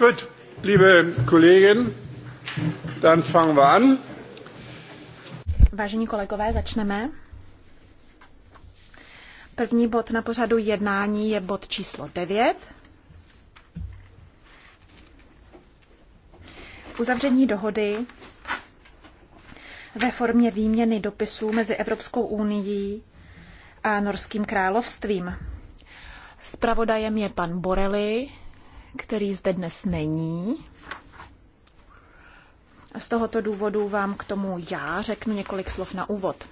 Gut, liebe Kollegen, dann fangen wir an. Vážení kolegové, začneme. První bod na pořadu jednání je bod číslo 9. Uzavření dohody ve formě výměny dopisů mezi Evropskou unií a Norským královstvím. Spravodajem je pan Borelli který zde dnes není. Z tohoto důvodu vám k tomu já řeknu několik slov na úvod.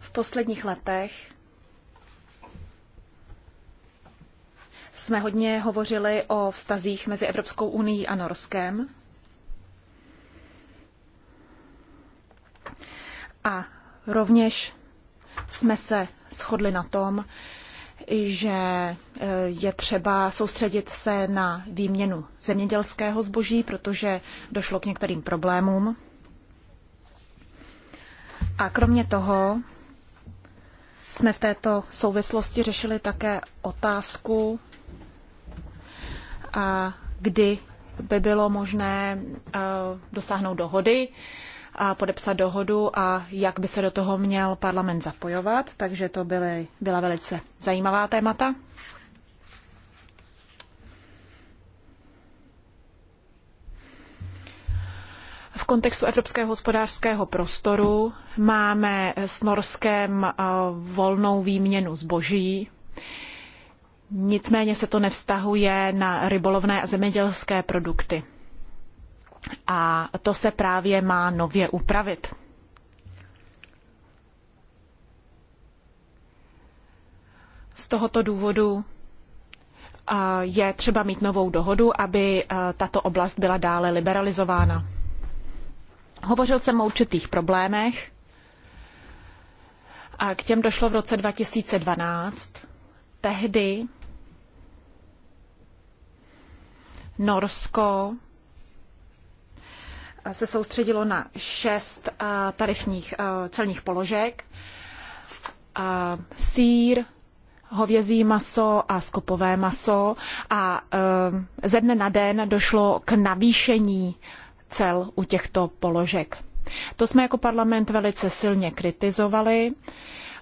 V posledních letech jsme hodně hovořili o vztazích mezi Evropskou unii a Norskem. A rovněž jsme se shodli na tom, že eh, je třeba soustředit se na výměnu zemědělského zboží, protože došlo k některým problémům. A kromě toho jsme v této souvislosti řešili také otázku, kdy by bylo možné eh, dosáhnout dohody a podepsat dohodu a jak by se do toho měl parlament zapojovat, takže to byly, byla velice zajímavá témata. V kontextu evropského hospodářského prostoru máme s Norskem eh, volnou výměnu zboží. Nicméně se to nevztahuje na rybolovné a zemědělské produkty. A to se právě má nově upravit. Z tohoto důvodu eh, je třeba mít novou dohodu, aby eh, tato oblast byla dále liberalizována. Hovořil jsem o určitých problémech. A k těm došlo v roce 2012. Tehdy Norsko se soustředilo na šest eh, tarifních eh, celních položek. Eh, Sýr, hovězí maso a skopové maso a ze dne na den došlo k navýšení cel u těchto položek. To jsme jako parlament velice silně kritizovali,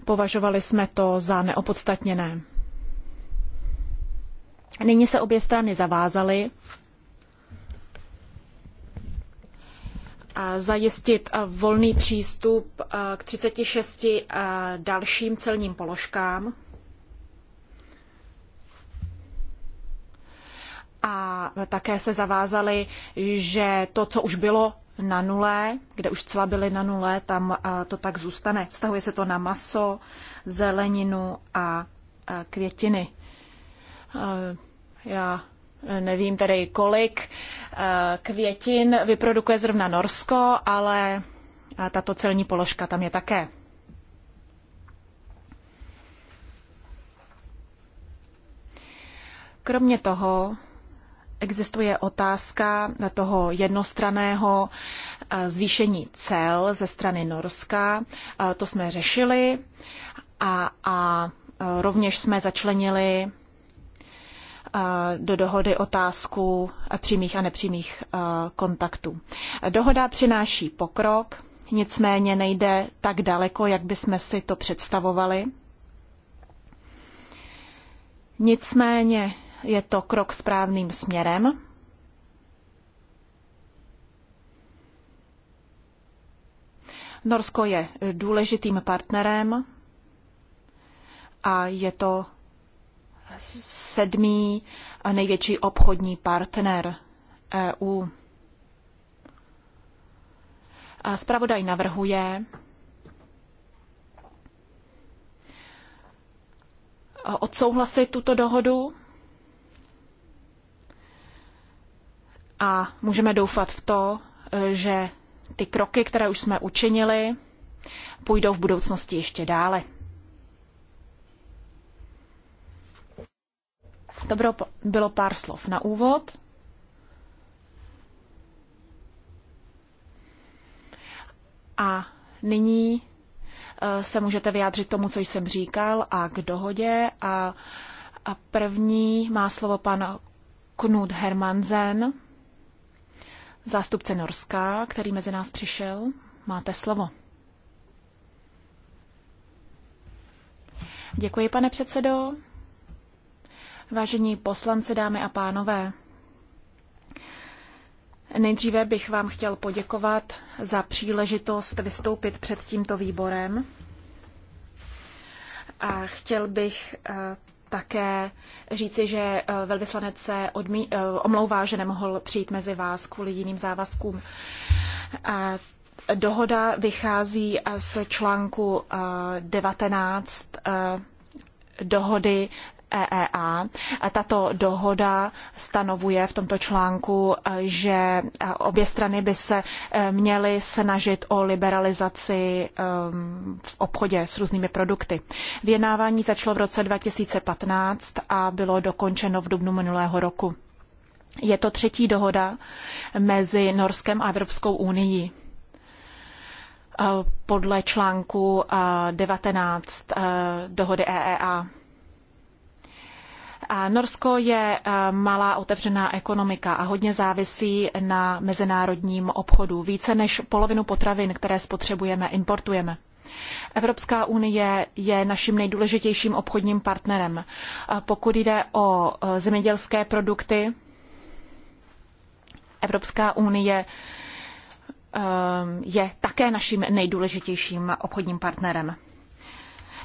považovali jsme to za neopodstatněné. Nyní se obě strany zavázaly, zajistit volný přístup k 36 dalším celním položkám. A také se zavázali, že to, co už bylo na nule, kde už cla byly na nule, tam to tak zůstane. Vztahuje se to na maso, zeleninu a květiny. Já nevím tedy kolik eh, květin vyprodukuje zrovna Norsko, ale eh, tato celní položka tam je také. Kromě toho existuje otázka toho jednostraného eh, zvýšení cel ze strany Norska. To jsme řešili a, a rovněž jsme začlenili do dohody otázku přímých a nepřímých e, kontaktů. Dohoda přináší pokrok, nicméně nejde tak daleko, jak bychom si to představovali. Nicméně je to krok správným směrem. Norsko je důležitým partnerem a je to sedmý největší obchodní partner EU. Spravodaj navrhuje, odsouhlasit tuto dohodu a můžeme doufat v to, že ty kroky, které už jsme učinili, půjdou v budoucnosti ještě dále. To bylo, bylo pár slov na úvod. A nyní eh, se můžete vyjádřit tomu, co jsem říkal, a k dohodě. A, a první má slovo pan Knut Hermansen, zástupce Norska, který mezi nás přišel. Máte slovo. Děkuji, pane předsedo. Vážení poslanci, dámy a pánové, nejdříve bych vám chtěl poděkovat za příležitost vystoupit před tímto výborem. A chtěl bych eh, také říci, že eh, velvyslanec se odmí, eh, omlouvá, že nemohl přijít mezi vás kvůli jiným závazkům. A dohoda vychází z článku 19 dohody EEA. Tato dohoda stanovuje v tomto článku, eh, že eh, obě strany by se eh, měly snažit o liberalizaci ehm, v obchodě s různými produkty. Vyjednávání začalo v roce 2015 a bylo dokončeno v dubnu minulého roku. Je to třetí dohoda mezi Norskem a Evropskou unii podle článku 19 dohody EEA. Norsko je eh, malá otevřená ekonomika a hodně závisí na mezinárodním obchodu. Více než polovinu potravin, které spotřebujeme, importujeme. Evropská unie je naším nejdůležitějším obchodním partnerem. Eh, pokud jde o eh, zemědělské produkty, Evropská unie je také naším nejdůležitějším obchodním partnerem.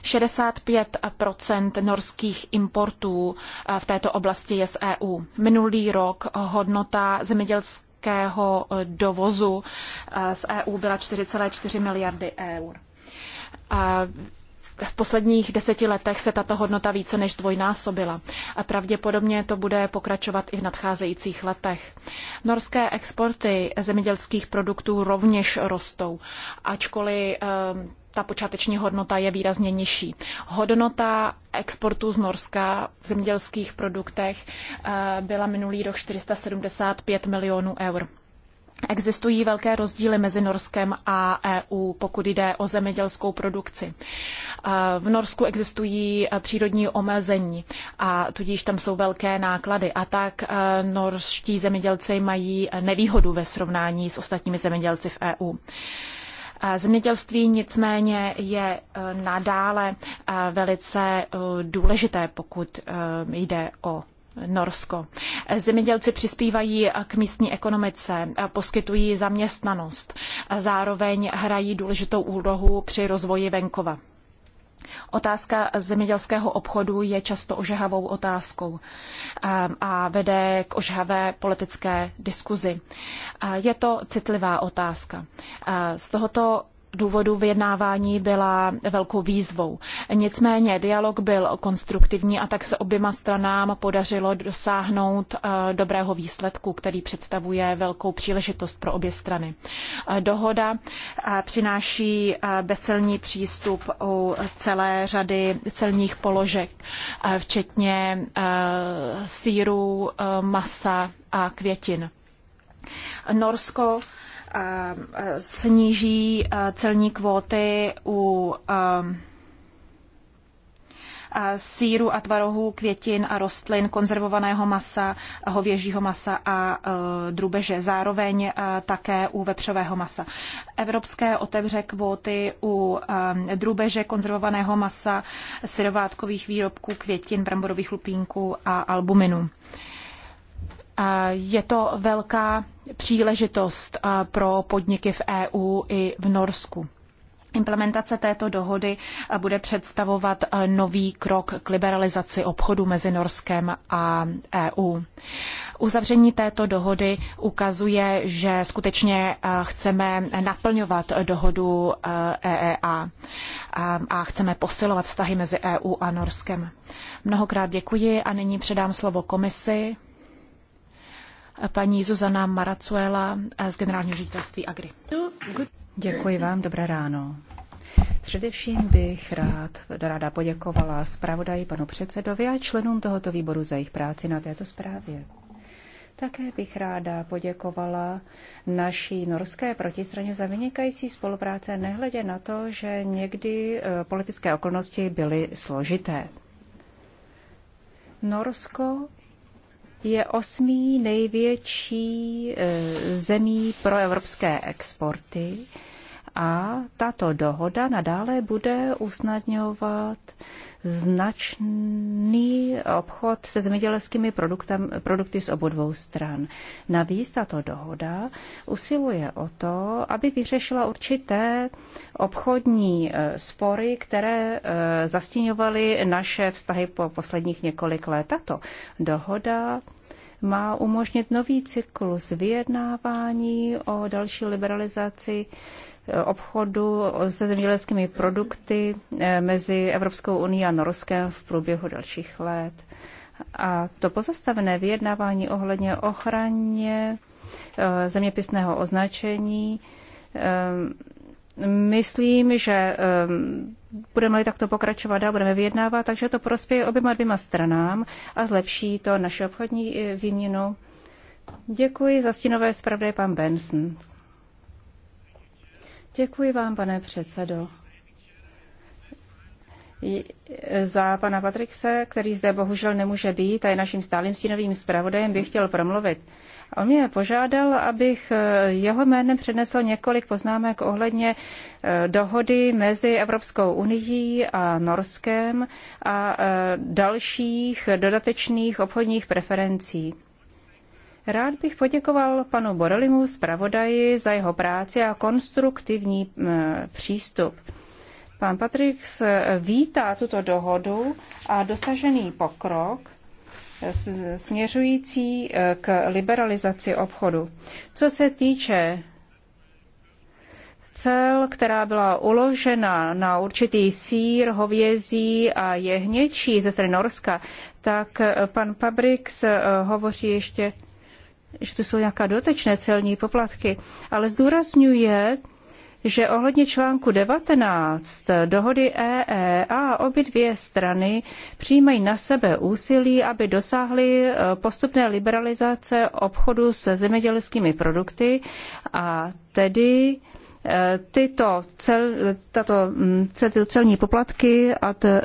65 norských importů eh, v této oblasti je z EU. Minulý rok hodnota zemědělského eh, dovozu eh, z EU byla 4,4 miliardy eur. v posledních deseti letech se tato hodnota více než dvojnásobila a pravděpodobně to bude pokračovat i v nadcházejících letech. Norské exporty zemědělských produktů rovněž rostou, ačkoliv ta počáteční hodnota je výrazně nižší. Hodnota exportu z Norska v zemědělských produktech eh, byla minulý rok 475 milionů eur. Existují velké rozdíly mezi Norskem a EU, pokud jde o zemědělskou produkci. Eh, v Norsku existují eh, přírodní omezení a tudíž tam jsou velké náklady a tak norští zemědělci mají nevýhodu ve srovnání s ostatními zemědělci v EU. Eh, zemědělství nicméně je eh, nadále eh, velice důležité, pokud jde o Norsko. Zemědělci přispívají k místní ekonomice, poskytují zaměstnanost, zároveň hrají důležitou úlohu při rozvoji venkova. Otázka zemědělského obchodu je často ožehavou otázkou a vede k ožehavé politické diskuzi. Je to citlivá otázka. Z tohoto důvodů vyjednávání byla velkou výzvou. Nicméně dialog byl konstruktivní a tak se oběma stranám podařilo dosáhnout eh, dobrého výsledku, který představuje velkou příležitost pro obě strany. Eh, dohoda eh, přináší bezcelní přístup u celé řady celních položek, včetně sýru, masa a květin. Norsko Eh, sníží eh, celní kvóty u eh, síru a tvarohů, květin a rostlin, konzervovaného masa, hovězího masa a drubeže. Zároveň také u vepřového masa. Evropské otevře kvóty u drubeže, konzervovaného masa, syrovátkových výrobků, květin, bramborových lupínků a albuminu. Je to velká příležitost pro podniky v EU i v Norsku. Implementace této dohody bude představovat nový krok k liberalizaci obchodu mezi Norskem a EU. Uzavření této dohody ukazuje, že skutečně chceme naplňovat dohodu EEA e e a chceme posilovat vztahy mezi EU a Norskem. Mnohokrát děkuji a nyní předám slovo komisi paní Zuzana Maracuela eh, z generálního ředitelství Agri. Děkuji vám, dobré ráno. Především bych rád, ráda poděkovala zpravodaji panu předsedovi a členům tohoto výboru za jejich práci na této zprávě. Také bych ráda poděkovala naší norské protistraně za vynikající spolupráce, nehledě na to, že někdy eh, politické okolnosti byly složité. Norsko je osmý největší eh, zemí pro evropské exporty a tato dohoda nadále bude usnadňovat značný obchod se zemědělskými produkty z obou dvou stran. Navíc tato dohoda usiluje o to, aby vyřešila určité obchodní e, spory, které e, zastíňovaly naše vztahy po posledních několik let. Tato dohoda má umožnit nový cyklus vyjednávání o další liberalizaci obchodu se zemědělskými produkty eh, mezi Evropskou unii a Norskem v průběhu dalších let. A to pozastavené vyjednávání ohledně ochraně eh, zeměpisného označení eh, myslím, že budeme-li takto pokračovat a budeme vyjednávat, takže to prospěje oběma dvěma stranám a zlepší to naše obchodní výměnu. Děkuji za stínové zpravdaje pan Benson. Děkuji vám, pane předsedo. E, za pana Patrikse, který zde bohužel nemůže být a je naším stálým stínovým zpravodajem, bych chtěl promluvit. On mě požádal, abych e, jeho jménem přednesl několik poznámek ohledně e, dohody mezi Evropskou unii a Norskem a dalších dodatečných obchodních preferencí. Rád bych poděkoval panu Borelimu zpravodaji za jeho práci a konstruktivní eh, přístup. Pan Patrix eh, vítá tuto dohodu a dosažený pokrok eh, směřující k liberalizaci obchodu. Co se týče cel, která byla uložena na určitý sír, hovězí a jehněčí ze strany Norska, tak pan Pabrix hovoří ještě že to jsou nějaká dotečné celní poplatky, ale zdůrazňuje, že ohledně článku 19 dohody EEA obě dvě strany přijímají na sebe úsilí, aby dosáhly eh, postupné liberalizace obchodu se zemědělskými produkty a tedy eh, tyto cel, tato, mm, tyto celní poplatky a t,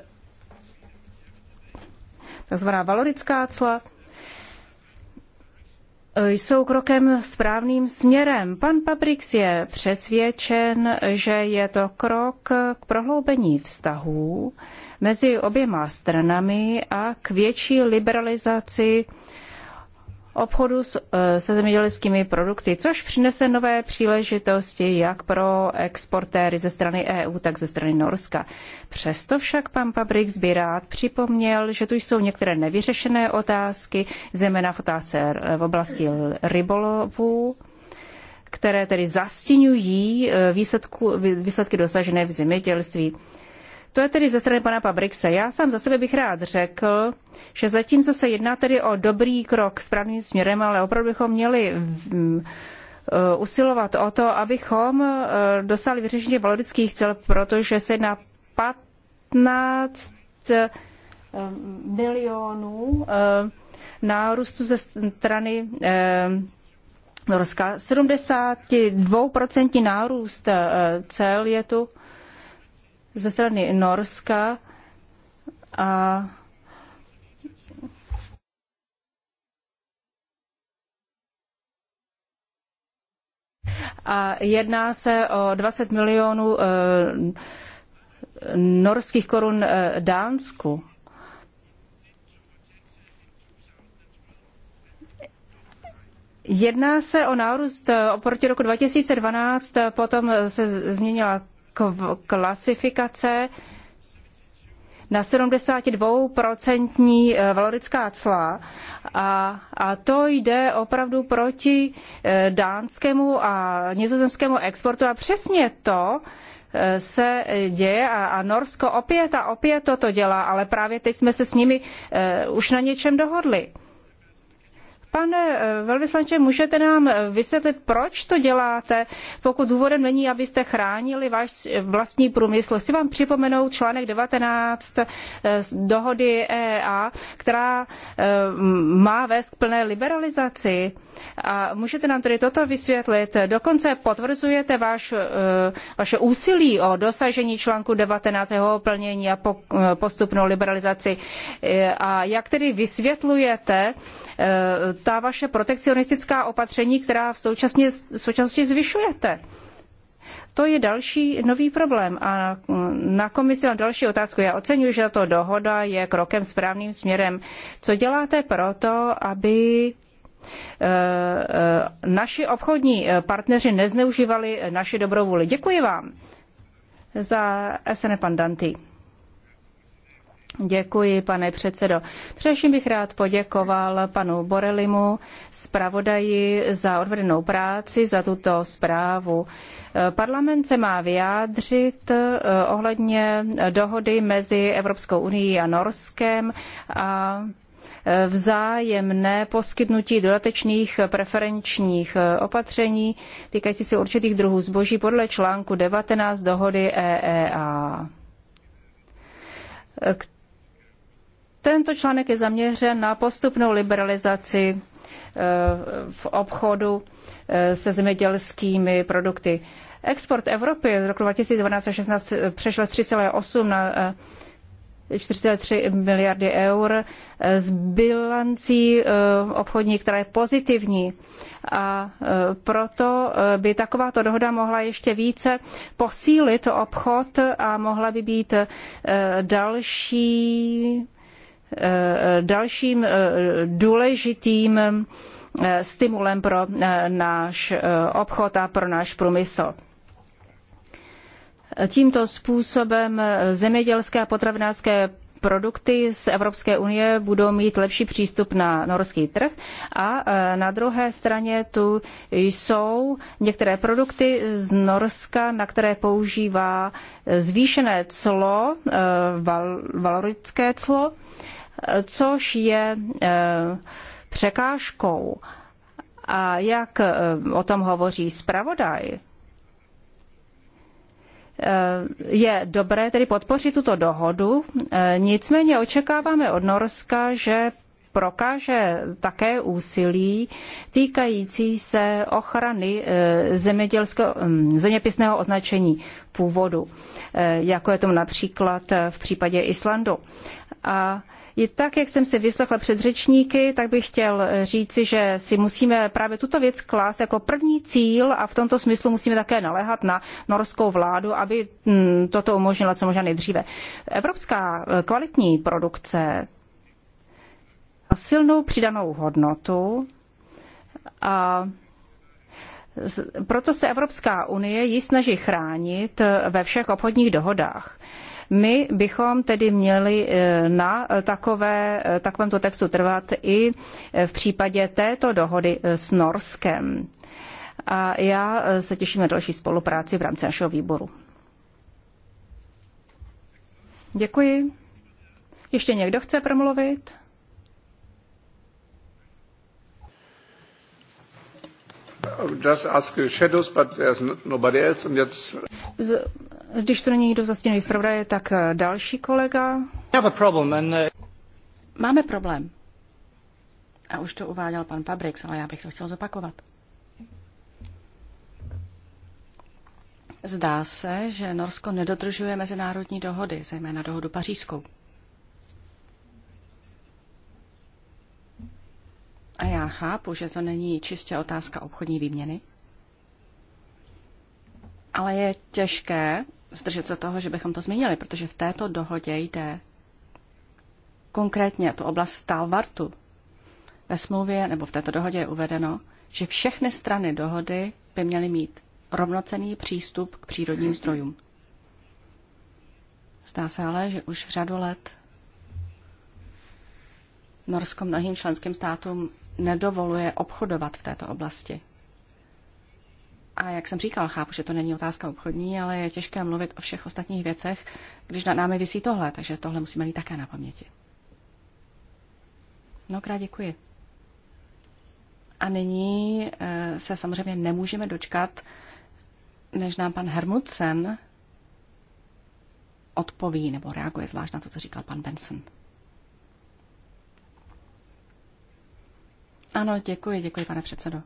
takzvaná valorická cla E, jsou krokem správným směrem. Pan Pabrix je přesvědčen, že je to krok k prohloubení vztahů mezi oběma stranami a k větší liberalizaci obchodu eh, se zemědělskými produkty, což přinese nové příležitosti jak pro exportéry ze strany EU, tak ze strany Norska. Přesto však pan Pabrik Zbirát připomněl, že tu jsou některé nevyřešené otázky, zejména v otázce eh, v oblasti rybolovu, které tedy zastínují eh, výsledku, výsledky dosažené v zemědělství. To je tedy ze strany pana Pabrikse. Já sám za sebe bych rád řekl, že zatímco se jedná tedy o dobrý krok správným směrem, ale opravdu bychom měli mm, eh, usilovat o to, abychom eh, dosáhli vyřešení valorických cel, protože se jedná 15 eh, milionů nárůstu ze strany Norska. 72% nárůst cel je tu ze strany Norska a a jedná se o 20 milionů e, norských korun e, Dánsku. Jedná se o nárůst eh, oproti roku 2012, potom se změnila klasifikace na 72% eh, valorická cla a, a to jde opravdu proti eh, dánskému a nizozemskému exportu a přesně to eh, se děje a, a Norsko opět a opět toto dělá, ale právě teď jsme se s nimi už na něčem dohodli. Pane eh, velvyslanče, můžete nám eh, vysvětlit, proč to děláte, pokud důvodem není, abyste chránili váš vlastní průmysl. Si vám připomenout článek 19 eh, dohody EA, která má vést k plné liberalizaci. A můžete nám tedy toto vysvětlit. Dokonce potvrzujete váš, vaše úsilí o dosažení článku 19 jeho plnění a postupnou liberalizaci. A jak tedy vysvětlujete, Eh, ta vaše protekcionistická opatření, která v, současně, v současnosti zvyšujete. To je další nový problém. A mm, na komisi mám další otázku. Já oceňuji, že tato dohoda je krokem správným směrem. Co děláte proto, aby eh, eh, naši obchodní partneři nezneužívali naši dobrou vůli? Děkuji vám za SN Pandanty. Děkuji, pane předsedo. Především bych rád poděkoval panu Borelimu, zpravodaji za odvedenou práci, za tuto zprávu. Parlament se má vyjádřit eh, ohledně dohody mezi Evropskou unii a Norskem a eh, vzájemné poskytnutí dodatečných preferenčních eh, opatření týkající se určitých druhů zboží podle článku 19 dohody EEA tento článek je zaměřen na postupnou liberalizaci eh, v obchodu eh, se zemědělskými produkty. Export Evropy z roku 2012 16 eh, přešel z 3,8 na 43 miliardy eur s bilancí obchodní, která je pozitivní. A proto by takováto dohoda mohla ještě více posílit obchod a mohla by být další Eh, dalším eh, důležitým eh, stimulem pro náš obchod a pro náš průmysl. Tímto způsobem zemědělské a potravinářské produkty z Evropské unie budou mít lepší přístup na norský trh a na druhé straně tu jsou některé produkty z Norska, na které používá zvýšené clo, val, valorické clo, což je eh, překážkou. A jak eh, o tom hovoří zpravodaj, eh, je dobré tedy podpořit tuto dohodu, nicméně očekáváme od Norska, že prokáže také úsilí týkající se ochrany hm, zeměpisného označení původu, jako je tomu například v případě Islandu. A i tak, jak jsem si vyslechla před řečníky, tak bych chtěl říci, že si musíme právě tuto věc klást jako první cíl a v tomto smyslu musíme také naléhat na norskou vládu, aby mm, toto umožnila co možná nejdříve. Evropská eh, kvalitní produkce a silnou přidanou hodnotu a proto se Evropská unie ji snaží chránit eh, ve všech obchodních dohodách. My bychom tedy měli eh, na eh, takové, eh, takovémto textu trvat i v případě této dohody s Norskem. A já se těším na další spolupráci v rámci našeho výboru. Děkuji. Ještě někdo chce promluvit? Just ask shadows, but there's nobody else. And yet. Když to není někdo zastěný zpravodaje, tak eh, další kolega. Eh, Máme problém. A už to uváděl pan Pabrix, ale já bych to chtěl zopakovat. Zdá se, že Norsko nedodržuje mezinárodní dohody, zejména dohodu pařížskou. A já chápu, že to není čistě otázka obchodní výměny, ale je těžké zdržet se toho, že bychom to zmínili, protože v této dohodě jde konkrétně tu oblast Stalvartu. Ve smlouvě nebo v této dohodě je uvedeno, že všechny strany dohody by měly mít rovnocený přístup k přírodním zdrojům. Zdá se ale, že už řadu let Norsko mnohým členským státům nedovoluje obchodovat v této oblasti. A jak jsem říkal, chápu, že to není otázka obchodní, ale je těžké mluvit o všech ostatních věcech, když nad námi vysí tohle, takže tohle musíme mít také na paměti. Mnohokrát děkuji. A nyní eh, se samozřejmě nemůžeme dočkat, než nám pan Hermudsen odpoví nebo reaguje zvlášť na to, co říkal pan Benson. Ano, děkuji, děkuji, pane předsedo.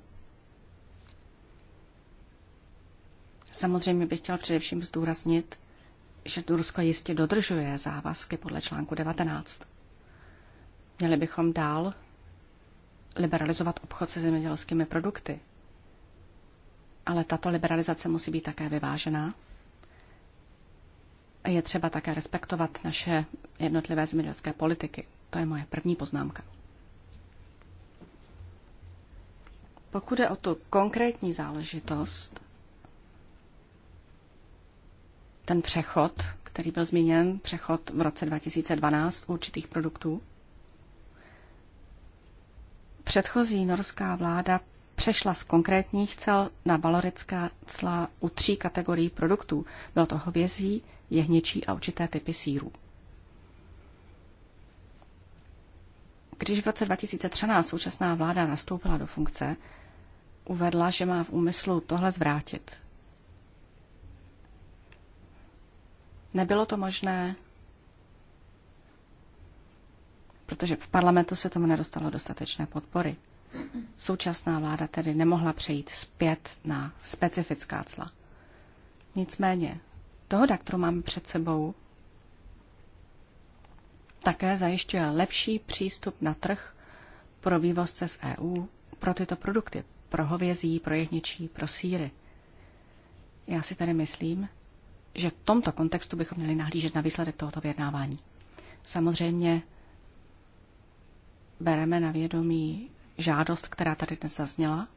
Samozřejmě bych chtěl především zdůraznit, že Tursko jistě dodržuje závazky podle článku 19. Měli bychom dál liberalizovat obchod se zemědělskými produkty. Ale tato liberalizace musí být také vyvážená. A je třeba také respektovat naše jednotlivé zemědělské politiky. To je moje první poznámka. Pokud je o tu konkrétní záležitost, ten přechod, který byl zmíněn, přechod v roce 2012 určitých produktů. Předchozí norská vláda přešla z konkrétních cel na valorická cla u tří kategorií produktů. Bylo to hovězí, jehněčí a určité typy sírů. Když v roce 2013 současná vláda nastoupila do funkce, uvedla, že má v úmyslu tohle zvrátit. Nebylo to možné, protože v parlamentu se tomu nedostalo dostatečné podpory. Současná vláda tedy nemohla přejít zpět na specifická cla. Nicméně, dohoda, kterou máme před sebou, také zajišťuje lepší přístup na trh pro vývozce z EU pro tyto produkty, pro hovězí, pro jehničí, pro síry. Já si tady myslím, že v tomto kontextu bychom měli nahlížet na výsledek tohoto vyjednávání. Samozřejmě bereme na vědomí žádost, která tady dnes zazněla,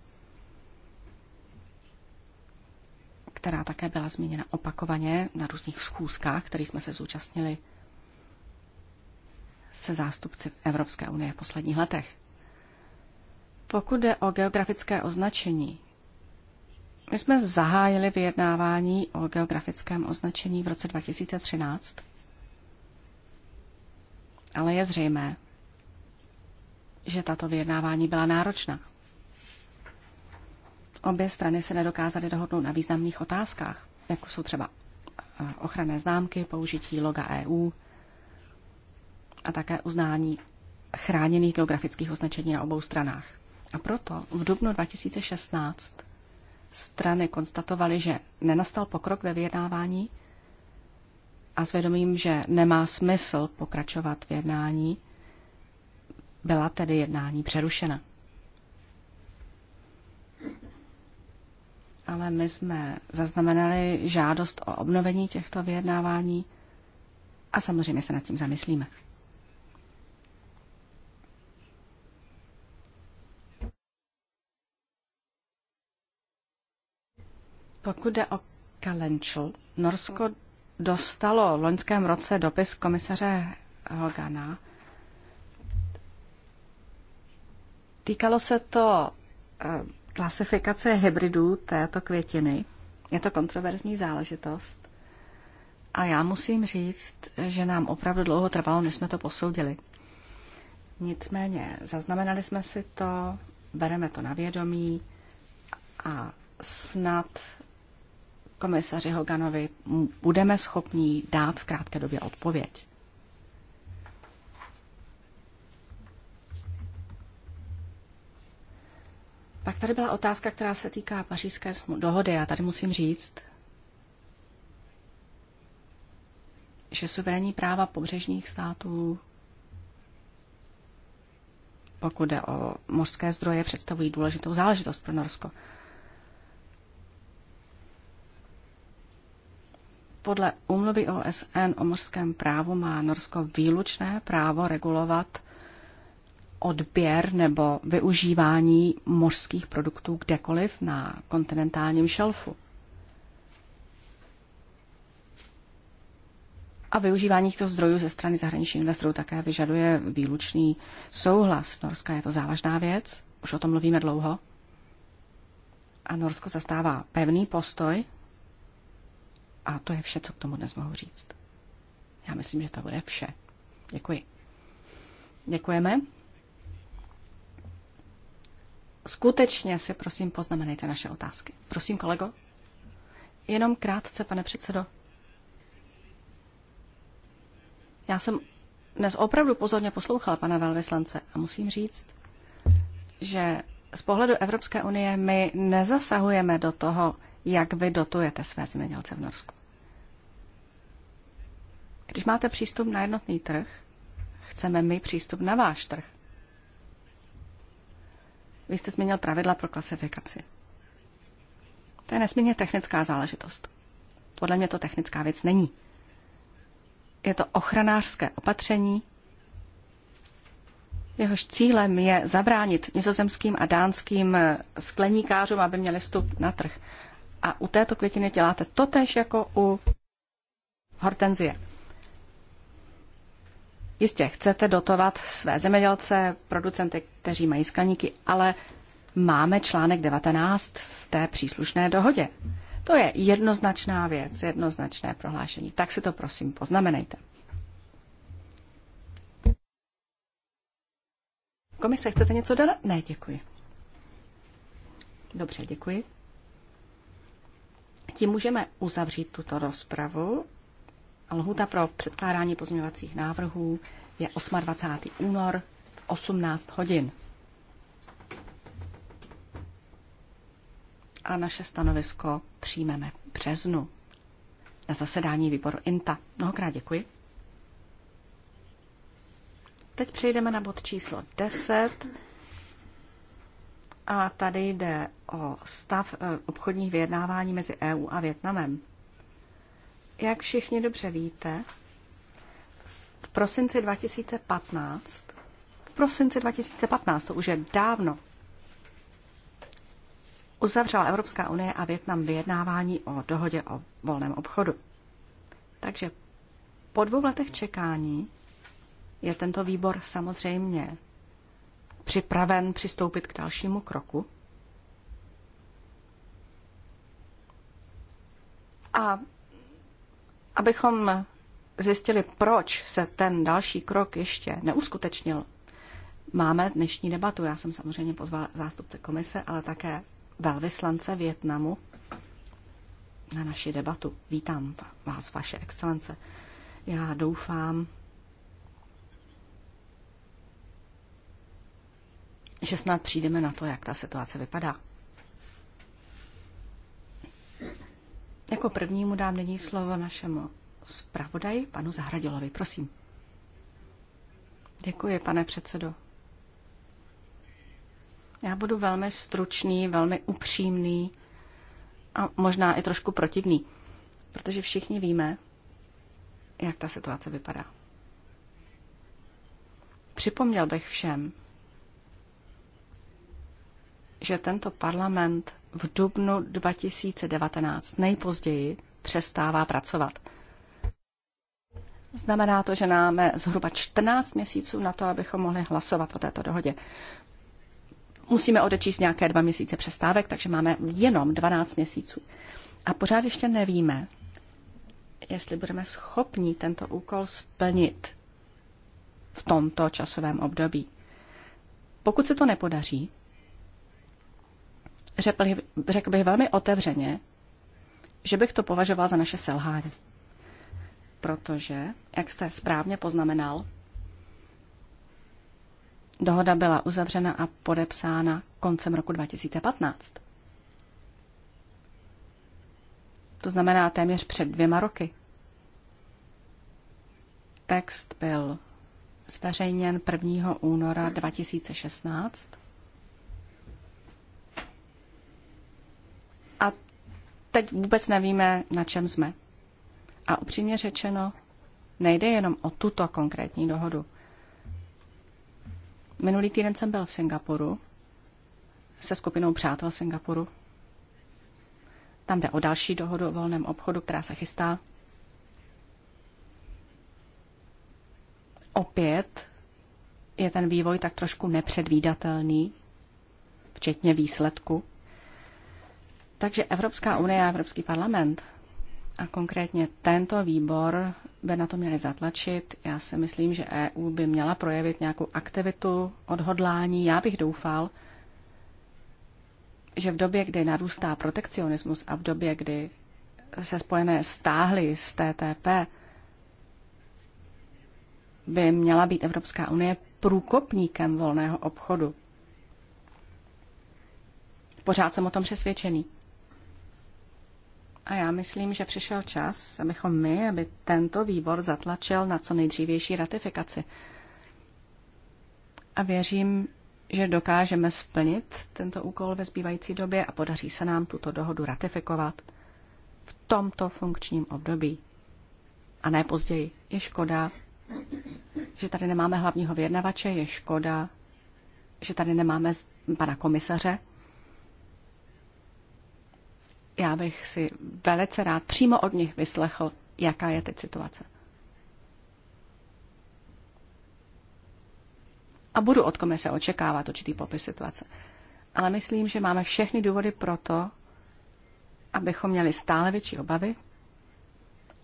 která také byla zmíněna opakovaně na různých schůzkách, které jsme se zúčastnili se zástupci Evropské unie v posledních letech. Pokud jde o geografické označení, my jsme zahájili vyjednávání o geografickém označení v roce 2013, ale je zřejmé, že tato vyjednávání byla náročná. Obě strany se nedokázaly dohodnout na významných otázkách, jako jsou třeba eh, ochranné známky, použití loga EU a také uznání chráněných geografických označení na obou stranách. A proto v dubnu 2016 strany konstatovaly, že nenastal pokrok ve vyjednávání a svědomím, že nemá smysl pokračovat v jednání, byla tedy jednání přerušena. Ale my jsme zaznamenali žádost o obnovení těchto vyjednávání a samozřejmě se nad tím zamyslíme. Pokud jde o Kalenčl, Norsko dostalo v loňském roce dopis komisaře Hogana. Týkalo se to eh, klasifikace hybridů této květiny. Je to kontroverzní záležitost. A já musím říct, že nám opravdu dlouho trvalo, než jsme to posoudili. Nicméně, zaznamenali jsme si to, bereme to na vědomí a snad komisaři Hoganovi budeme schopni dát v krátké době odpověď. Pak tady byla otázka, která se týká pařížské dohody. Já tady musím říct, že suverénní práva pobřežních států, pokud jde o mořské zdroje, představují důležitou záležitost pro Norsko. Podle úmluvy OSN o mořském právu má Norsko výlučné právo regulovat odběr nebo využívání mořských produktů kdekoliv na kontinentálním šelfu. A využívání těchto zdrojů ze strany zahraničních investorů také vyžaduje výlučný souhlas. Norska je to závažná věc, už o tom mluvíme dlouho. A Norsko zastává pevný postoj a to je vše, co k tomu dnes mohu říct. Já myslím, že to bude vše. Děkuji. Děkujeme. Skutečně si prosím poznamenejte naše otázky. Prosím, kolego. Jenom krátce, pane předsedo. Já jsem dnes opravdu pozorně poslouchala pana velvyslance a musím říct, že z pohledu Evropské unie my nezasahujeme do toho, jak vy dotujete své zemědělce v Norsku. Když máte přístup na jednotný trh, chceme my přístup na váš trh. Vy jste změnil pravidla pro klasifikaci. To je nesmírně technická záležitost. Podle mě to technická věc není. Je to ochranářské opatření, jehož cílem je zabránit nizozemským a dánským skleníkářům, aby měli vstup na trh. A u této květiny děláte totež jako u hortenzie. Jistě chcete dotovat své zemědělce, producenty, kteří mají skleníky, ale máme článek 19 v té příslušné dohodě. To je jednoznačná věc, jednoznačné prohlášení. Tak si to prosím poznamenejte. Komise, chcete něco dodat? Ne, děkuji. Dobře, děkuji. Tím můžeme uzavřít tuto rozpravu Lhuta pro předkládání pozměňovacích návrhů je 28. únor v 18 hodin. A naše stanovisko přijmeme v březnu na zasedání výboru INTA. Mnohokrát děkuji. Teď přejdeme na bod číslo 10. A tady jde o stav eh, obchodních vyjednávání mezi EU a Větnamem. Jak všichni dobře víte, v prosinci 2015, v prosinci 2015, to už je dávno, uzavřela Evropská unie a Větnam vyjednávání o dohodě o volném obchodu. Takže po dvou letech čekání je tento výbor samozřejmě připraven přistoupit k dalšímu kroku. A abychom zjistili, proč se ten další krok ještě neuskutečnil, máme dnešní debatu. Já jsem samozřejmě pozval zástupce komise, ale také velvyslance Větnamu na naši debatu. Vítám vás, vaše excelence. Já doufám, že snad přijdeme na to, jak ta situace vypadá. Jako prvnímu dám nyní slovo našemu zpravodaji, panu Zahradilovi. Prosím. Děkuji, pane předsedo. Já budu velmi stručný, velmi upřímný a možná i trošku protivný, protože všichni víme, jak ta situace vypadá. Připomněl bych všem, že tento parlament v dubnu 2019 nejpozději přestává pracovat. Znamená to, že máme zhruba 14 měsíců na to, abychom mohli hlasovat o této dohodě. Musíme odečíst nějaké dva měsíce přestávek, takže máme jenom 12 měsíců. A pořád ještě nevíme, jestli budeme schopni tento úkol splnit v tomto časovém období. Pokud se to nepodaří, řekl, řekl bych velmi otevřeně, že bych to považoval za naše selhání. Protože, jak jste správně poznamenal, dohoda byla uzavřena a podepsána koncem roku 2015. To znamená téměř před dvěma roky. Text byl zveřejněn 1. února 2016 teď vůbec nevíme, na čem jsme. A upřímně řečeno, nejde jenom o tuto konkrétní dohodu. Minulý týden jsem byl v Singapuru se skupinou přátel Singapuru. Tam jde o další dohodu o volném obchodu, která se chystá. Opět je ten vývoj tak trošku nepředvídatelný, včetně výsledku. Takže Evropská unie a Evropský parlament a konkrétně tento výbor by na to měli zatlačit. Já si myslím, že EU by měla projevit nějakou aktivitu, odhodlání. Já bych doufal, že v době, kdy narůstá protekcionismus a v době, kdy se spojené stáhly z TTP, by měla být Evropská unie průkopníkem volného obchodu. Pořád jsem o tom přesvědčený. A já myslím, že přišel čas, abychom my, aby tento výbor zatlačil na co nejdřívější ratifikaci. A věřím, že dokážeme splnit tento úkol ve zbývající době a podaří se nám tuto dohodu ratifikovat v tomto funkčním období. A ne později. Je škoda, že tady nemáme hlavního vyjednavače, je škoda, že tady nemáme pana komisaře, já bych si velice rád přímo od nich vyslechl, jaká je teď situace. A budu od komise očekávat určitý popis situace. Ale myslím, že máme všechny důvody pro to, abychom měli stále větší obavy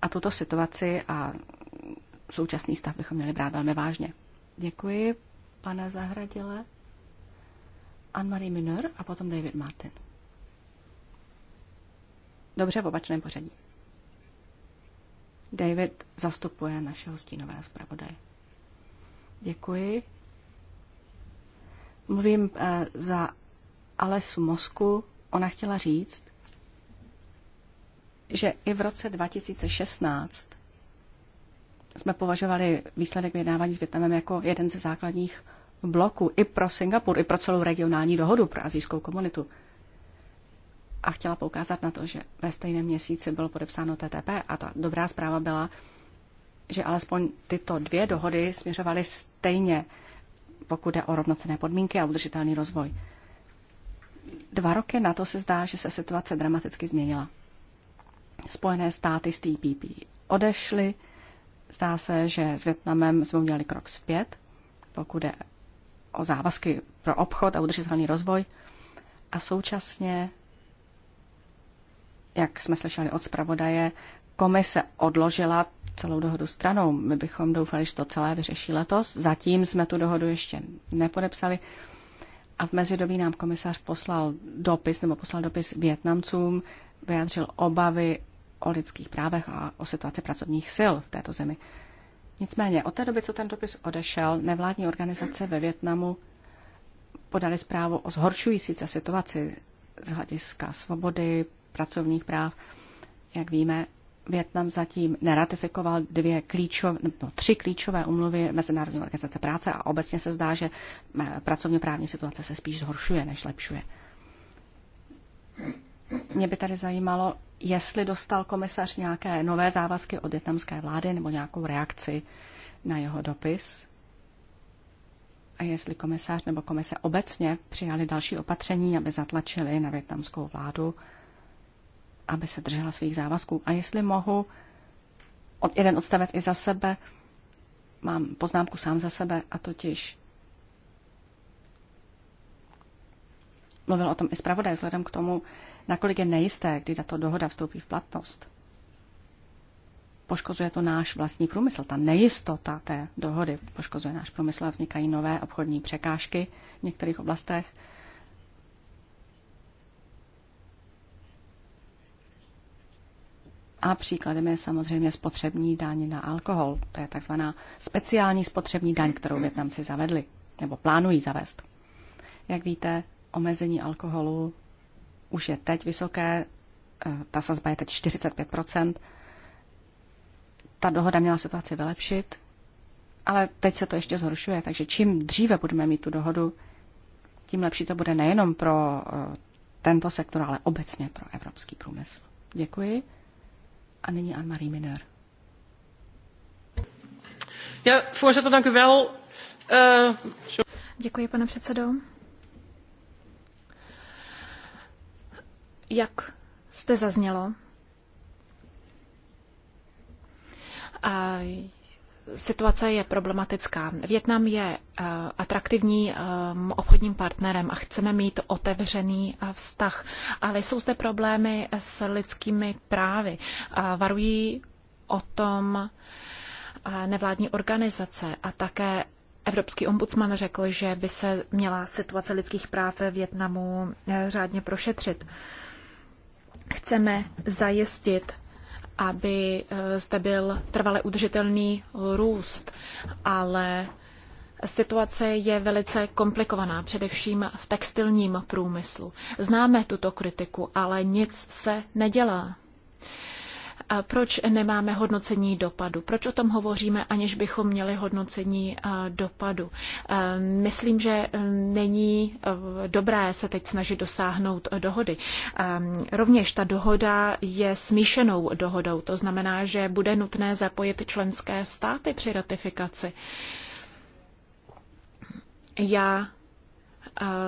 a tuto situaci a současný stav bychom měli brát velmi vážně. Děkuji, pane Zahradile. Anne-Marie Minor a potom David Martin. Dobře, v opačném pořadí. David zastupuje našeho stínového zpravodaje. Děkuji. Mluvím uh, za Alesu Mosku. Ona chtěla říct, že i v roce 2016 jsme považovali výsledek vyjednávání s Větnamem jako jeden ze základních bloků i pro Singapur, i pro celou regionální dohodu pro azijskou komunitu a chtěla poukázat na to, že ve stejném měsíci bylo podepsáno TTP a ta dobrá zpráva byla, že alespoň tyto dvě dohody směřovaly stejně, pokud jde o rovnocené podmínky a udržitelný rozvoj. Dva roky na to se zdá, že se situace dramaticky změnila. Spojené státy z TPP odešly, zdá se, že s Větnamem jsme udělali krok zpět, pokud jde o závazky pro obchod a udržitelný rozvoj. A současně jak jsme slyšeli od zpravodaje, komise odložila celou dohodu stranou. My bychom doufali, že to celé vyřeší letos. Zatím jsme tu dohodu ještě nepodepsali. A v mezidobí nám komisař poslal dopis, nebo poslal dopis Větnamcům, vyjádřil obavy o lidských právech a o situaci pracovních sil v této zemi. Nicméně, od té doby, co ten dopis odešel, nevládní organizace ve Větnamu podali zprávu o zhoršující se situaci z hlediska svobody, pracovních práv. Jak víme, Větnam zatím neratifikoval dvě klíčové, no, tři klíčové umluvy Mezinárodní organizace práce a obecně se zdá, že eh, pracovně právní situace se spíš zhoršuje, než lepšuje. Mě by tady zajímalo, jestli dostal komisař nějaké nové závazky od větnamské vlády nebo nějakou reakci na jeho dopis a jestli komisář nebo komise obecně přijali další opatření, aby zatlačili na větnamskou vládu, aby se držela svých závazků. A jestli mohu, od jeden odstavec i za sebe, mám poznámku sám za sebe, a totiž mluvil o tom i zpravodaj, vzhledem k tomu, nakolik je nejisté, kdy tato dohoda vstoupí v platnost. Poškozuje to náš vlastní průmysl. Ta nejistota té dohody poškozuje náš průmysl a vznikají nové obchodní překážky v některých oblastech A příkladem je samozřejmě spotřební daň na alkohol. To je takzvaná speciální spotřební daň, kterou Větnamci zavedli nebo plánují zavést. Jak víte, omezení alkoholu už je teď vysoké, eh, ta sazba je teď 45 Ta dohoda měla situaci vylepšit, ale teď se to ještě zhoršuje, takže čím dříve budeme mít tu dohodu, tím lepší to bude nejenom pro eh, tento sektor, ale obecně pro evropský průmysl. Děkuji. A nyní Anne-Marie Mineur. Ja, voorzitter, dank u wel. Uh, Děkuji, pane předsedo. Jak jste zaznělo, a situace je problematická. Větnam je eh, atraktivní eh, obchodním partnerem a chceme mít otevřený eh, vztah, ale jsou zde problémy s lidskými právy. Varují o tom nevládní organizace a také Evropský ombudsman řekl, že by se měla situace lidských práv ve Větnamu řádně prošetřit. Chceme zajistit aby eh, zde byl trvale udržitelný růst, ale Situace je velice komplikovaná, především v textilním průmyslu. Známe tuto kritiku, ale nic se nedělá. Proč nemáme hodnocení dopadu? Proč o tom hovoříme, aniž bychom měli hodnocení eh, dopadu? Eh, myslím, že eh, není dobré se teď snažit dosáhnout dohody. Rovněž ta dohoda je smíšenou dohodou. To znamená, že bude nutné zapojit členské státy při ratifikaci. Já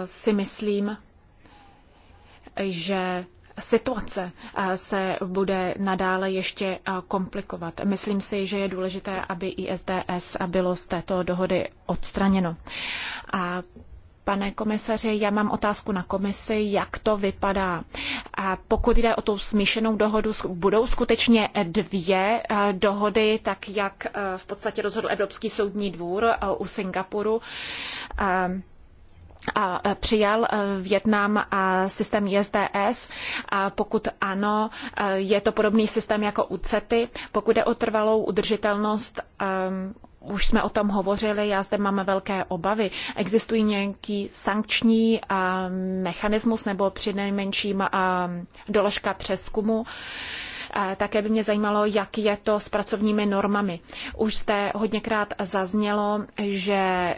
si myslím, že situace eh, se bude nadále ještě eh, komplikovat. Myslím si, že je důležité, aby ISDS bylo z této dohody odstraněno. A Pane komisaři, já mám otázku na komisi, jak to vypadá. A pokud jde o tu smíšenou dohodu, budou skutečně dvě eh, dohody, tak jak v podstatě rozhodl Evropský soudní dvůr u Singapuru. A a e, přijal e, Větnam a systém ISDS? A pokud ano, e, je to podobný systém jako u CETY? Pokud je o trvalou udržitelnost, um, už jsme o tom hovořili, já zde mám velké obavy. Existují nějaký sankční mechanismus nebo přinejmenším doložka přeskumu? Uh, také by mě zajímalo, jak je to s pracovními normami. Už jste hodněkrát zaznělo, že ehm,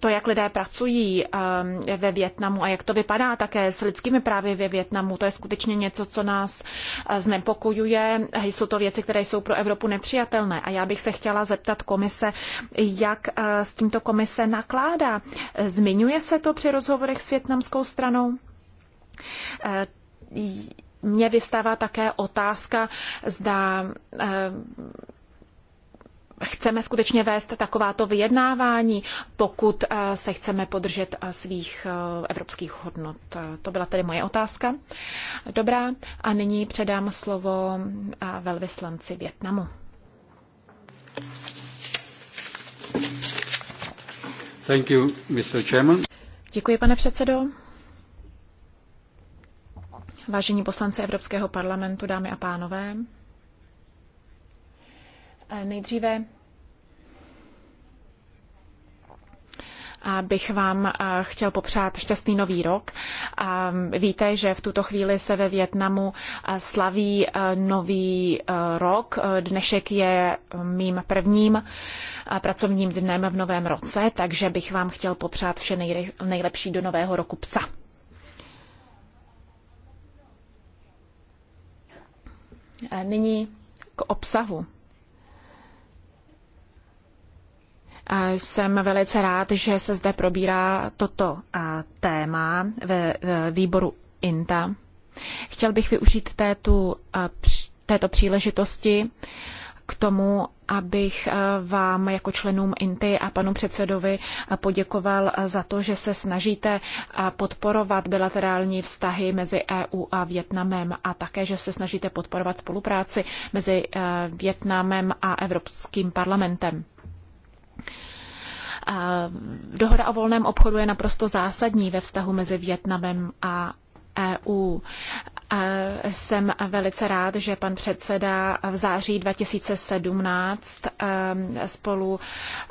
to, jak lidé pracují ehm, ve Větnamu a jak to vypadá také s lidskými právy ve Větnamu, to je skutečně něco, co nás eh, znepokojuje. Jsou to věci, které jsou pro Evropu nepřijatelné. A já bych se chtěla zeptat komise, jak eh, s tímto komise nakládá. Zmiňuje se to při rozhovorech s větnamskou stranou? Eh, mě vystává také otázka, zda eh, chceme skutečně vést takováto vyjednávání, pokud eh, se chceme podržet eh, svých evropských hodnot. To byla tedy moje otázka. Dobrá, a nyní předám slovo velvyslanci Větnamu. Thank you, Mr. Chairman. Děkuji, pane předsedo. Vážení poslanci Evropského parlamentu, dámy a pánové, eh, nejdříve eh, bych vám eh, chtěl popřát šťastný nový rok. Víte, že v tuto chvíli se ve Větnamu slaví nový rok. Dnešek je mým prvním pracovním dnem v novém roce, takže bych vám chtěl popřát vše nejlepší do nového roku psa. Nyní k obsahu. Jsem velice rád, že se zde probírá toto téma ve výboru INTA. Chtěl bych využít této, této příležitosti k tomu, abych eh, vám jako členům INTY a panu předsedovi eh, poděkoval eh, za to, že se snažíte podporovat bilaterální vztahy mezi EU a Větnamem a také, že se snažíte podporovat spolupráci mezi Větnamem a Evropským parlamentem. Dohoda o volném obchodu je naprosto zásadní ve vztahu mezi Větnamem a EU. Jsem velice rád, že pan předseda v září 2017 ehm, spolu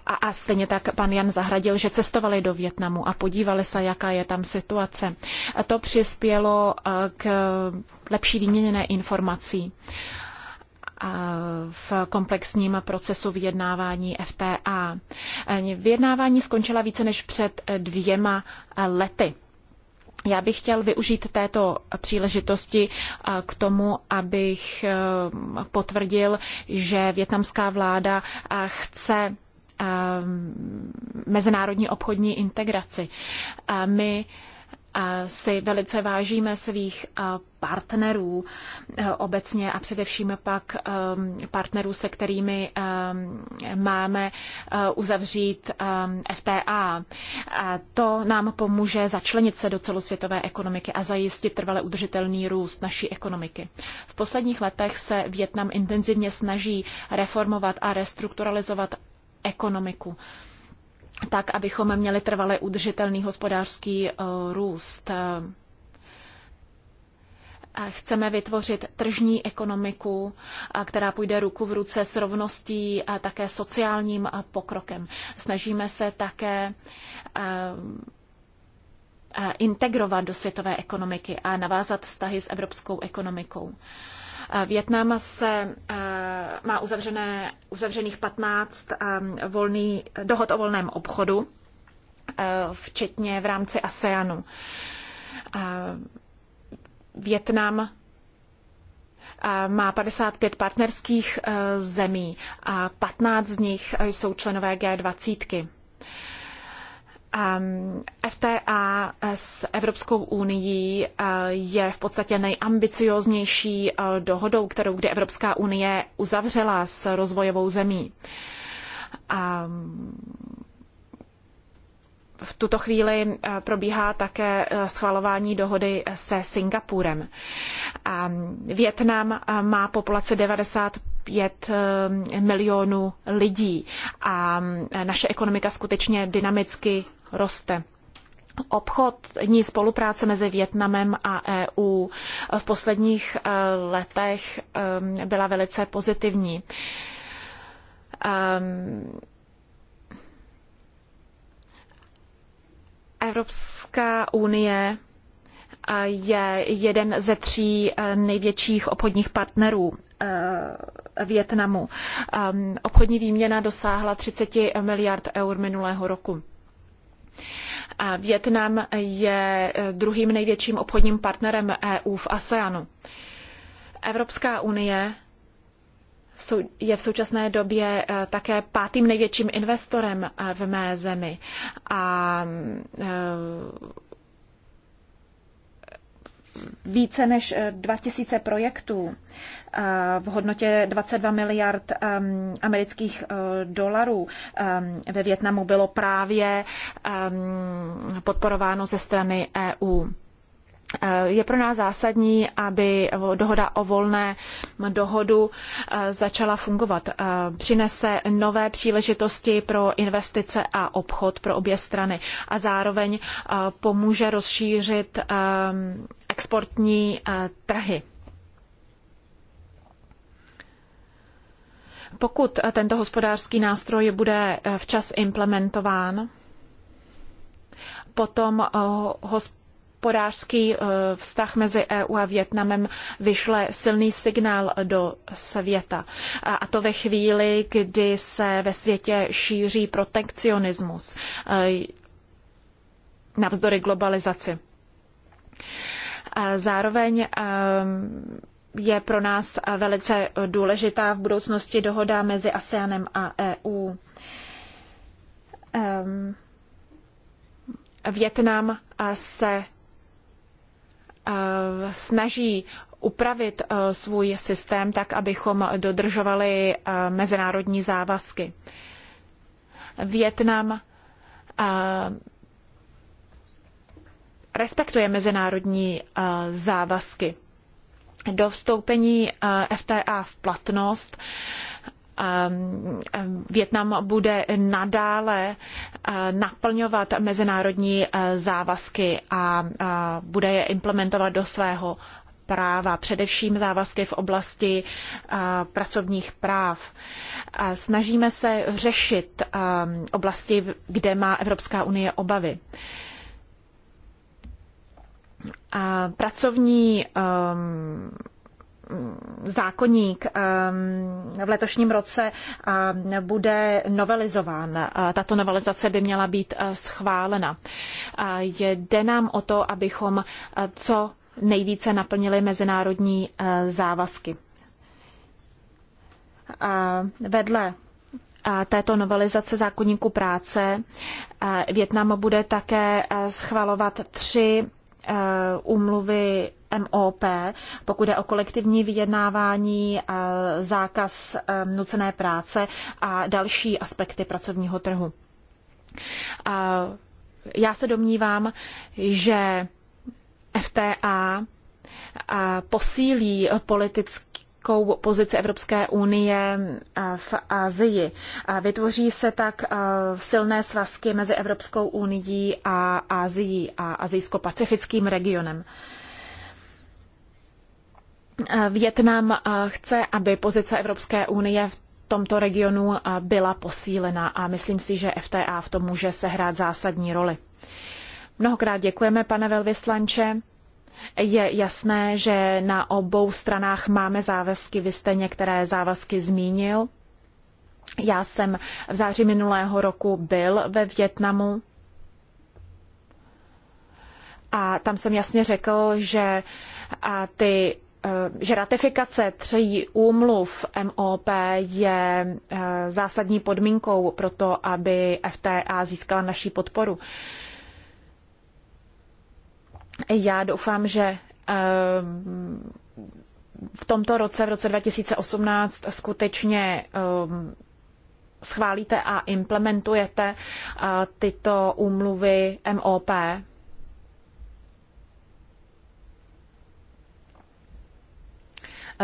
a stejně tak pan Jan Zahradil, že cestovali do Větnamu a podívali se, jaká je tam situace. To přispělo eh, k lepší výměněné informací eh, v komplexním procesu vyjednávání FTA. Eh, vyjednávání skončila více než před dvěma lety. Já bych chtěl využít této příležitosti eh, k tomu, abych eh, potvrdil, že větnamská vláda eh, chce mezinárodní obchodní integraci. My si velice vážíme svých partnerů e, obecně a především pak e, partnerů, se kterými e, máme uzavřít FTA. To nám pomůže začlenit se do celosvětové ekonomiky a zajistit trvale udržitelný růst naší ekonomiky. V posledních letech se Větnam intenzivně snaží reformovat a restrukturalizovat ekonomiku tak abychom měli trvale udržitelný hospodářský eh, růst. Chceme vytvořit tržní ekonomiku, která půjde ruku v ruce s rovností a také sociálním pokrokem. Snažíme se také eh, eh, integrovat do světové ekonomiky a navázat vztahy s evropskou ekonomikou. Eh, Větnam se eh, má uzavřené, uzavřených 15 eh, volný, dohod o volném obchodu, včetně v rámci ASEANu. Větnam má 55 partnerských zemí a 15 z nich jsou členové G20. -ky. Ehm, FTA s Evropskou unii eh, je v podstatě nejambicioznější eh, dohodou, kterou kdy Evropská unie uzavřela s rozvojovou zemí. Ehm, v tuto chvíli eh, probíhá také schvalování dohody se Singapurem. Ehm, Vietnam Větnam má populaci 95 milionů lidí a mm, naše ekonomika skutečně dynamicky roste. Obchodní spolupráce mezi Větnamem a EU v posledních eh, letech eh, byla velice pozitivní. Ehm, Evropská unie eh, je jeden ze tří největších obchodních partnerů Vietnamu. Ehm, obchodní výměna dosáhla 30 miliard eur minulého roku. Větnam je eh, druhým největším obchodním partnerem EU v ASEANu. Evropská unie je v současné době eh, také pátým největším investorem eh, v mé zemi a mm, více než 2000 eh, projektů eh, v hodnotě 22 miliard ehm, amerických eh, dolarů ehm, ve Větnamu bylo právě ehm, podporováno ze strany EU. Je pro nás zásadní, aby dohoda o volné dohodu začala fungovat. Přinese nové příležitosti pro investice a obchod pro obě strany a zároveň pomůže rozšířit exportní eh, trhy. Pokud eh, tento hospodářský nástroj bude eh, včas implementován, potom hospodářský vztah mezi EU a Větnamem vyšle silný signál do světa. A to ve chvíli, kdy se ve světě šíří protekcionismus navzdory globalizaci. Zároveň ehm, je pro nás velice důležitá v budoucnosti dohoda mezi ASEANem a EU. Ehm, Větnam se eh, snaží upravit eh, svůj systém tak, abychom dodržovali eh, mezinárodní závazky. Větnam respektuje mezinárodní eh, závazky. Do vstoupení eh, FTA v platnost eh, Vietnam bude nadále naplňovat mezinárodní závazky a bude je implementovat do svého práva, především závazky v oblasti pracovních práv. Snažíme se řešit oblasti, kde má Evropská unie obavy pracovní um, zákoník um, v letošním roce um, bude novelizován. Tato novelizace by měla být uh, schválena. Jde nám o to, abychom uh, co nejvíce naplnili mezinárodní uh, závazky. Vedle této novelizace zákonníku práce Větnam bude také schvalovat tři Eh, úmluvy MOP, pokud je o kolektivní vyjednávání, eh, zákaz eh, nucené práce a další aspekty pracovního trhu. Já se domnívám, že FTA posílí politický jakou pozici Evropské unie eh, v Asii. Vytvoří se tak eh, silné svazky mezi Evropskou unii a Asií a azijsko-pacifickým regionem. Eh, Větnam chce, aby pozice Evropské unie v tomto regionu byla posílena a myslím si, že FTA v tom může sehrát zásadní roli. Mnohokrát děkujeme, pane velvyslanče. Je jasné, že na obou stranách máme závazky. Vy jste některé závazky zmínil. Já jsem v září minulého roku byl ve Větnamu a tam jsem jasně řekl, že a ty e, že ratifikace tří úmluv MOP je e, zásadní podmínkou pro to, aby FTA získala naši podporu. Já doufám, že ehm, v tomto roce, v roce 2018, skutečně ehm, schválíte a implementujete eh, tyto úmluvy MOP. Eh,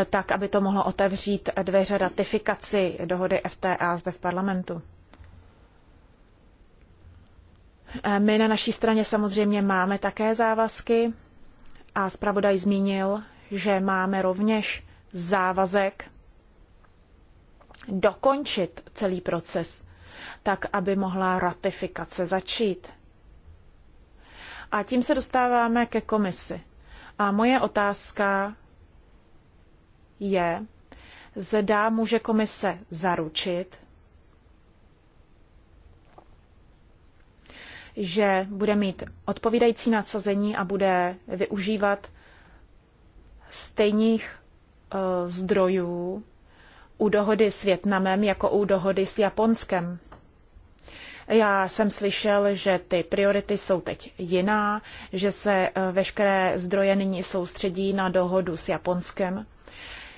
tak, aby to mohlo otevřít dveře ratifikaci dohody FTA zde v parlamentu. My na naší straně samozřejmě máme také závazky a zpravodaj zmínil, že máme rovněž závazek dokončit celý proces, tak aby mohla ratifikace začít. A tím se dostáváme ke komisi. A moje otázka je, zda může komise zaručit, že bude mít odpovídající nadsazení a bude využívat stejných eh, zdrojů u dohody s Větnamem jako u dohody s Japonskem. Já jsem slyšel, že ty priority jsou teď jiná, že se eh, veškeré zdroje nyní soustředí na dohodu s Japonskem.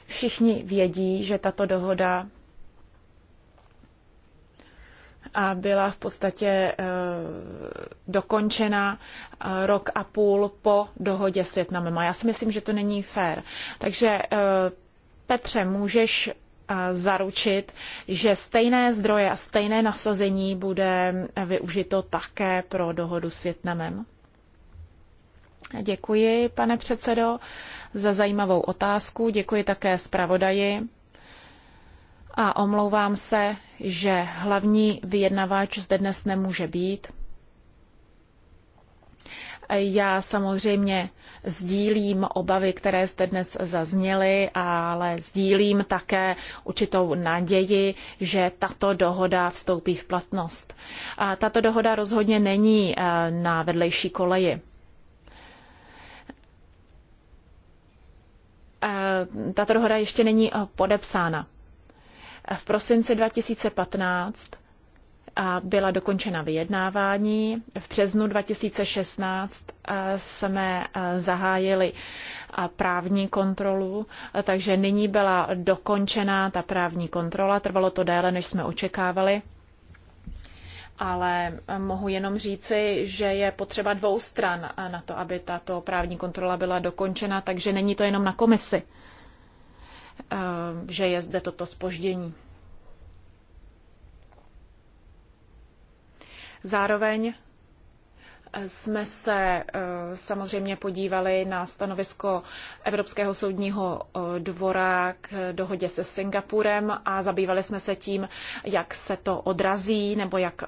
Všichni vědí, že tato dohoda a byla v podstatě eh, dokončena eh, rok a půl po dohodě s Větnamem. A já si myslím, že to není fér. Takže eh, Petře, můžeš zaručit, že stejné zdroje a stejné nasazení bude využito také pro dohodu s Větnamem? Děkuji, pane předsedo, za zajímavou otázku. Děkuji také zpravodaji. A omlouvám se, že hlavní vyjednavač zde dnes nemůže být. Já samozřejmě sdílím obavy, které zde dnes zazněly, ale sdílím také určitou naději, že tato dohoda vstoupí v platnost. A tato dohoda rozhodně není eh, na vedlejší koleji. Eh, tato dohoda ještě není eh, podepsána. V prosinci 2015 byla dokončena vyjednávání. V březnu 2016 jsme zahájili právní kontrolu, takže nyní byla dokončena ta právní kontrola. Trvalo to déle, než jsme očekávali. Ale mohu jenom říci, že je potřeba dvou stran na to, aby tato právní kontrola byla dokončena, takže není to jenom na komisi. Eh, že je zde toto spoždění. Zároveň eh, jsme se eh, samozřejmě podívali na stanovisko Evropského soudního dvora k dohodě se Singapurem a zabývali jsme se tím, jak se to odrazí nebo jak,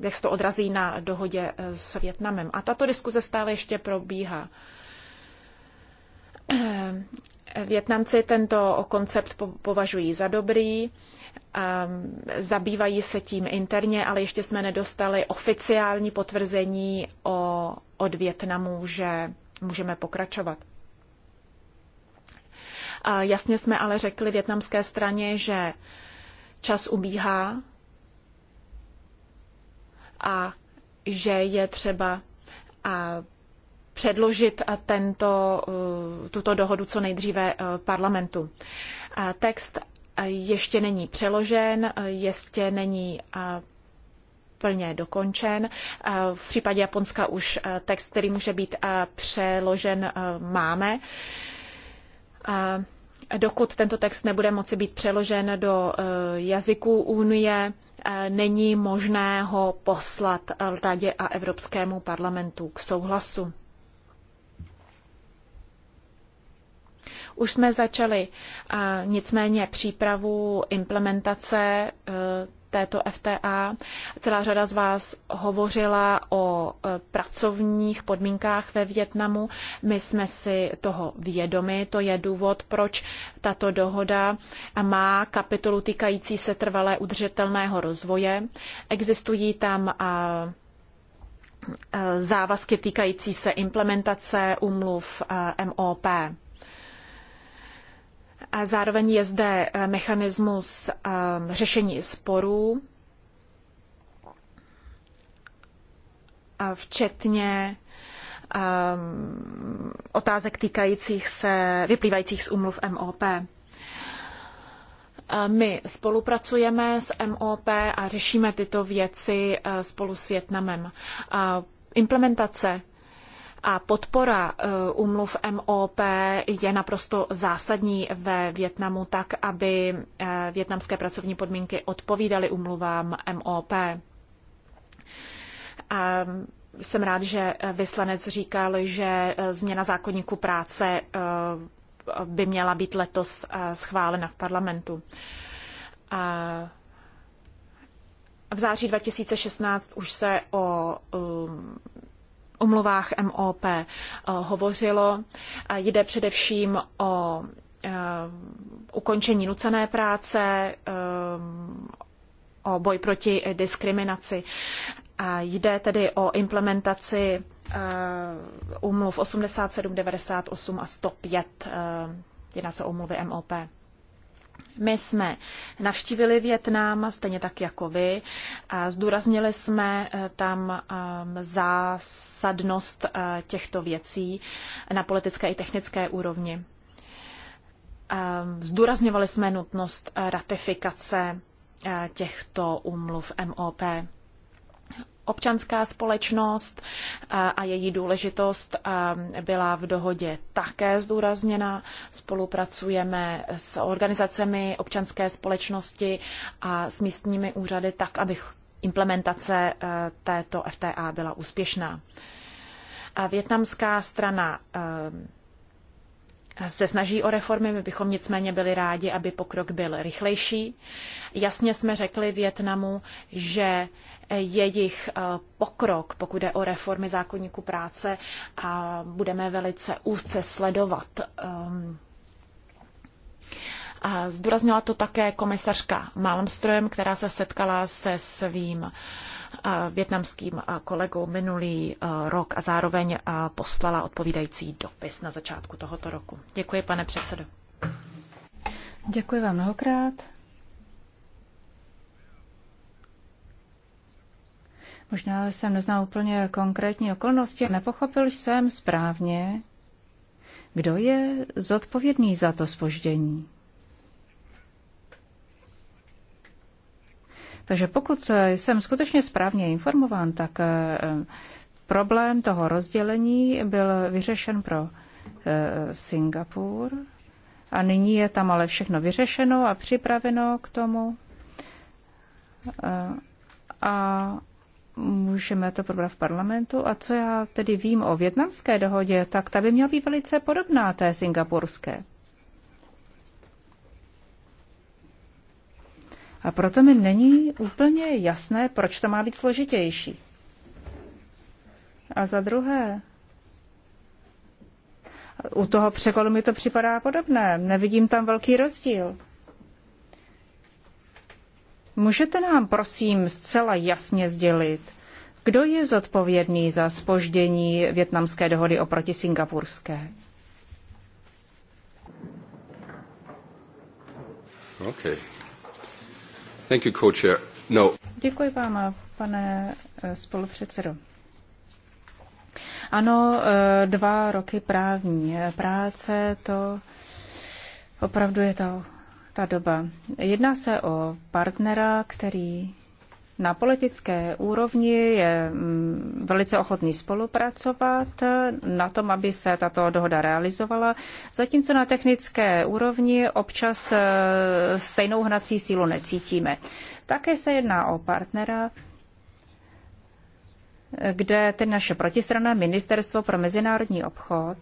jak se to odrazí na dohodě s Větnamem. A tato diskuze stále ještě probíhá. Větnamci tento koncept považují za dobrý, zabývají se tím interně, ale ještě jsme nedostali oficiální potvrzení o, od Větnamu, že můžeme pokračovat. A jasně jsme ale řekli větnamské straně, že čas ubíhá a že je třeba a předložit tento, eh, tuto dohodu co nejdříve eh, parlamentu. Text eh, ještě není přeložen, ještě není plně dokončen. V případě Japonska už text, který může být přeložen, máme. Dokud tento text nebude moci být přeložen do jazyků Unie, není možné ho poslat Radě a Evropskému parlamentu k souhlasu. Už jsme začali a nicméně přípravu implementace e, této FTA. Celá řada z vás hovořila o e, pracovních podmínkách ve Větnamu. My jsme si toho vědomi. To je důvod, proč tato dohoda má kapitolu týkající se trvalé udržitelného rozvoje. Existují tam a e, závazky týkající se implementace umluv MOP. A zároveň je zde eh, mechanismus ehm, řešení sporů, včetně ehm, otázek týkajících se, vyplývajících z úmluv MOP. My spolupracujeme s MOP a řešíme tyto věci eh, spolu s Větnamem. Implementace a podpora umluv eh, MOP je naprosto zásadní ve Větnamu tak, aby eh, větnamské pracovní podmínky odpovídaly umluvám MOP. A jsem rád, že vyslanec říkal, že eh, změna zákonníku práce by měla být letos schválena v parlamentu. A v září 2016 už se o umluvách MOP eh, hovořilo. Jde především o eh, ukončení nucené práce, eh, o boj proti diskriminaci. jde tedy o implementaci umluv 87, 98 a 105. Jedná se o umluvy MOP. My jsme navštívili Větnam, stejně tak jako vy. A zdůraznili jsme eh, tam ehm, zásadnost eh, těchto věcí na politické i technické úrovni. Ehm, zdůrazňovali jsme nutnost ratifikace eh, těchto umluv MOP občanská společnost a její důležitost byla v dohodě také zdůrazněna. Spolupracujeme s organizacemi občanské společnosti a s místními úřady tak, aby implementace e, této FTA byla úspěšná. A větnamská strana e, se snaží o reformy, my bychom nicméně byli rádi, aby pokrok byl rychlejší. Jasně jsme řekli Větnamu, že eh, jejich eh, pokrok, pokud je o reformy zákonníku práce, a budeme velice úzce sledovat. Ehm, a zdůraznila to také komisařka Malmström, která se setkala se svým větnamským kolegou minulý e, rok a zároveň poslala odpovídající dopis na začátku tohoto roku. Děkuji, pane předsedo. Děkuji vám mnohokrát. Možná jsem neznal úplně konkrétní okolnosti. Nepochopil jsem správně, kdo je zodpovědný za to spoždění. Takže pokud eh, jsem skutečně správně informován, tak eh, problém toho rozdělení byl vyřešen pro eh, Singapur a nyní je tam ale všechno vyřešeno a připraveno k tomu. A můžeme to probrat v parlamentu. A co já tedy vím o větnamské dohodě, tak ta by měla být velice podobná té singapurské. A proto mi není úplně jasné, proč to má být složitější. A za druhé, u toho překolu mi to připadá podobné. Nevidím tam velký rozdíl. Můžete nám prosím zcela jasně sdělit, kdo je zodpovědný za spoždění větnamské dohody oproti singapurské? Okay. Thank you, co-chair. No. Děkuji vám, pane eh, spolupředsedo. Ano, eh, dva roky právní eh, práce, to opravdu je to, ta doba. Jedná se o partnera, který na politické úrovni je mm, velice ochotný spolupracovat na tom, aby se tato dohoda realizovala, zatímco na technické úrovni občas e, stejnou hnací sílu necítíme. Také se jedná o partnera, kde ten naše protistrana Ministerstvo pro mezinárodní obchod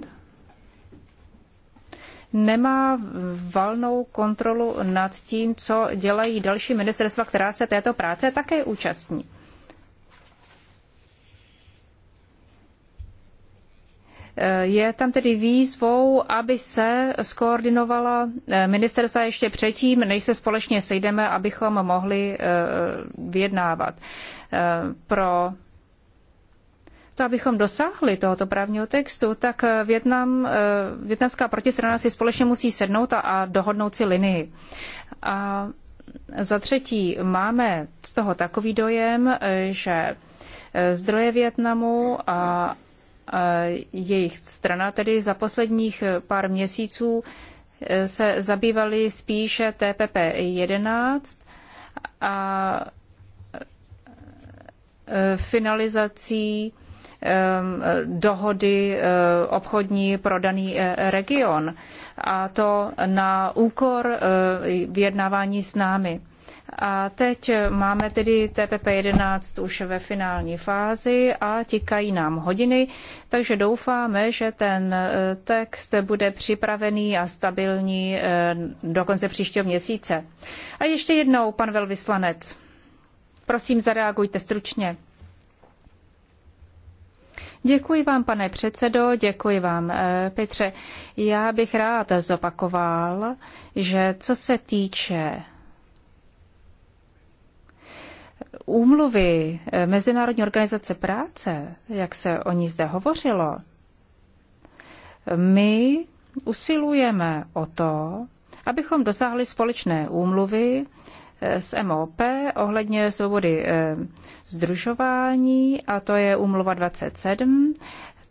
nemá valnou kontrolu nad tím, co dělají další ministerstva, která se této práce také účastní. Je tam tedy výzvou, aby se skoordinovala ministerstva ještě předtím, než se společně sejdeme, abychom mohli eh, vyjednávat. Eh, pro to, abychom dosáhli tohoto právního textu, tak Větnam, eh, větnamská protistrana si společně musí sednout a, a dohodnout si linii. A za třetí, máme z toho takový dojem, že eh, zdroje Větnamu a jejich strana tedy za posledních pár měsíců eh, se zabývali spíše TPP-11 a finalizací Um, dohody uh, obchodní pro daný uh, region. A to na úkor uh, vyjednávání s námi. A teď máme tedy TPP-11 už ve finální fázi a tikají nám hodiny, takže doufáme, že ten text bude připravený a stabilní do konce příštího měsíce. A ještě jednou, pan velvyslanec, prosím zareagujte stručně. Děkuji vám, pane předsedo, děkuji vám, eh, Petře. Já bych rád zopakoval, že co se týče úmluvy eh, Mezinárodní organizace práce, jak se o ní zde hovořilo, my usilujeme o to, abychom dosáhli společné úmluvy, s MOP ohledně svobody eh, združování, a to je umluva 27.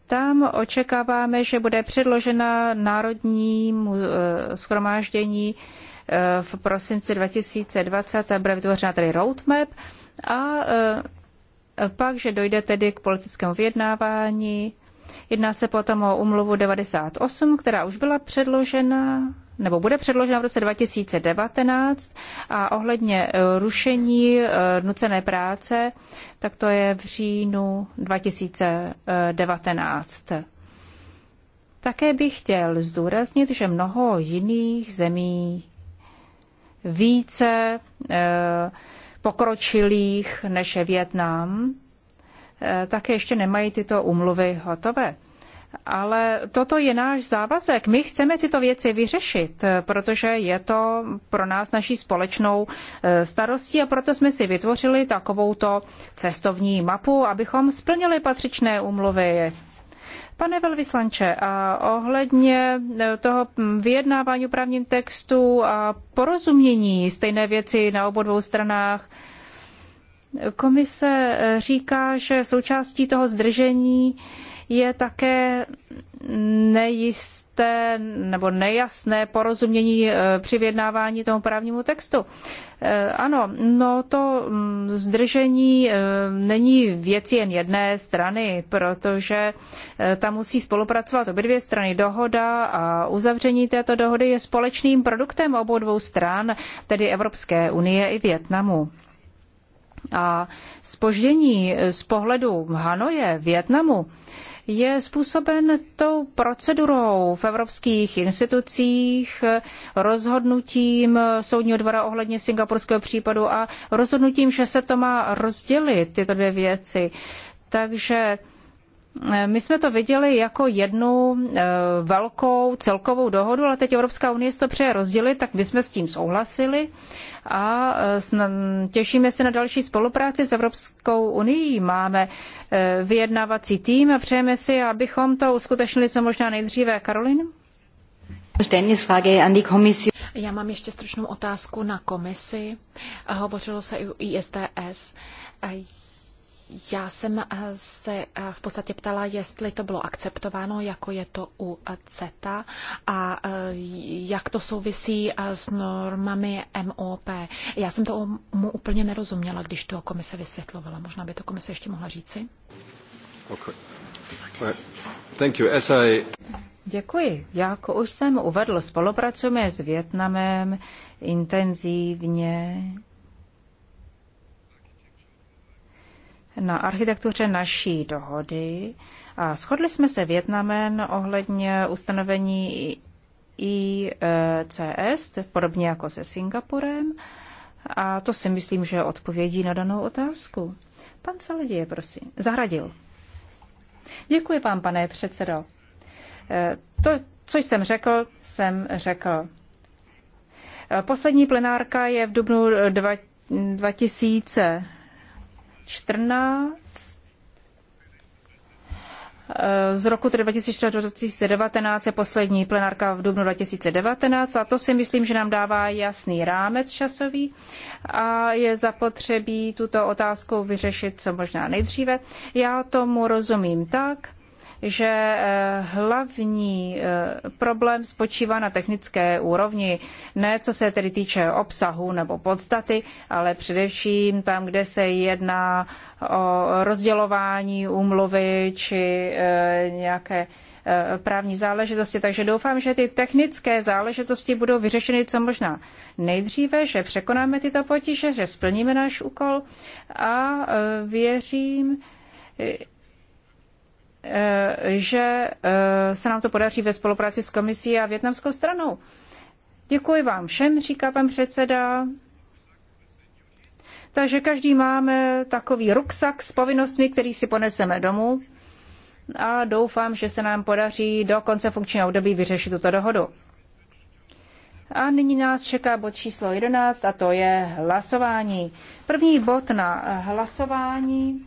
Tam očekáváme, že bude předložena národnímu eh, schromáždění eh, v prosinci 2020 a bude vytvořena tedy roadmap a pak, že dojde tedy k politickému vyjednávání Jedná se potom o umluvu 98, která už byla předložena nebo bude předložena v roce 2019 a ohledně eh, rušení eh, nucené práce, tak to je v říjnu 2019. Také bych chtěl zdůraznit, že mnoho jiných zemí více eh, pokročilých než je Větnam, Eh, také ještě nemají tyto umluvy hotové. Ale toto je náš závazek. My chceme tyto věci vyřešit, eh, protože je to pro nás naší společnou eh, starostí a proto jsme si vytvořili takovouto cestovní mapu, abychom splnili patřičné umluvy. Pane velvyslanče, a ohledně toho hm, vyjednávání právním textu a porozumění stejné věci na obou dvou stranách, Komise eh, říká, že součástí toho zdržení je také nejisté nebo nejasné porozumění eh, při vyjednávání tomu právnímu textu. Eh, ano, no to mm, zdržení není věci jen jedné strany, protože tam musí spolupracovat obě dvě strany. Dohoda a uzavření této dohody je společným produktem obou dvou stran, tedy Evropské unie i Větnamu. A spoždění z pohledu Hanoje, Větnamu, je způsoben tou procedurou v evropských institucích, rozhodnutím soudního dvora ohledně singapurského případu a rozhodnutím, že se to má rozdělit, tyto dvě věci. Takže Eh, my jsme to viděli jako jednu eh, velkou celkovou dohodu, ale teď Evropská unie si to přeje rozdělit, tak my jsme s tím souhlasili a eh, těšíme se na další spolupráci s Evropskou unii. Máme vyjednávací tým a přejeme si, abychom to uskutečnili co možná nejdříve. Karolin? Já mám ještě stručnou otázku na komisi. Hovořilo se i o ISTS. Já jsem eh, se eh, v podstatě ptala, jestli to bylo akceptováno, jako je to u eh, CETA a jak to souvisí s normami MOP. Já jsem to mu úplně nerozuměla, když to komise vysvětlovala. Možná by to komise ještě mohla říci? Okay. Thank you. As I... Děkuji. Jak už jsem uvedl, spolupracujeme s Větnamem intenzívně na architektuře naší dohody a shodli jsme se Větnamen ohledně ustanovení ICS, e podobně jako se Singapurem. A to si myslím, že je odpovědí na danou otázku. Pan Saladě, prosím. Zahradil. Děkuji vám, pane předsedo. E, to, co jsem řekl, jsem řekl. E, poslední plenárka je v dubnu 2000. 14 z roku 2014-2019 je poslední plenárka v dubnu 2019 a to si myslím, že nám dává jasný rámec časový a je zapotřebí tuto otázku vyřešit co možná nejdříve. Já tomu rozumím tak, že eh, hlavní eh, problém spočívá na technické úrovni, ne co se tedy týče obsahu nebo podstaty, ale především tam, kde se jedná o rozdělování úmluvy či eh, nějaké právní záležitosti. Takže doufám, že ty technické záležitosti budou vyřešeny co možná nejdříve, že překonáme tyto potíže, že splníme náš úkol a věřím, Eh, že eh, se nám to podaří ve spolupráci s komisí a větnamskou stranou. Děkuji vám všem, říká pan předseda. Takže každý máme takový ruksak s povinnostmi, který si poneseme domů a doufám, že se nám podaří do konce funkčního období vyřešit tuto dohodu. A nyní nás čeká bod číslo 11 a to je hlasování. První bod na hlasování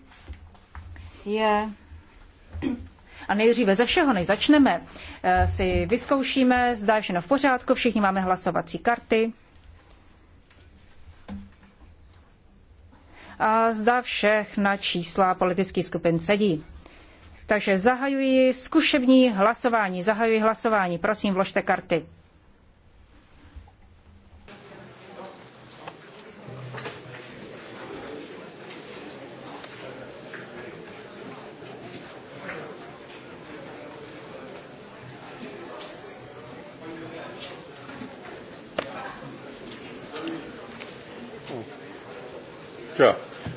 je a nejdříve ze všeho, než začneme, eh, si vyzkoušíme, zda je všechno v pořádku, všichni máme hlasovací karty. A zda všechna čísla politických skupin sedí. Takže zahajuji zkušební hlasování. Zahajuji hlasování. Prosím, vložte karty. Ja.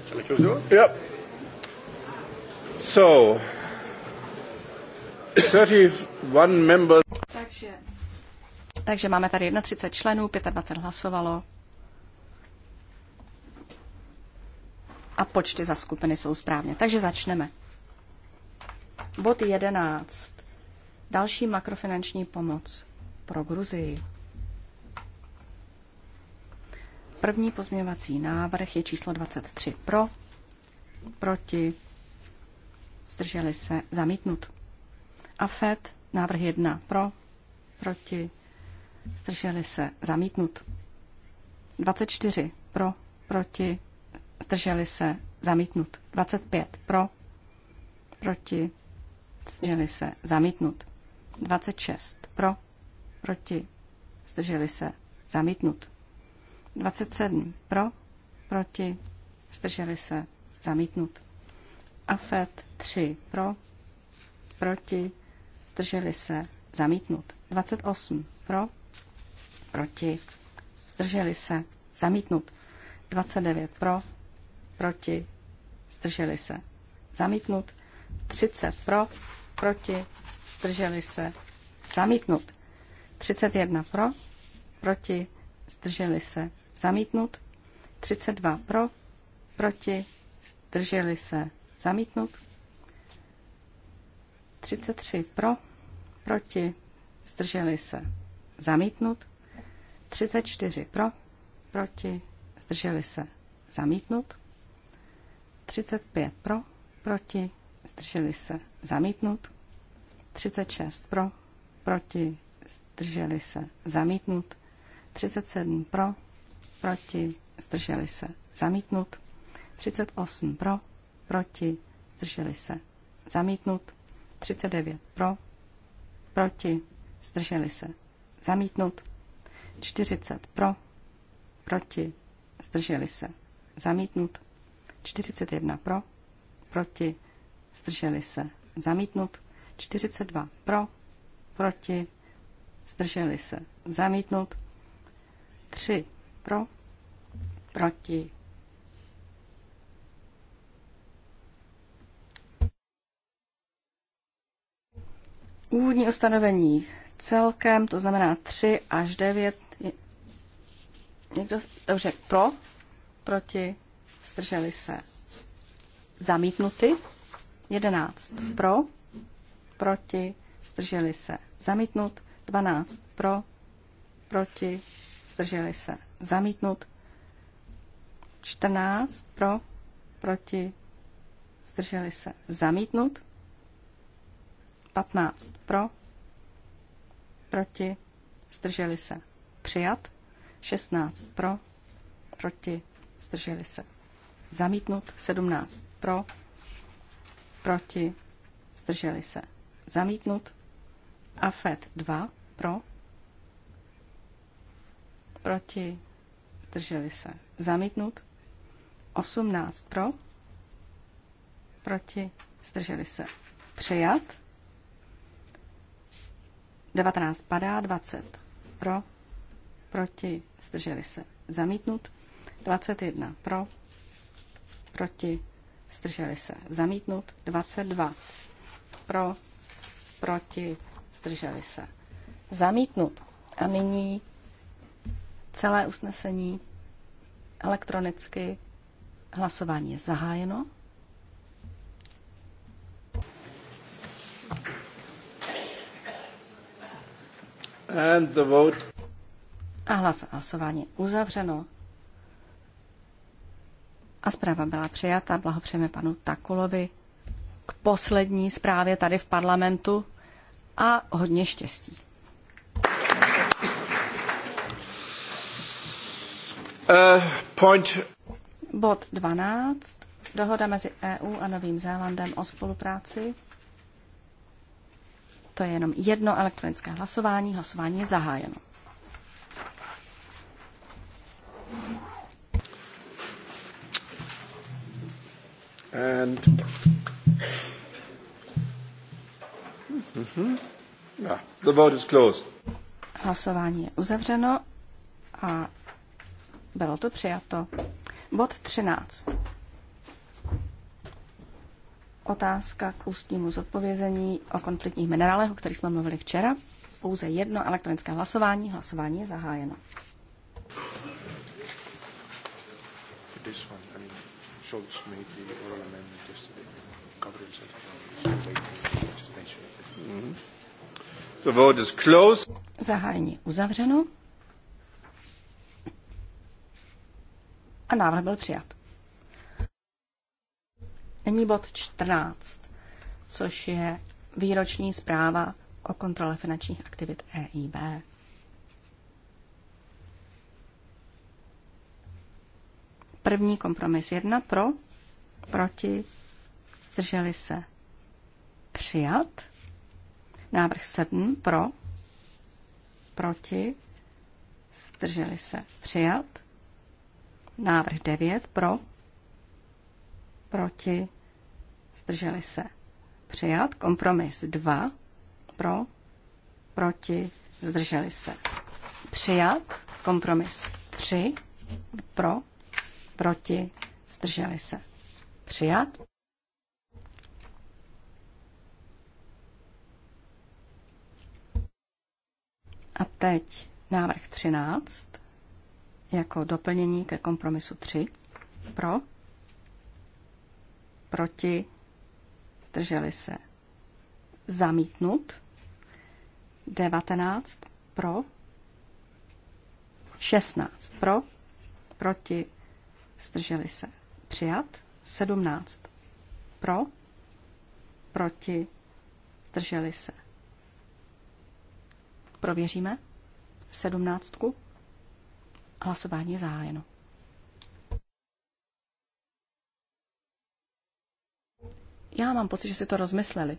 Shall I close the door? Yep. So, 31 members. Takže, takže máme tady 31 členů, 25 hlasovalo. A počty za skupiny jsou správně. Takže začneme. Bod 11. Další makrofinanční pomoc pro Gruzii. První pozměňovací návrh je číslo 23 pro, proti, zdrželi se, zamítnut. AFET, návrh 1 pro, proti, zdrželi se, zamítnut. 24 pro, proti, zdrželi se, zamítnut. 25 pro, proti, zdrželi se, zamítnut. 26 pro, proti, zdrželi se, zamítnut. 27 pro, proti, zdrželi se, zamítnut. AFET 3 pro, proti, zdrželi se, zamítnut. 28 pro, proti, zdrželi se, zamítnut. 29 pro, proti, zdrželi se, zamítnut. 30 pro, proti, zdrželi se, zamítnut. 31 pro, proti, zdrželi se, zamítnut, 32 pro, proti, zdrželi se, zamítnut, 33 pro, proti, zdrželi se, zamítnut, 34 pro, proti, zdrželi se, zamítnut, 35 pro, proti, zdrželi se, zamítnut, 36 pro, proti, zdrželi se, zamítnut, 37 pro, proti, zdrželi se, zamítnut. 38 pro, proti, zdrželi se, zamítnut. 39 pro, proti, zdrželi se, zamítnut. 40 pro, proti, zdrželi se, zamítnut. 41 pro, proti, zdrželi se, zamítnut. 42 pro, proti, zdrželi se, zamítnut. 3 pro? Proti? Úvodní ustanovení celkem, to znamená 3 až 9. Někdo, dobře, pro, proti, zdrželi se. Zamítnuty, 11 pro, proti, zdrželi se. Zamítnut, 12 pro, proti, zdrželi se zamítnut. 14 pro, proti, zdrželi se, zamítnut. 15 pro, proti, zdrželi se, přijat. 16 pro, proti, zdrželi se, zamítnut. 17 pro, proti, zdrželi se, zamítnut. AFED 2 pro, proti, zdrželi se, zamítnut. 18 pro, proti, zdrželi se, přijat. 19 padá, 20 pro, proti, zdrželi se, zamítnut. 21 pro, proti, zdrželi se, zamítnut. 22 pro, proti, zdrželi se, zamítnut. A nyní celé usnesení elektronicky. Hlasování je zahájeno. And the vote. A hlas, hlasování uzavřeno. A zpráva byla přijata. Blahopřejeme panu Takulovi k poslední zprávě tady v parlamentu a hodně štěstí. Eh, point... Bod 12. Dohoda mezi EU a Novým Zélandem o spolupráci. To je jenom jedno elektronické hlasování. Hlasování je zahájeno. And mm-hmm. yeah. the vote is closed. Hlasování je uzavřeno a bylo to přijato. Bod 13. Otázka k ústnímu zodpovězení o konfliktních minerálech, o kterých jsme mluvili včera. Pouze jedno elektronické hlasování. Hlasování je zahájeno. The vote is closed. Zahájení uzavřeno. A návrh byl přijat. Není bod 14, což je výroční zpráva o kontrole finančních aktivit EIB. První kompromis 1 pro, proti, zdrželi se přijat. Návrh 7 pro, proti, zdrželi se přijat. Návrh 9 pro, proti, zdrželi se. Přijat. Kompromis 2 pro, proti, zdrželi se. Přijat. Kompromis 3 pro, proti, zdrželi se. Přijat. A teď návrh 13 jako doplnění ke kompromisu 3. Pro, proti, zdrželi se. Zamítnut. 19 pro, 16 pro, proti, zdrželi se. Přijat. 17 pro, proti, zdrželi se. Prověříme sedmnáctku. Hlasování je zahájeno. Já mám pocit, že si to rozmysleli.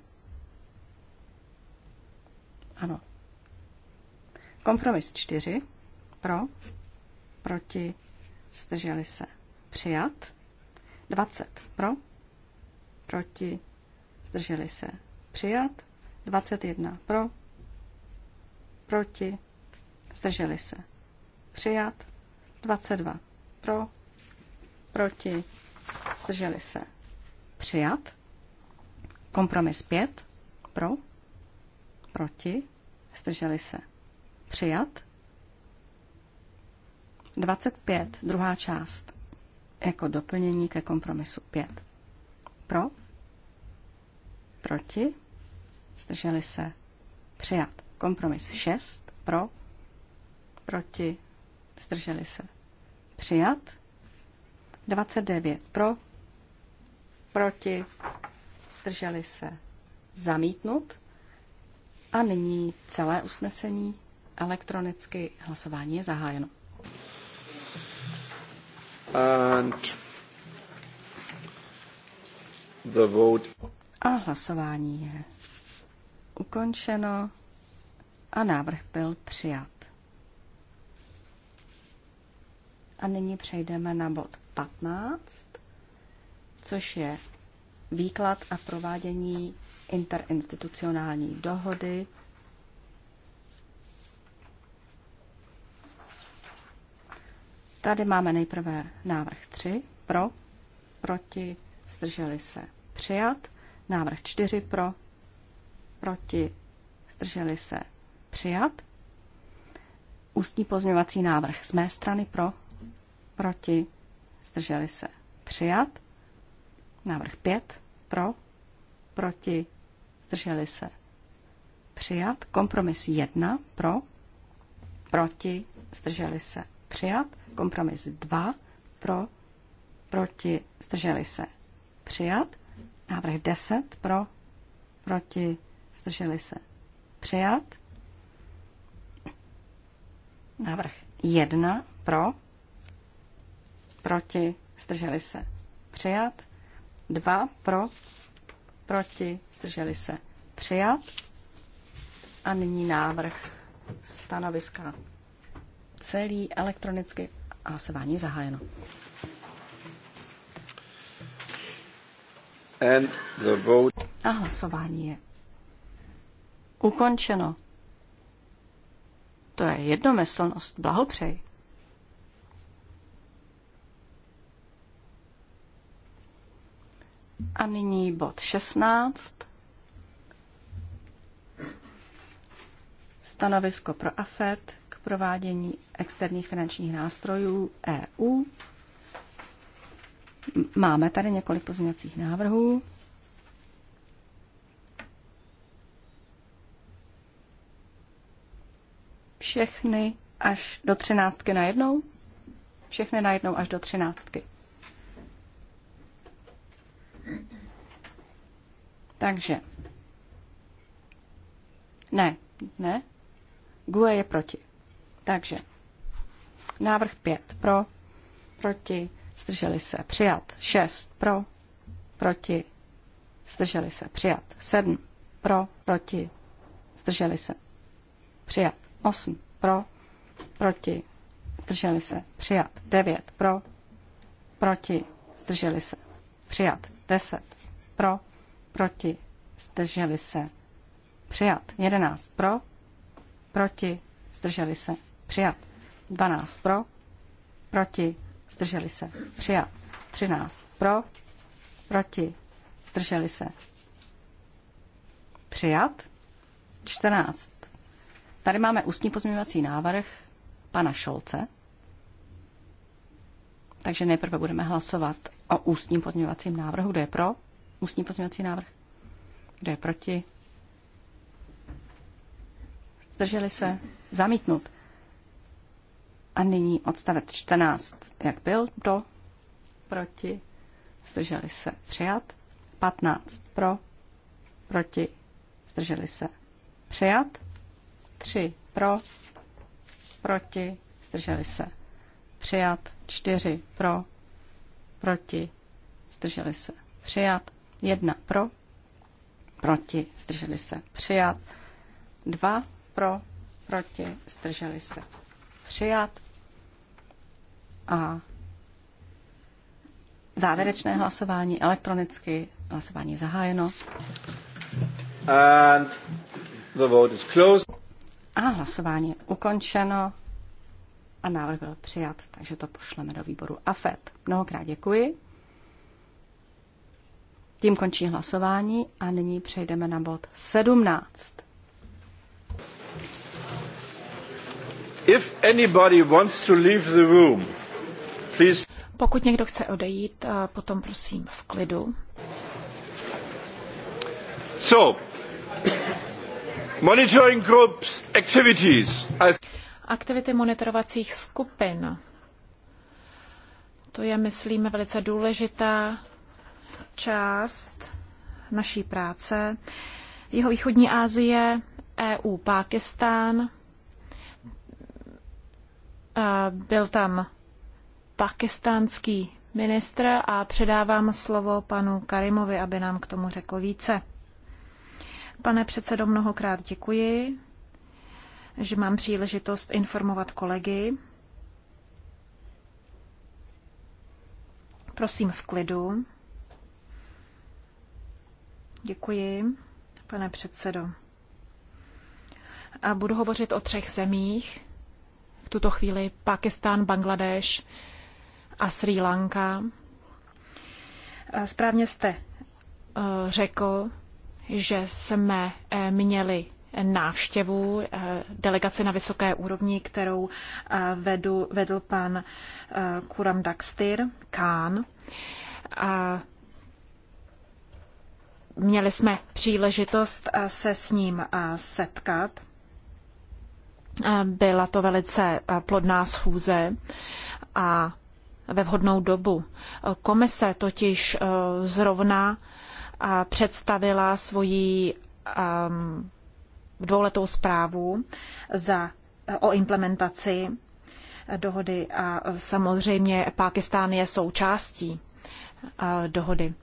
Ano. Kompromis 4. Pro. Proti. Zdrželi se. Přijat. 20. Pro. Proti. Zdrželi se. Přijat. 21. Pro. Proti. Zdrželi se. Přijat. 22 pro, proti, zdrželi se. Přijat. Kompromis 5 pro, proti, zdrželi se. Přijat. 25, druhá část, jako doplnění ke kompromisu 5. Pro, proti, zdrželi se, přijat. Kompromis 6, pro, proti, Zdrželi se. Přijat. 29 pro. Proti. Zdrželi se. Zamítnut. A nyní celé usnesení elektronicky hlasování je zahájeno. And the vote. A hlasování je ukončeno a návrh byl přijat. A nyní přejdeme na bod 15, což je výklad a provádění interinstitucionální dohody Tady máme nejprve návrh 3 pro, proti, zdrželi se přijat. Návrh 4 pro, proti, zdrželi se přijat. Ústní pozměňovací návrh z mé strany pro, proti, zdrželi se přijat. Návrh 5 pro, proti, zdrželi se přijat. Kompromis 1 pro, proti, zdrželi se přijat. Kompromis 2 pro, proti, zdrželi se přijat. Návrh 10 pro, proti, zdrželi se přijat. Návrh 1 pro, proti, zdrželi se. Přijat. dva pro, proti, zdrželi se. Přijat. A nyní návrh stanoviska. Celý elektronicky hlasování zahájeno. And the vote. A hlasování je ukončeno. To je jednomyslnost. Blahopřeji. A nyní bod 16. Stanovisko pro AFET k provádění externích finančních nástrojů EU. Máme tady několik pozměňovacích návrhů. Všechny až do třináctky najednou? Všechny najednou až do třináctky. Takže. Ne, ne. GUE je proti. Takže. Návrh 5 pro, proti, zdrželi se, přijat. 6 pro, proti, zdrželi se, přijat. 7 pro, proti, zdrželi se, přijat. 8 pro, proti, zdrželi se, přijat. 9 pro, proti, zdrželi se, přijat. 10 pro, proti, zdrželi se, přijat. 11 pro, proti, zdrželi se, přijat. 12 pro, proti, zdrželi se, přijat. 13 pro, proti, zdrželi se, přijat. 14. Tady máme ústní pozměňovací návrh pana Šolce. Takže nejprve budeme hlasovat o ústním pozměňovacím návrhu. Kdo je pro? ústní pozměňovací návrh? Kdo je proti? Zdrželi se? Zamítnut. A nyní odstavec 14, jak byl, do, proti, zdrželi se, přijat. 15 pro, proti, zdrželi se, přijat. 3 pro, proti, zdrželi se, přijat. 4 pro, proti, zdrželi se, přijat. Jedna pro, proti, zdrželi se, přijat. Dva pro, proti, zdrželi se, přijat. A závěrečné hlasování elektronicky, hlasování zahájeno. And the vote is closed. A hlasování je ukončeno a návrh byl přijat, takže to pošleme do výboru AFET. Mnohokrát děkuji. Tím končí hlasování a nyní přejdeme na bod 17. If anybody wants to leave the room, please... Pokud někdo chce odejít, eh, potom prosím v klidu. So, monitoring groups activities. Aktivity monitorovacích skupin. To je, myslím, velice důležitá část naší práce. Jeho východní Asie, EU, Pákistán. Byl tam pakistánský ministr a předávám slovo panu Karimovi, aby nám k tomu řekl více. Pane předsedo, mnohokrát děkuji, že mám příležitost informovat kolegy. Prosím v klidu. Děkuji, pane předsedo. A budu hovořit o třech zemích. V tuto chvíli Pakistán, Bangladeš a Sri Lanka. Správně jste e, řekl, že jsme e, měli návštěvu e, delegace na vysoké úrovni, kterou vedl pan Kuram Dakstir Khan. A Měli jsme příležitost eh, se s ním eh, setkat. Eh, byla to velice plodná schůze a ve vhodnou dobu. Komise totiž zrovna představila svoji ehm, dvouletou zprávu za, o implementaci dohody a samozřejmě Pákistán je součástí dohody.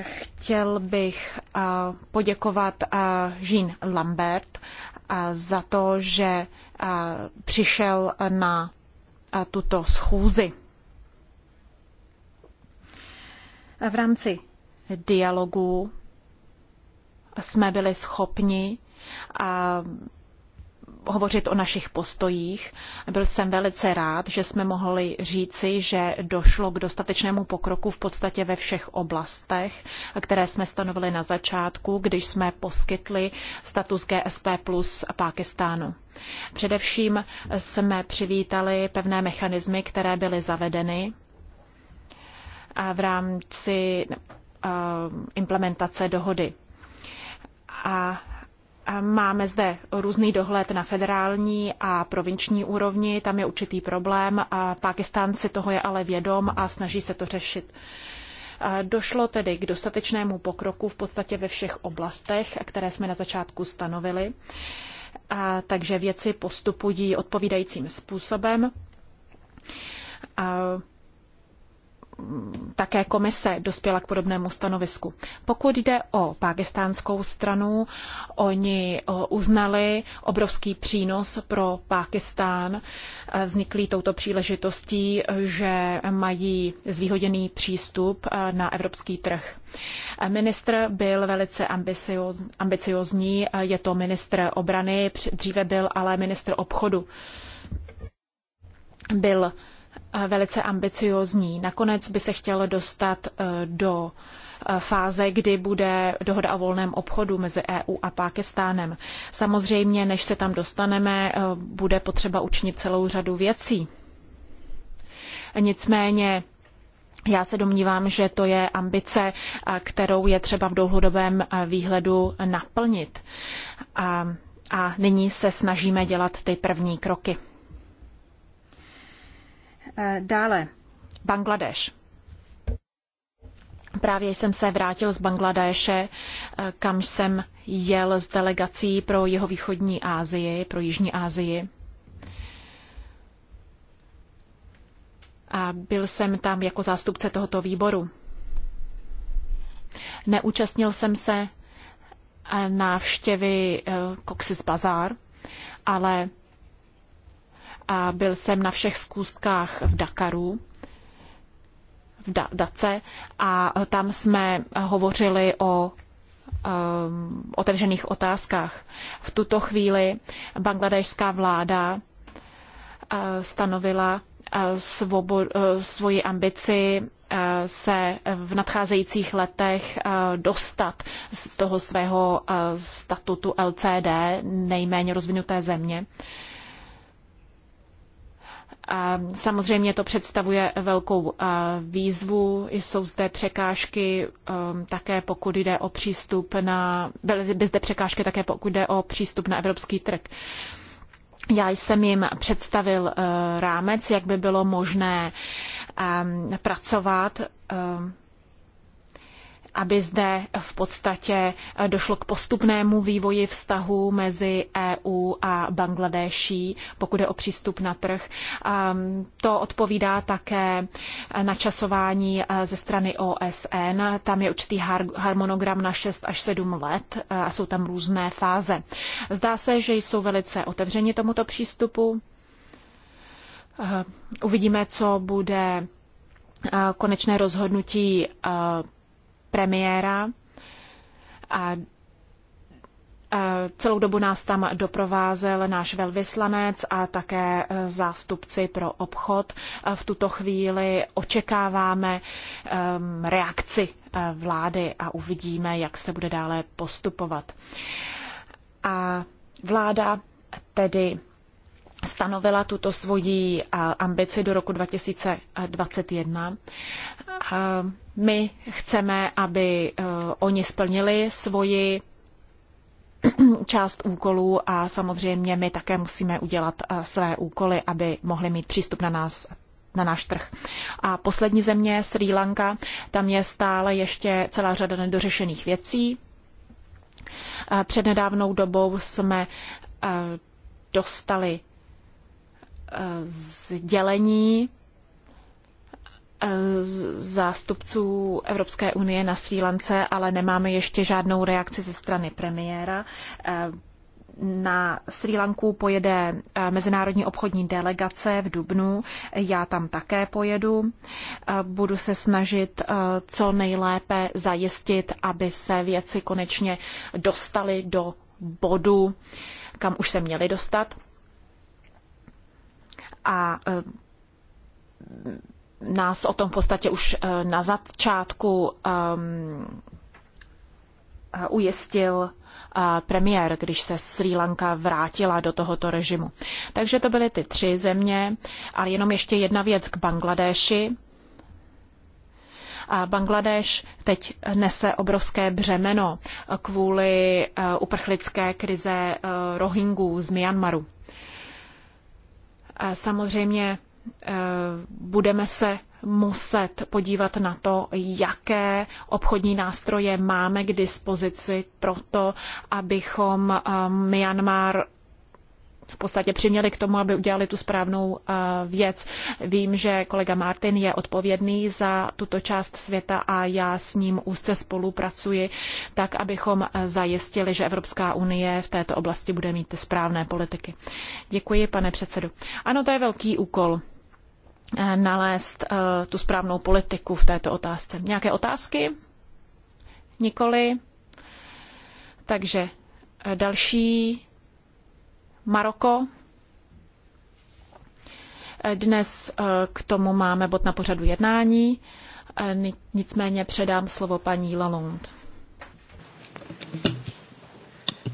Chtěl bych eh, poděkovat eh, Jean Lambert eh, za to, že přišel na tuto schůzi. V rámci dialogu jsme byli schopni hovořit o našich postojích. Byl jsem velice rád, že jsme mohli říci, že došlo k dostatečnému pokroku v podstatě ve všech oblastech, které jsme stanovili na začátku, když jsme poskytli status GSP plus Pákistánu. Především jsme přivítali pevné mechanismy, které byly zavedeny a v rámci eh, implementace dohody. A Máme zde různý dohled na federální a provinční úrovni, tam je určitý problém. A Pákistán si toho je ale vědom a snaží se to řešit. Došlo tedy k dostatečnému pokroku v podstatě ve všech oblastech, které jsme na začátku stanovili. A, takže věci postupují odpovídajícím způsobem. A, také komise dospěla k podobnému stanovisku. Pokud jde o pákistánskou stranu, oni eh, uznali obrovský přínos pro Pákistán, eh, vzniklý touto příležitostí, eh, že mají zvýhodněný přístup na evropský trh. Ministr byl velice ambicioz, ambiciozní, je to ministr obrany, dříve byl ale ministr obchodu. Byl velice ambiciozní. Nakonec by se chtěl dostat eh, do eh, fáze, kdy bude dohoda o volném obchodu mezi EU a Pákistánem. Samozřejmě, než se tam dostaneme, eh, bude potřeba učinit celou řadu věcí. Nicméně já se domnívám, že to je ambice, kterou je třeba v dlouhodobém výhledu naplnit. A, a nyní se snažíme dělat ty první kroky. Eh, dále, Bangladeš. Právě jsem se vrátil z Bangladéše, eh, kam jsem jel s delegací pro jeho východní Asii, pro jižní Asii. A byl jsem tam jako zástupce tohoto výboru. Neúčastnil jsem se eh, návštěvy Cox's Bazar, ale a byl jsem na všech zkůstkách v Dakaru, v da- Dace, a tam jsme hovořili o um, otevřených otázkách. V tuto chvíli bangladešská vláda uh, stanovila uh, svobo- uh, svoji ambici uh, se v nadcházejících letech uh, dostat z toho svého uh, statutu LCD nejméně rozvinuté země. Uh, Samozřejmě to představuje velkou výzvu, jsou zde překážky um, také pokud jde o přístup na, byly zde překážky také pokud jde o přístup na evropský trh. Já jsem jim představil uh, rámec, jak by bylo možné um, pracovat um, aby zde v podstatě eh, došlo k postupnému vývoji vztahu mezi EU a Bangladeší, pokud je o přístup na trh. Ehm, to odpovídá také eh, načasování eh, ze strany OSN. Tam je určitý harmonogram na 6 až 7 let a jsou tam různé fáze. Zdá se, že jsou velice otevřeni tomuto přístupu. Uvidíme, co bude konečné rozhodnutí premiéra. A, a celou dobu nás tam doprovázel náš velvyslanec a také e, zástupci pro obchod. A v tuto chvíli očekáváme um, reakci e, vlády a uvidíme, jak se bude dále postupovat. A vláda tedy stanovila tuto svoji ambici do roku 2021. My chceme, aby e, oni splnili svoji část úkolů a samozřejmě my také musíme udělat e, své úkoly, aby mohli mít přístup na nás na náš trh. A poslední země, Sri Lanka, tam je stále ještě celá řada nedořešených věcí. E, před nedávnou dobou jsme dostali sdělení eh, zástupců Evropské unie na Sri Lance, ale nemáme ještě žádnou reakci ze strany premiéra. Eh, na Sri Lanku pojede eh, mezinárodní obchodní delegace v Dubnu, já tam také pojedu. Budu se snažit co nejlépe zajistit, aby se věci konečně dostaly do bodu, kam už se měly dostat a e, nás o tom v podstatě už e, na začátku um, ujistil premiér, když se Sri Lanka vrátila do tohoto režimu. Takže to byly ty tři země, ale jenom ještě jedna věc k Bangladeši. A Bangladeš teď nese obrovské břemeno kvůli uprchlické krize Rohingů z Myanmaru. Samozřejmě eh, budeme se muset podívat na to, jaké obchodní nástroje máme k dispozici pro to, abychom eh, Myanmar v podstatě přiměli k tomu, aby udělali tu správnou eh, věc. Vím, že kolega Martin je odpovědný za tuto část světa a já s ním úzce spolupracuji, tak abychom eh, zajistili, že Evropská unie v této oblasti bude mít správné politiky. Děkuji, pane předsedu. Ano, to je velký úkol eh, nalézt tu správnou politiku v této otázce. Nějaké otázky? Nikoli. Takže další Maroko. Dnes eh, k tomu máme bod na pořadu jednání, eh, nicméně předám slovo paní Lalonde.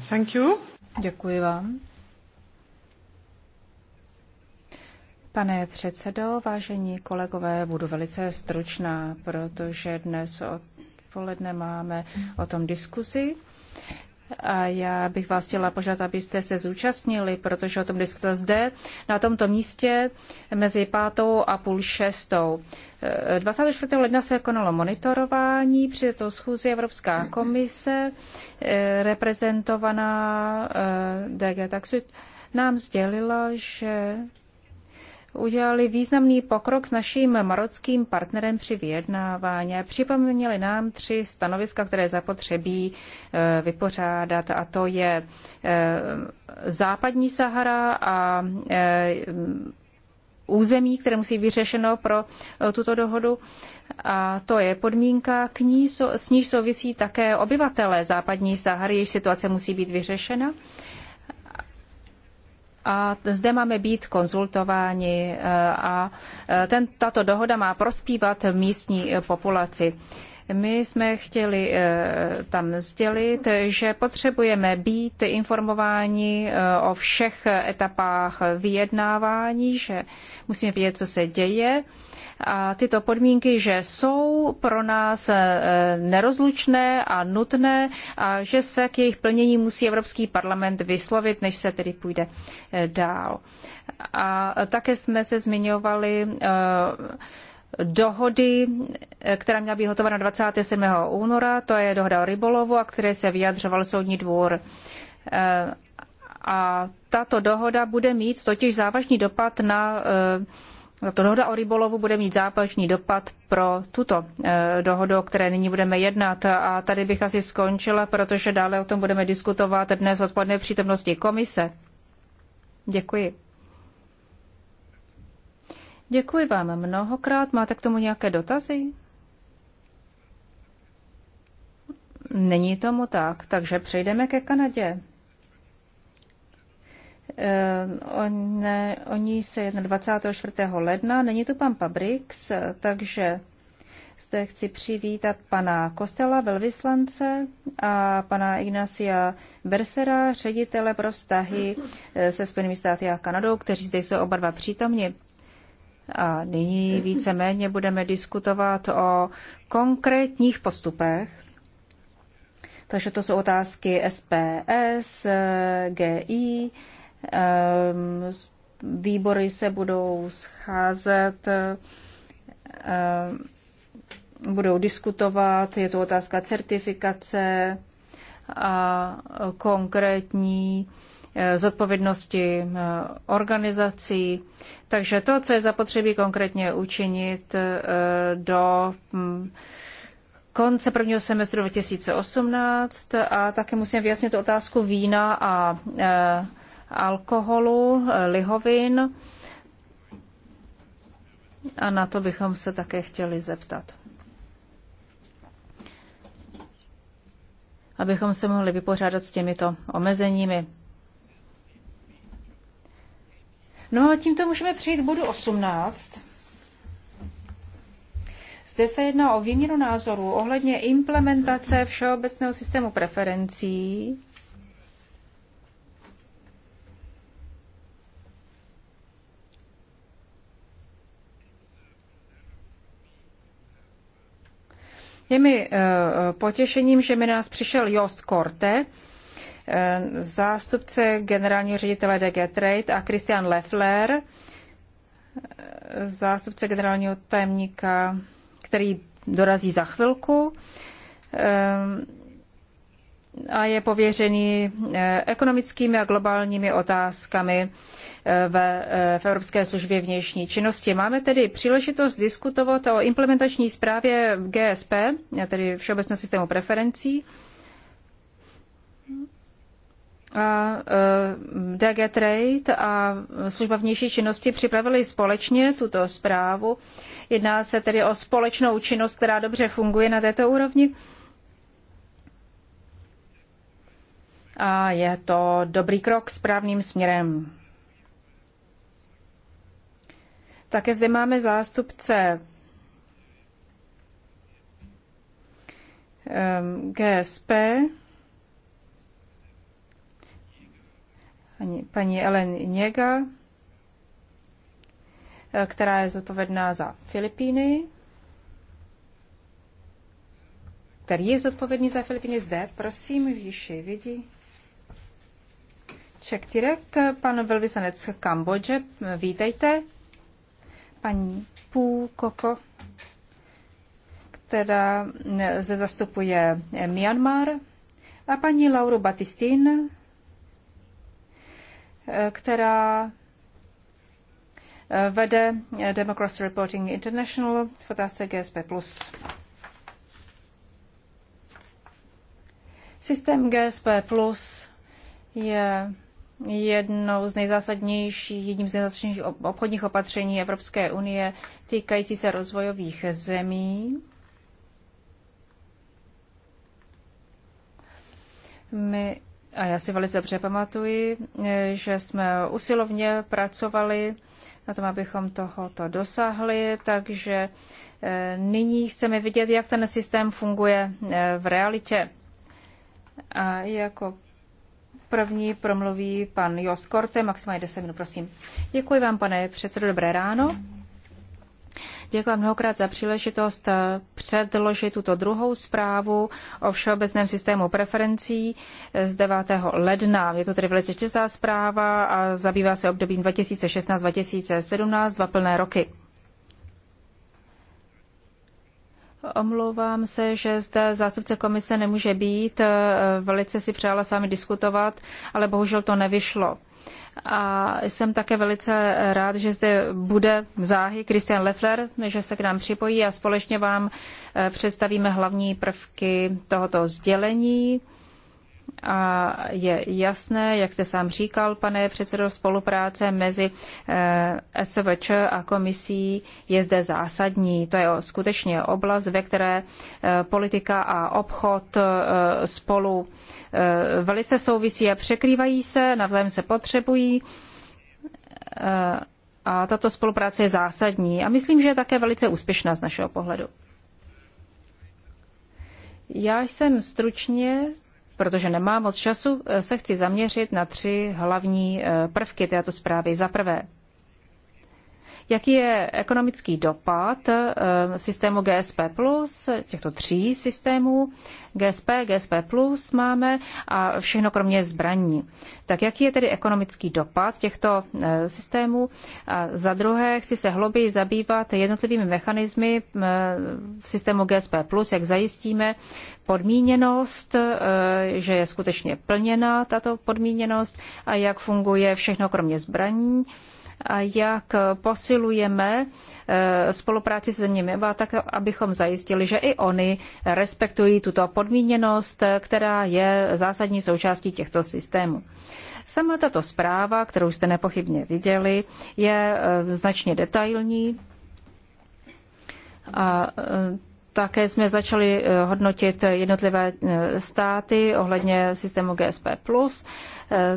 Thank you. Děkuji vám. Pane předsedo, vážení kolegové, budu velice stručná, protože dnes odpoledne máme o tom diskuzi. A já bych vás chtěla požádat, abyste se zúčastnili, protože o tom diskutujeme zde, na tomto místě, mezi pátou a půl šestou. 24. E, ledna se konalo monitorování, při této schůzi Evropská komise, e, reprezentovaná e, DG Taxud, nám sdělila, že udělali významný pokrok s naším marockým partnerem při vyjednávání. Připomněli nám tři stanoviska, které zapotřebí eh, vypořádat, a to je eh, západní Sahara a eh, území, které musí být řešeno pro tuto dohodu. A to je podmínka, k ní, s níž souvisí také obyvatelé západní Sahary, jejich situace musí být vyřešena a zde máme být konzultováni eh, a eh, ten, tato dohoda má prospívat místní eh, populaci. My jsme chtěli tam sdělit, že potřebujeme být informováni o všech etapách vyjednávání, že musíme vědět, co se děje a tyto podmínky, že jsou pro nás eh, nerozlučné a nutné a že se k jejich plnění musí Evropský parlament vyslovit, než se tedy půjde eh, dál. A také jsme se zmiňovali eh, dohody, která měla být hotova na 27. února, to je dohoda o rybolovu, a které se vyjadřoval soudní dvůr. A tato dohoda bude mít totiž závažný dopad na tato dohoda o rybolovu bude mít zápažný dopad pro tuto eh, dohodu, o které nyní budeme jednat. A tady bych asi skončila, protože dále o tom budeme diskutovat dnes odpoledne v přítomnosti komise. Děkuji. Děkuji vám mnohokrát. Máte k tomu nějaké dotazy? Není tomu tak, takže přejdeme ke Kanadě. Eh, oni se 21. ledna, není tu pan Pabrix, takže zde chci přivítat pana Kostela, velvyslance, a pana Ignacia Bersera, ředitele pro vztahy eh, se Spojenými státy a Kanadou, kteří zde jsou oba dva přítomni. A nyní víceméně budeme diskutovat o konkrétních postupech. Takže to jsou otázky SPS, GI, Ehm, výbory se budou scházet, ehm, budou diskutovat, je to otázka certifikace a konkrétní eh, zodpovědnosti eh, organizací. Takže to, co je zapotřebí konkrétně učinit eh, do hm, konce prvního semestru 2018 a také musím vyjasnit otázku vína a alkoholu, eh, lihovin. A na to bychom se také chtěli zeptat. Abychom se mohli vypořádat s těmito omezeními. No a tímto můžeme přejít k bodu 18. Zde se jedná o výměnu názorů ohledně implementace všeobecného systému preferencí Je mi eh, potěšením, že mi nás přišel Jost Korte, eh, zástupce generálního ředitele DG Trade a Christian Leffler, eh, zástupce generálního tajemníka, který dorazí za chvilku a je pověřený eh, ekonomickými a globálními otázkami eh, ve, eh, v Evropské službě vnější činnosti. Máme tedy příležitost diskutovat o implementační zprávě GSP, tedy Všeobecného systému preferencí. A, DG Trade a služba vnější činnosti připravili společně tuto zprávu. Jedná se tedy o společnou činnost, která dobře funguje na této úrovni. a je to dobrý krok správným směrem. Také zde máme zástupce ehm, GSP, paní Ellen Něga, eh, která je zodpovědná za Filipíny, který je zodpovědný za Filipíny zde. Prosím, již vidí. Ček Tirek, pan velvyslanec Kambodže, vítejte. Paní Pů Koko, která se zastupuje Myanmar. A paní Lauru Batistin, která vede Democracy Reporting International v otázce GSP+. Systém GSP Plus je jednou z nejzásadnějších, jedním z nejzásadnějších obchodních opatření Evropské unie týkající se rozvojových zemí. My, a já si velice dobře pamatuji, že jsme usilovně pracovali na tom, abychom tohoto dosáhli, takže eh, nyní chceme vidět, jak ten systém funguje eh, v realitě. A jako První promluví pan Jos Korte, maximálně 10 minut, prosím. Děkuji vám, pane předsedo, dobré ráno. Děkuji vám mnohokrát za příležitost eh, předložit tuto druhou zprávu o všeobecném systému preferencí eh, z 9. ledna. Je to tedy velice čistá zpráva a zabývá se obdobím 2016-2017, dva plné roky. Omlouvám se, že zde zástupce komise nemůže být. Eh, velice si přála s vámi diskutovat, ale bohužel to nevyšlo. A jsem také velice rád, že zde bude v záhy Christian Leffler, že se k nám připojí a společně vám eh, představíme hlavní prvky tohoto sdělení a je jasné, jak jste sám říkal, pane předsedo, spolupráce mezi eh, SVČ a komisí je zde zásadní. To je skutečně oblast, ve které eh, politika a obchod eh, spolu velice souvisí a překrývají se, navzájem se potřebují. A tato spolupráce je zásadní a myslím, že je také velice úspěšná z našeho pohledu. Já jsem stručně protože nemám moc času, eh, se chci zaměřit na tři hlavní eh, prvky této zprávy. Za prvé, Jaký je ekonomický dopad eh, systému GSP+, těchto tří systémů, GSP, GSP+, máme a všechno kromě zbraní. Tak jaký je tedy ekonomický dopad těchto eh, systémů? A za druhé, chci se hlouběji zabývat jednotlivými mechanismy eh, v systému GSP+, jak zajistíme podmíněnost, že je skutečně plněna tato podmíněnost a jak funguje všechno kromě zbraní a jak posilujeme eh, spolupráci s zeměmi EBA, tak abychom zajistili, že i oni respektují tuto podmíněnost, která je zásadní součástí těchto systémů. Sama tato zpráva, kterou jste nepochybně viděli, je eh, značně detailní. A eh, také jsme začali eh, hodnotit eh, jednotlivé eh, státy ohledně systému GSP+.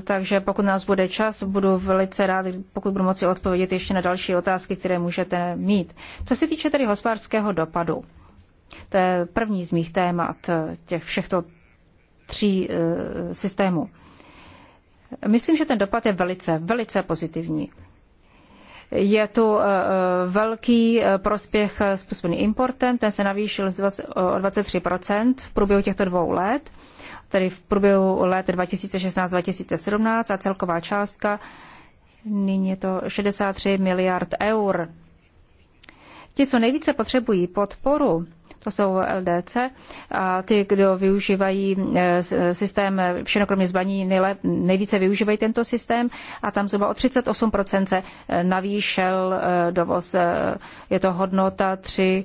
Takže pokud nás bude čas, budu velice rád, pokud budu moci odpovědět ještě na další otázky, které můžete mít. Co se týče tedy hospodářského dopadu, to je první z mých témat těch všechto tří systémů. Myslím, že ten dopad je velice, velice pozitivní. Je tu e, e, velký e, prospěch způsobený importem, ten se navýšil o 23 v průběhu těchto dvou let, tedy v průběhu let 2016-2017 a celková částka nyní je to 63 miliard eur. Ti, co nejvíce potřebují podporu, to jsou LDC, a ty, kdo využívají eh, systém všechno kromě zbaní, nejvíce využívají tento systém a tam zhruba o 38% se navýšel eh, dovoz. Eh, je to hodnota 3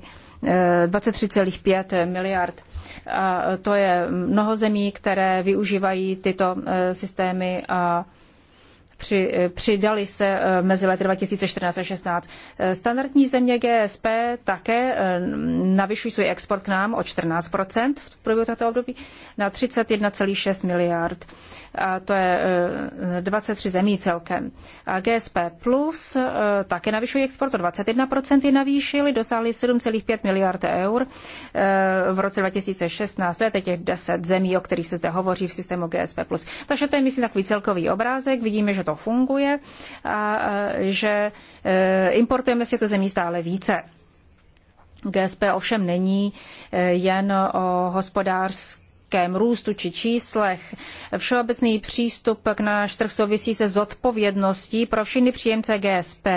23,5 miliard. A to je mnoho zemí, které využívají tyto systémy a při, přidali se eh, mezi lety 2014 a 2016. Eh, standardní země GSP také eh, navyšují svůj export k nám o 14 v průběhu tohoto období na 31,6 miliard to je 23 e, zemí celkem. GSP Plus e, také navyšují export o 21% je navýšili, dosáhli 7,5 miliard eur e, v roce 2016. To je teď těch 10 zemí, o kterých se zde hovoří v systému GSP Plus. Takže to je, myslím, takový celkový obrázek. Vidíme, že to funguje a že importujeme si to zemí stále více. GSP ovšem není jen o hospodářské celkem, růstu či číslech. Všeobecný přístup k náš trh souvisí se zodpovědností pro všechny příjemce GSP.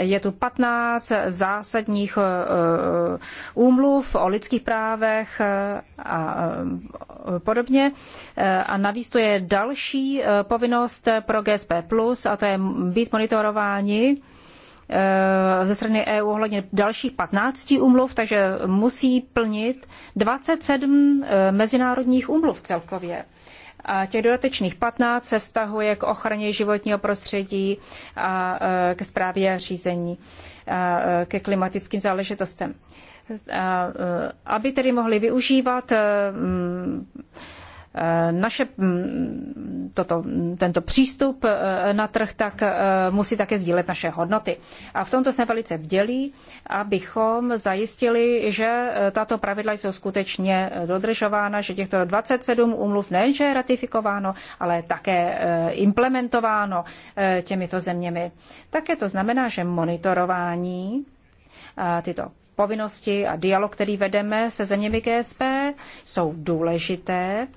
Je tu 15 zásadních eh, eh, úmluv o lidských právech eh, a podobně. A navíc to je další povinnost pro GSP+, a to je být monitorováni Eh, ze strany EU ohledně dalších 15 umluv, takže musí plnit 27 eh, mezinárodních umluv celkově. A těch dodatečných 15 se vztahuje k ochraně životního prostředí a eh, ke správě a řízení, a ke klimatickým záležitostem. A aby tedy mohli využívat Eh, naše, mm, toto, mm, tento přístup eh, na trh, tak eh, musí také sdílet naše hodnoty. A v tomto jsme velice bdělí, abychom zajistili, že tato pravidla jsou skutečně dodržována, že těchto 27 umluv nejenže je ratifikováno, ale také implementováno těmito zeměmi. Také to znamená, že monitorování tyto povinnosti a dialog, který vedeme se zeměmi GSP, jsou důležité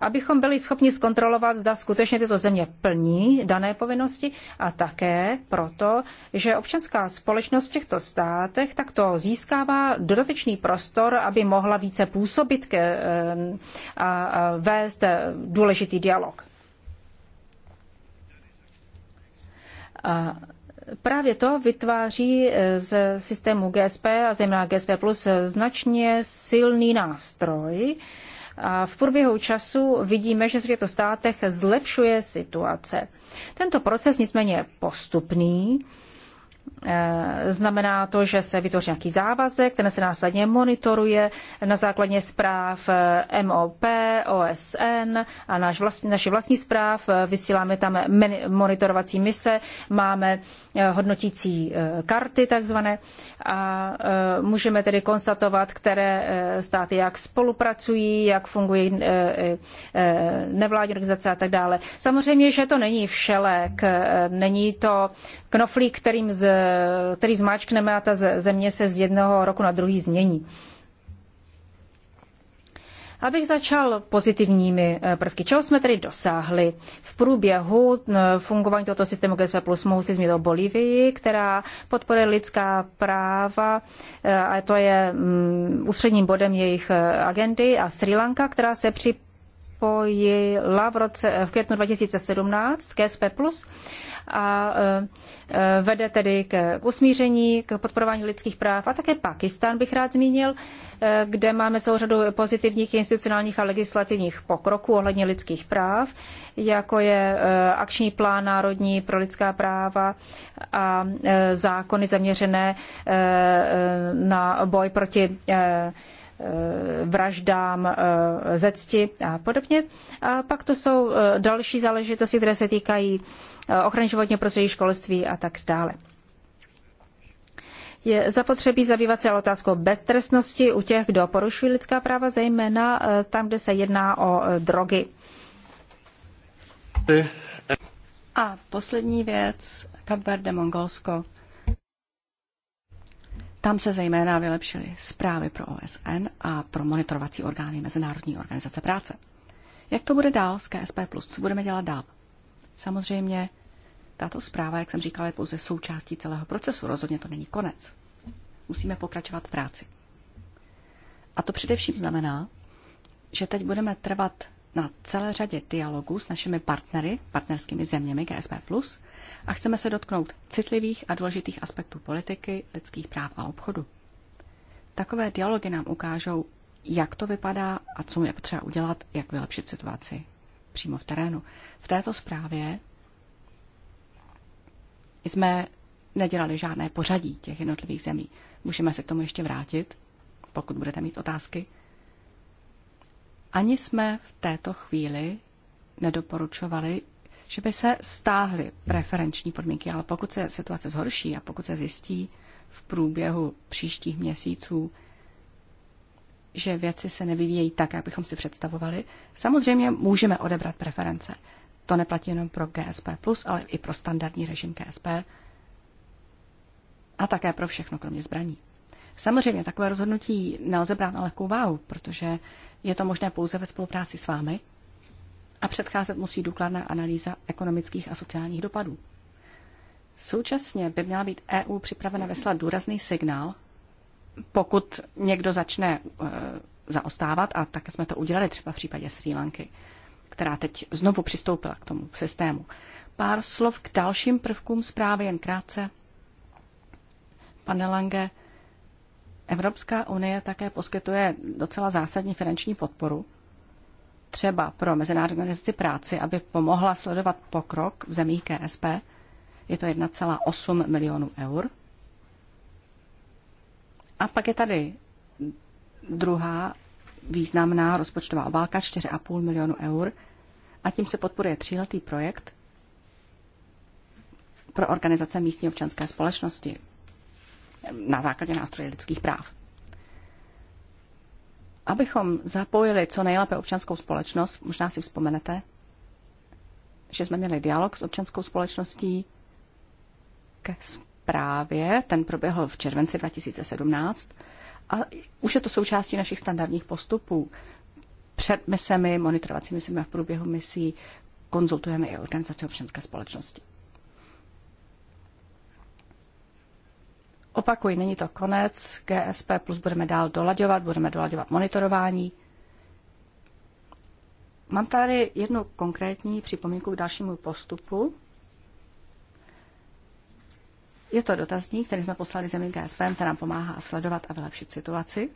abychom byli schopni zkontrolovat, zda skutečně tyto země plní dané povinnosti a také proto, že občanská společnost v těchto státech takto získává dodatečný prostor, aby mohla více působit ke, a vést důležitý dialog. A právě to vytváří e, z systému GSP a zejména GSP Plus značně silný nástroj, a v průběhu času vidíme, že se v státech zlepšuje situace. Tento proces nicméně je postupný Eh, znamená to, že se vytvoří nějaký závazek, ten se následně monitoruje na základě zpráv eh, MOP, OSN a naš vlastní, naši vlastní zpráv. Eh, vysíláme tam monitorovací mise, máme hodnotící karty takzvané a můžeme tedy konstatovat, které státy jak spolupracují, jak fungují nevládní organizace a tak dále. Samozřejmě, že to není všelek, není to knoflík, kterým z, který zmáčkneme a ta země se z jednoho roku na druhý změní. Abych začal pozitivními eh, prvky. Čeho jsme tedy dosáhli? V průběhu eh, fungování tohoto systému GSP Plus mohu si zmínit o Bolívii, která podporuje lidská práva eh, a to je mm, ústředním bodem jejich agendy a Sri Lanka, která se při připojila v, roce, eh, v květnu 2017 k SP+, a eh, eh, vede tedy k, k usmíření, k podporování lidských práv. A také Pakistan bych rád zmínil, kde máme celou řadu pozitivních institucionálních a legislativních pokroků ohledně lidských práv, jako je akční plán národní pro lidská práva a zákony zaměřené na boj proti Eh, vraždám eh, ze cti a podobně. A pak to jsou eh, další záležitosti, které se týkají ochrany životního prostředí, školství a tak dále. Je zapotřebí zabývat se otázkou beztrestnosti u těch, kdo porušují lidská práva, zejména tam, kde se jedná o drogy. A poslední věc, Kapverde Mongolsko. Tam se zejména vylepšily zprávy pro OSN a pro monitorovací orgány Mezinárodní organizace práce. Jak to bude dál s KSP+, co budeme dělat dál? Samozřejmě tato zpráva, jak jsem říkala, je pouze součástí celého procesu, rozhodně to není konec. Musíme pokračovat v práci. A to především znamená, že teď budeme trvat na celé řadě dialogů s našimi partnery, partnerskými zeměmi GSP+, a chceme se dotknout citlivých a důležitých aspektů politiky, lidských práv a obchodu. Takové dialogy nám ukážou, jak to vypadá a co je potřeba udělat, jak vylepšit situaci přímo v terénu. V této zprávě jsme nedělali žádné pořadí těch jednotlivých zemí. Můžeme se k tomu ještě vrátit, pokud budete mít otázky. Ani jsme v této chvíli nedoporučovali, že by se stáhly preferenční podmínky, ale pokud se situace zhorší a pokud se zjistí v průběhu příštích měsíců, že věci se nevyvíjejí tak, jak bychom si představovali, samozřejmě můžeme odebrat preference. To neplatí jenom pro GSP+, ale i pro standardní režim GSP a také pro všechno, kromě zbraní. Samozřejmě takové rozhodnutí nelze brát na lehkou váhu, protože je to možné pouze ve spolupráci s vámi a předcházet musí důkladná analýza ekonomických a sociálních dopadů. Současně by měla být EU připravena veslat důrazný signál, pokud někdo začne e, zaostávat, a tak jsme to udělali třeba v případě Sri Lanky, která teď znovu přistoupila k tomu systému. Pár slov k dalším prvkům zprávy, jen krátce. Pane Lange, Evropská unie také poskytuje docela zásadní finanční podporu třeba pro Mezinárodní organizaci práci, aby pomohla sledovat pokrok v zemích KSP. Je to 1,8 milionů eur. A pak je tady druhá významná rozpočtová obálka 4,5 milionu eur a tím se podporuje tříletý projekt pro organizace místní občanské společnosti na základě nástroje lidských práv. Abychom zapojili co nejlépe občanskou společnost, možná si vzpomenete, že jsme měli dialog s občanskou společností ke zprávě, ten proběhl v červenci 2017 a už je to součástí našich standardních postupů. Před misemi, monitorovacími misemi a v průběhu misí konzultujeme i organizace občanské společnosti. Opakuji, není to konec. GSP plus budeme dál dolaďovat, budeme dolaďovat monitorování. Mám tady jednu konkrétní připomínku k dalšímu postupu. Je to dotazník, který jsme poslali zemi GSP, který nám pomáhá sledovat a vylepšit situaci.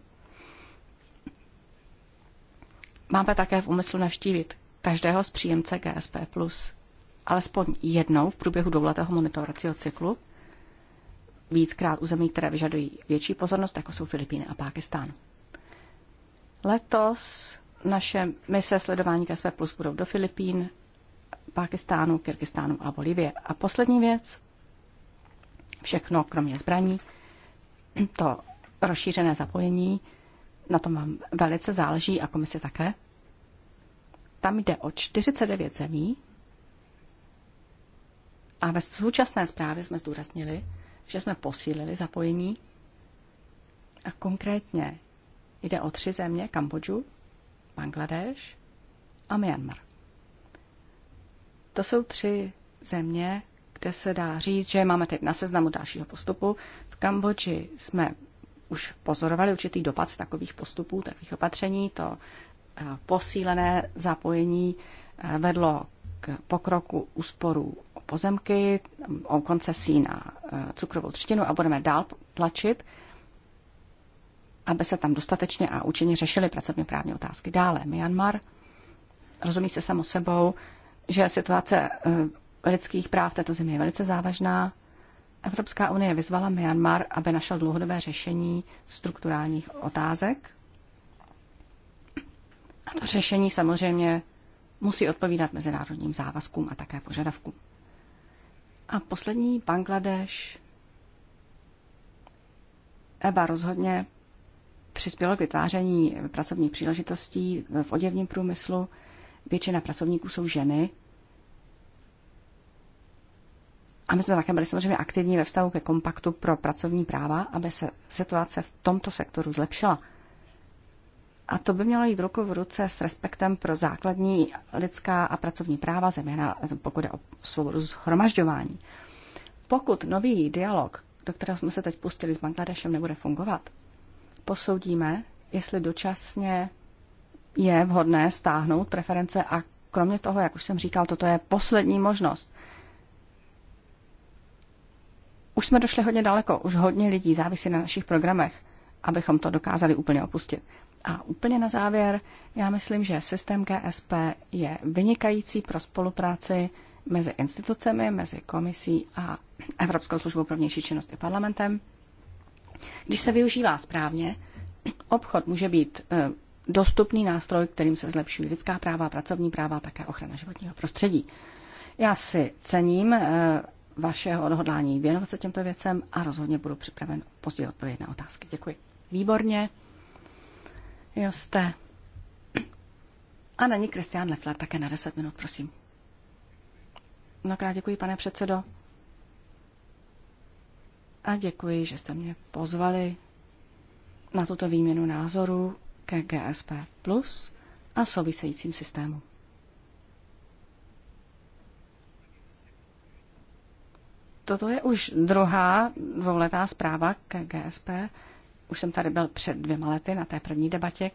Máme také v úmyslu navštívit každého z příjemce GSP+, alespoň jednou v průběhu dvouletého monitorovacího cyklu, víckrát u zemí, které vyžadují větší pozornost, jako jsou Filipíny a Pákistán. Letos naše mise sledování KSV Plus budou do Filipín, Pákistánu, Kyrgyzstánu a Bolivie. A poslední věc, všechno kromě zbraní, to rozšířené zapojení, na tom vám velice záleží a komise také. Tam jde o 49 zemí a ve současné zprávě jsme zdůraznili, že jsme posílili zapojení. A konkrétně jde o tři země, Kambodžu, Bangladeš a Myanmar. To jsou tři země, kde se dá říct, že máme teď na seznamu dalšího postupu. V Kambodži jsme už pozorovali určitý dopad takových postupů, takových opatření. To eh, posílené zapojení eh, vedlo k pokroku úsporů pozemky, o koncesí na eh, cukrovou třtinu a budeme dál tlačit, aby se tam dostatečně a účinně řešily pracovně právní otázky. Dále Myanmar. Rozumí se samo sebou, že situace eh, lidských práv této země je velice závažná. Evropská unie vyzvala Myanmar, aby našel dlouhodobé řešení strukturálních otázek. A to řešení samozřejmě musí odpovídat mezinárodním závazkům a také požadavkům. A poslední, Bangladeš. EBA rozhodně přispělo k vytváření pracovních příležitostí v oděvním průmyslu. Většina pracovníků jsou ženy. A my jsme také byli samozřejmě aktivní ve vztahu ke kompaktu pro pracovní práva, aby se situace v tomto sektoru zlepšila. A to by mělo jít ruku v ruce s respektem pro základní lidská a pracovní práva, zejména pokud je o svobodu zhromažďování. Pokud nový dialog, do kterého jsme se teď pustili s Bangladešem, nebude fungovat, posoudíme, jestli dočasně je vhodné stáhnout preference a kromě toho, jak už jsem říkal, toto je poslední možnost. Už jsme došli hodně daleko, už hodně lidí závisí na našich programech abychom to dokázali úplně opustit. A úplně na závěr, já myslím, že systém GSP je vynikající pro spolupráci mezi institucemi, mezi komisí a Evropskou službou pro vnější činnost i parlamentem. Když se využívá správně, obchod může být eh, dostupný nástroj, kterým se zlepšují lidská práva, pracovní práva a také ochrana životního prostředí. Já si cením eh, vašeho odhodlání věnovat se těmto věcem a rozhodně budu připraven později odpovědět na otázky. Děkuji. Výborně. Jo, jste. A na ní Kristián Lefler také na 10 minut, prosím. Mnohokrát děkuji, pane předsedo. A děkuji, že jste mě pozvali na tuto výměnu názoru ke GSP Plus a souvisejícím systému. Toto je už druhá dvouletá zpráva ke GSP už jsem tady byl před dvěma lety na té první debatě.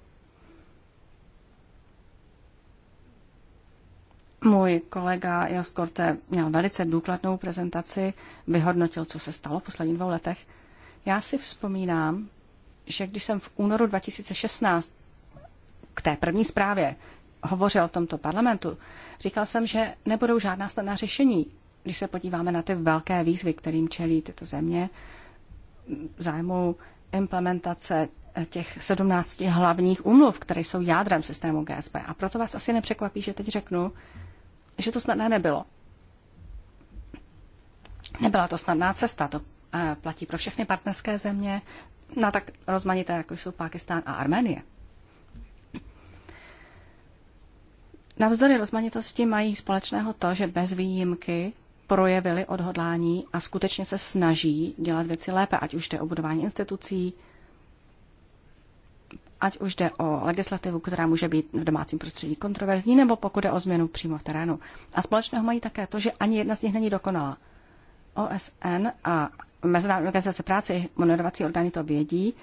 Můj kolega Jos Korte měl velice důkladnou prezentaci, vyhodnotil, co se stalo v posledních dvou letech. Já si vzpomínám, že když jsem v únoru 2016 k té první zprávě hovořil o tomto parlamentu, říkal jsem, že nebudou žádná snadná řešení, když se podíváme na ty velké výzvy, kterým čelí tyto země, zájmu implementace těch 17 hlavních úmluv, které jsou jádrem systému GSP. A proto vás asi nepřekvapí, že teď řeknu, že to snadné nebylo. Nebyla to snadná cesta, to eh, platí pro všechny partnerské země, na tak rozmanité, jako jsou Pákistán a Arménie. Navzdory rozmanitosti mají společného to, že bez výjimky projevili odhodlání a skutečně se snaží dělat věci lépe, ať už jde o budování institucí, ať už jde o legislativu, která může být v domácím prostředí kontroverzní, nebo pokud jde o změnu přímo v terénu. A společného mají také to, že ani jedna z nich není dokonalá. OSN a Mezinárodní organizace práce, jejich monitorovací orgány to vědí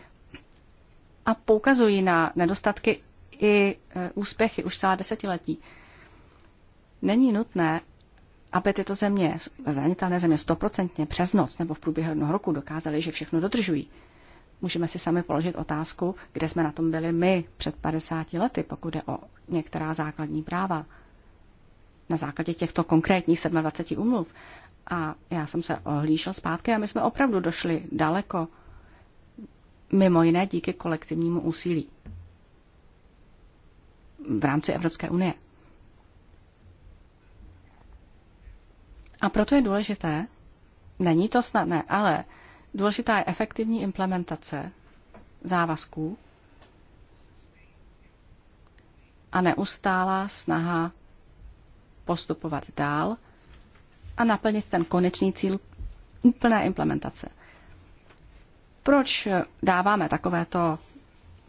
a poukazují na nedostatky i e, úspěchy už celá desetiletí. Není nutné, aby tyto země, zranitelné země, stoprocentně přes noc nebo v průběhu jednoho roku dokázaly, že všechno dodržují. Můžeme si sami položit otázku, kde jsme na tom byli my před 50 lety, pokud jde o některá základní práva na základě těchto konkrétních 27 umluv. A já jsem se ohlížel zpátky a my jsme opravdu došli daleko, mimo jiné díky kolektivnímu úsilí v rámci Evropské unie. A proto je důležité, není to snadné, ale důležitá je efektivní implementace závazků a neustálá snaha postupovat dál a naplnit ten konečný cíl úplné implementace. Proč dáváme takovéto uh,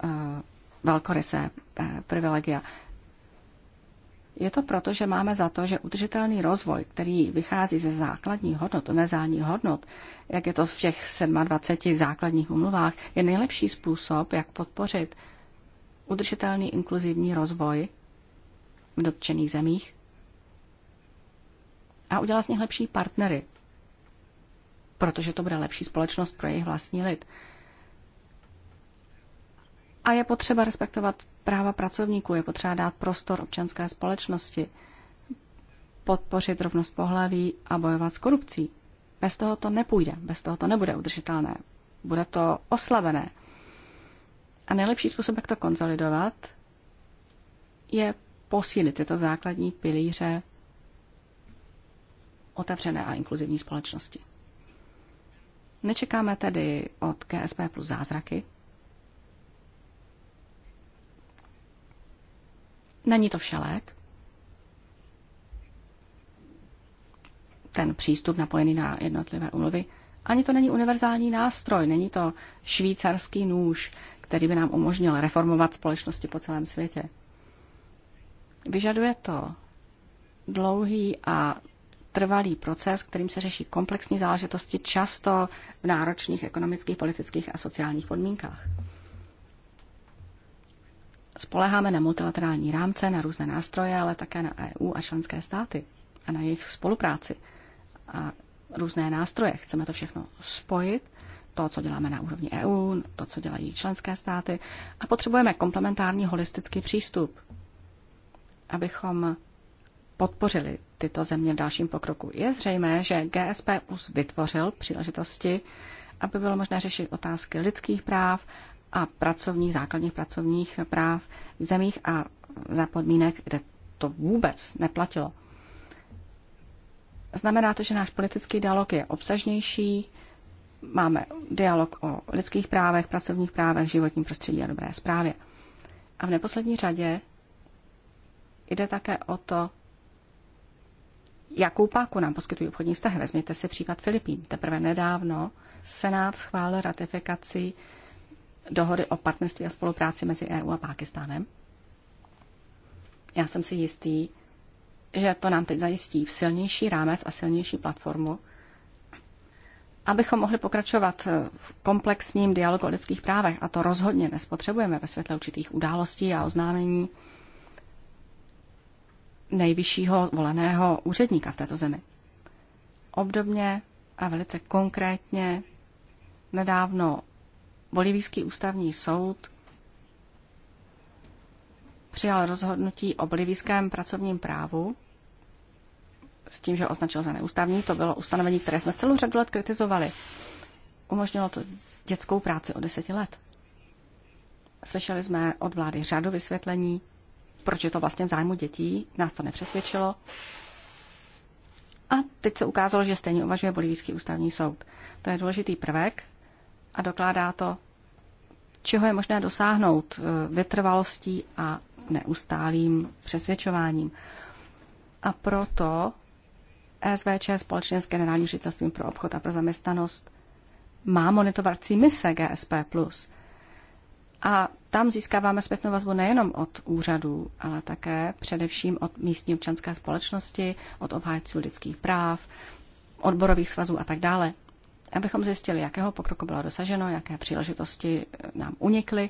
eh, velkorysé uh, eh, privilegia? Je to proto, že máme za to, že udržitelný rozvoj, který vychází ze základních hodnot, univerzálních hodnot, jak je to v těch 27 základních umluvách, je nejlepší způsob, jak podpořit udržitelný inkluzivní rozvoj v dotčených zemích a udělat z nich lepší partnery, protože to bude lepší společnost pro jejich vlastní lid. A je potřeba respektovat práva pracovníků, je potřeba dát prostor občanské společnosti, podpořit rovnost pohlaví a bojovat s korupcí. Bez toho to nepůjde, bez toho to nebude udržitelné. Bude to oslabené. A nejlepší způsob, jak to konsolidovat, je posílit tyto základní pilíře otevřené a inkluzivní společnosti. Nečekáme tedy od KSP plus zázraky, Není to všelék. Ten přístup napojený na jednotlivé úmluvy. Ani to není univerzální nástroj, není to švýcarský nůž, který by nám umožnil reformovat společnosti po celém světě. Vyžaduje to dlouhý a trvalý proces, kterým se řeší komplexní záležitosti, často v náročných ekonomických, politických a sociálních podmínkách. Spoleháme na multilaterální rámce, na různé nástroje, ale také na EU a členské státy a na jejich spolupráci a různé nástroje. Chceme to všechno spojit, to, co děláme na úrovni EU, to, co dělají členské státy a potřebujeme komplementární holistický přístup, abychom podpořili tyto země v dalším pokroku. Je zřejmé, že GSP už vytvořil příležitosti, aby bylo možné řešit otázky lidských práv a pracovních, základních pracovních práv v zemích a za podmínek, kde to vůbec neplatilo. Znamená to, že náš politický dialog je obsažnější, máme dialog o lidských právech, pracovních právech, životním prostředí a dobré zprávě. A v neposlední řadě jde také o to, jakou páku nám poskytují obchodní vztahy. Vezměte si případ Filipín. Teprve nedávno Senát schválil ratifikaci dohody o partnerství a spolupráci mezi EU a Pákistánem. Já jsem si jistý, že to nám teď zajistí v silnější rámec a silnější platformu, abychom mohli pokračovat v komplexním dialogu o lidských právech. A to rozhodně nespotřebujeme ve světle určitých událostí a oznámení nejvyššího voleného úředníka v této zemi. Obdobně a velice konkrétně nedávno Bolivijský ústavní soud přijal rozhodnutí o bolivijském pracovním právu s tím, že označil za neústavní. To bylo ustanovení, které jsme celou řadu let kritizovali. Umožnilo to dětskou práci o deseti let. Slyšeli jsme od vlády řadu vysvětlení, proč je to vlastně v zájmu dětí, nás to nepřesvědčilo. A teď se ukázalo, že stejně uvažuje Bolivijský ústavní soud. To je důležitý prvek, a dokládá to, čeho je možné dosáhnout eh, vytrvalostí a neustálým přesvědčováním. A proto SVČ společně s Generálním ředitelstvím pro obchod a pro zaměstnanost má monitorovací mise GSP+. A tam získáváme zpětnou vazbu nejenom od úřadů, ale také především od místní občanské společnosti, od obhájců lidských práv, odborových svazů a tak dále abychom zjistili, jakého pokroku bylo dosaženo, jaké příležitosti eh, nám unikly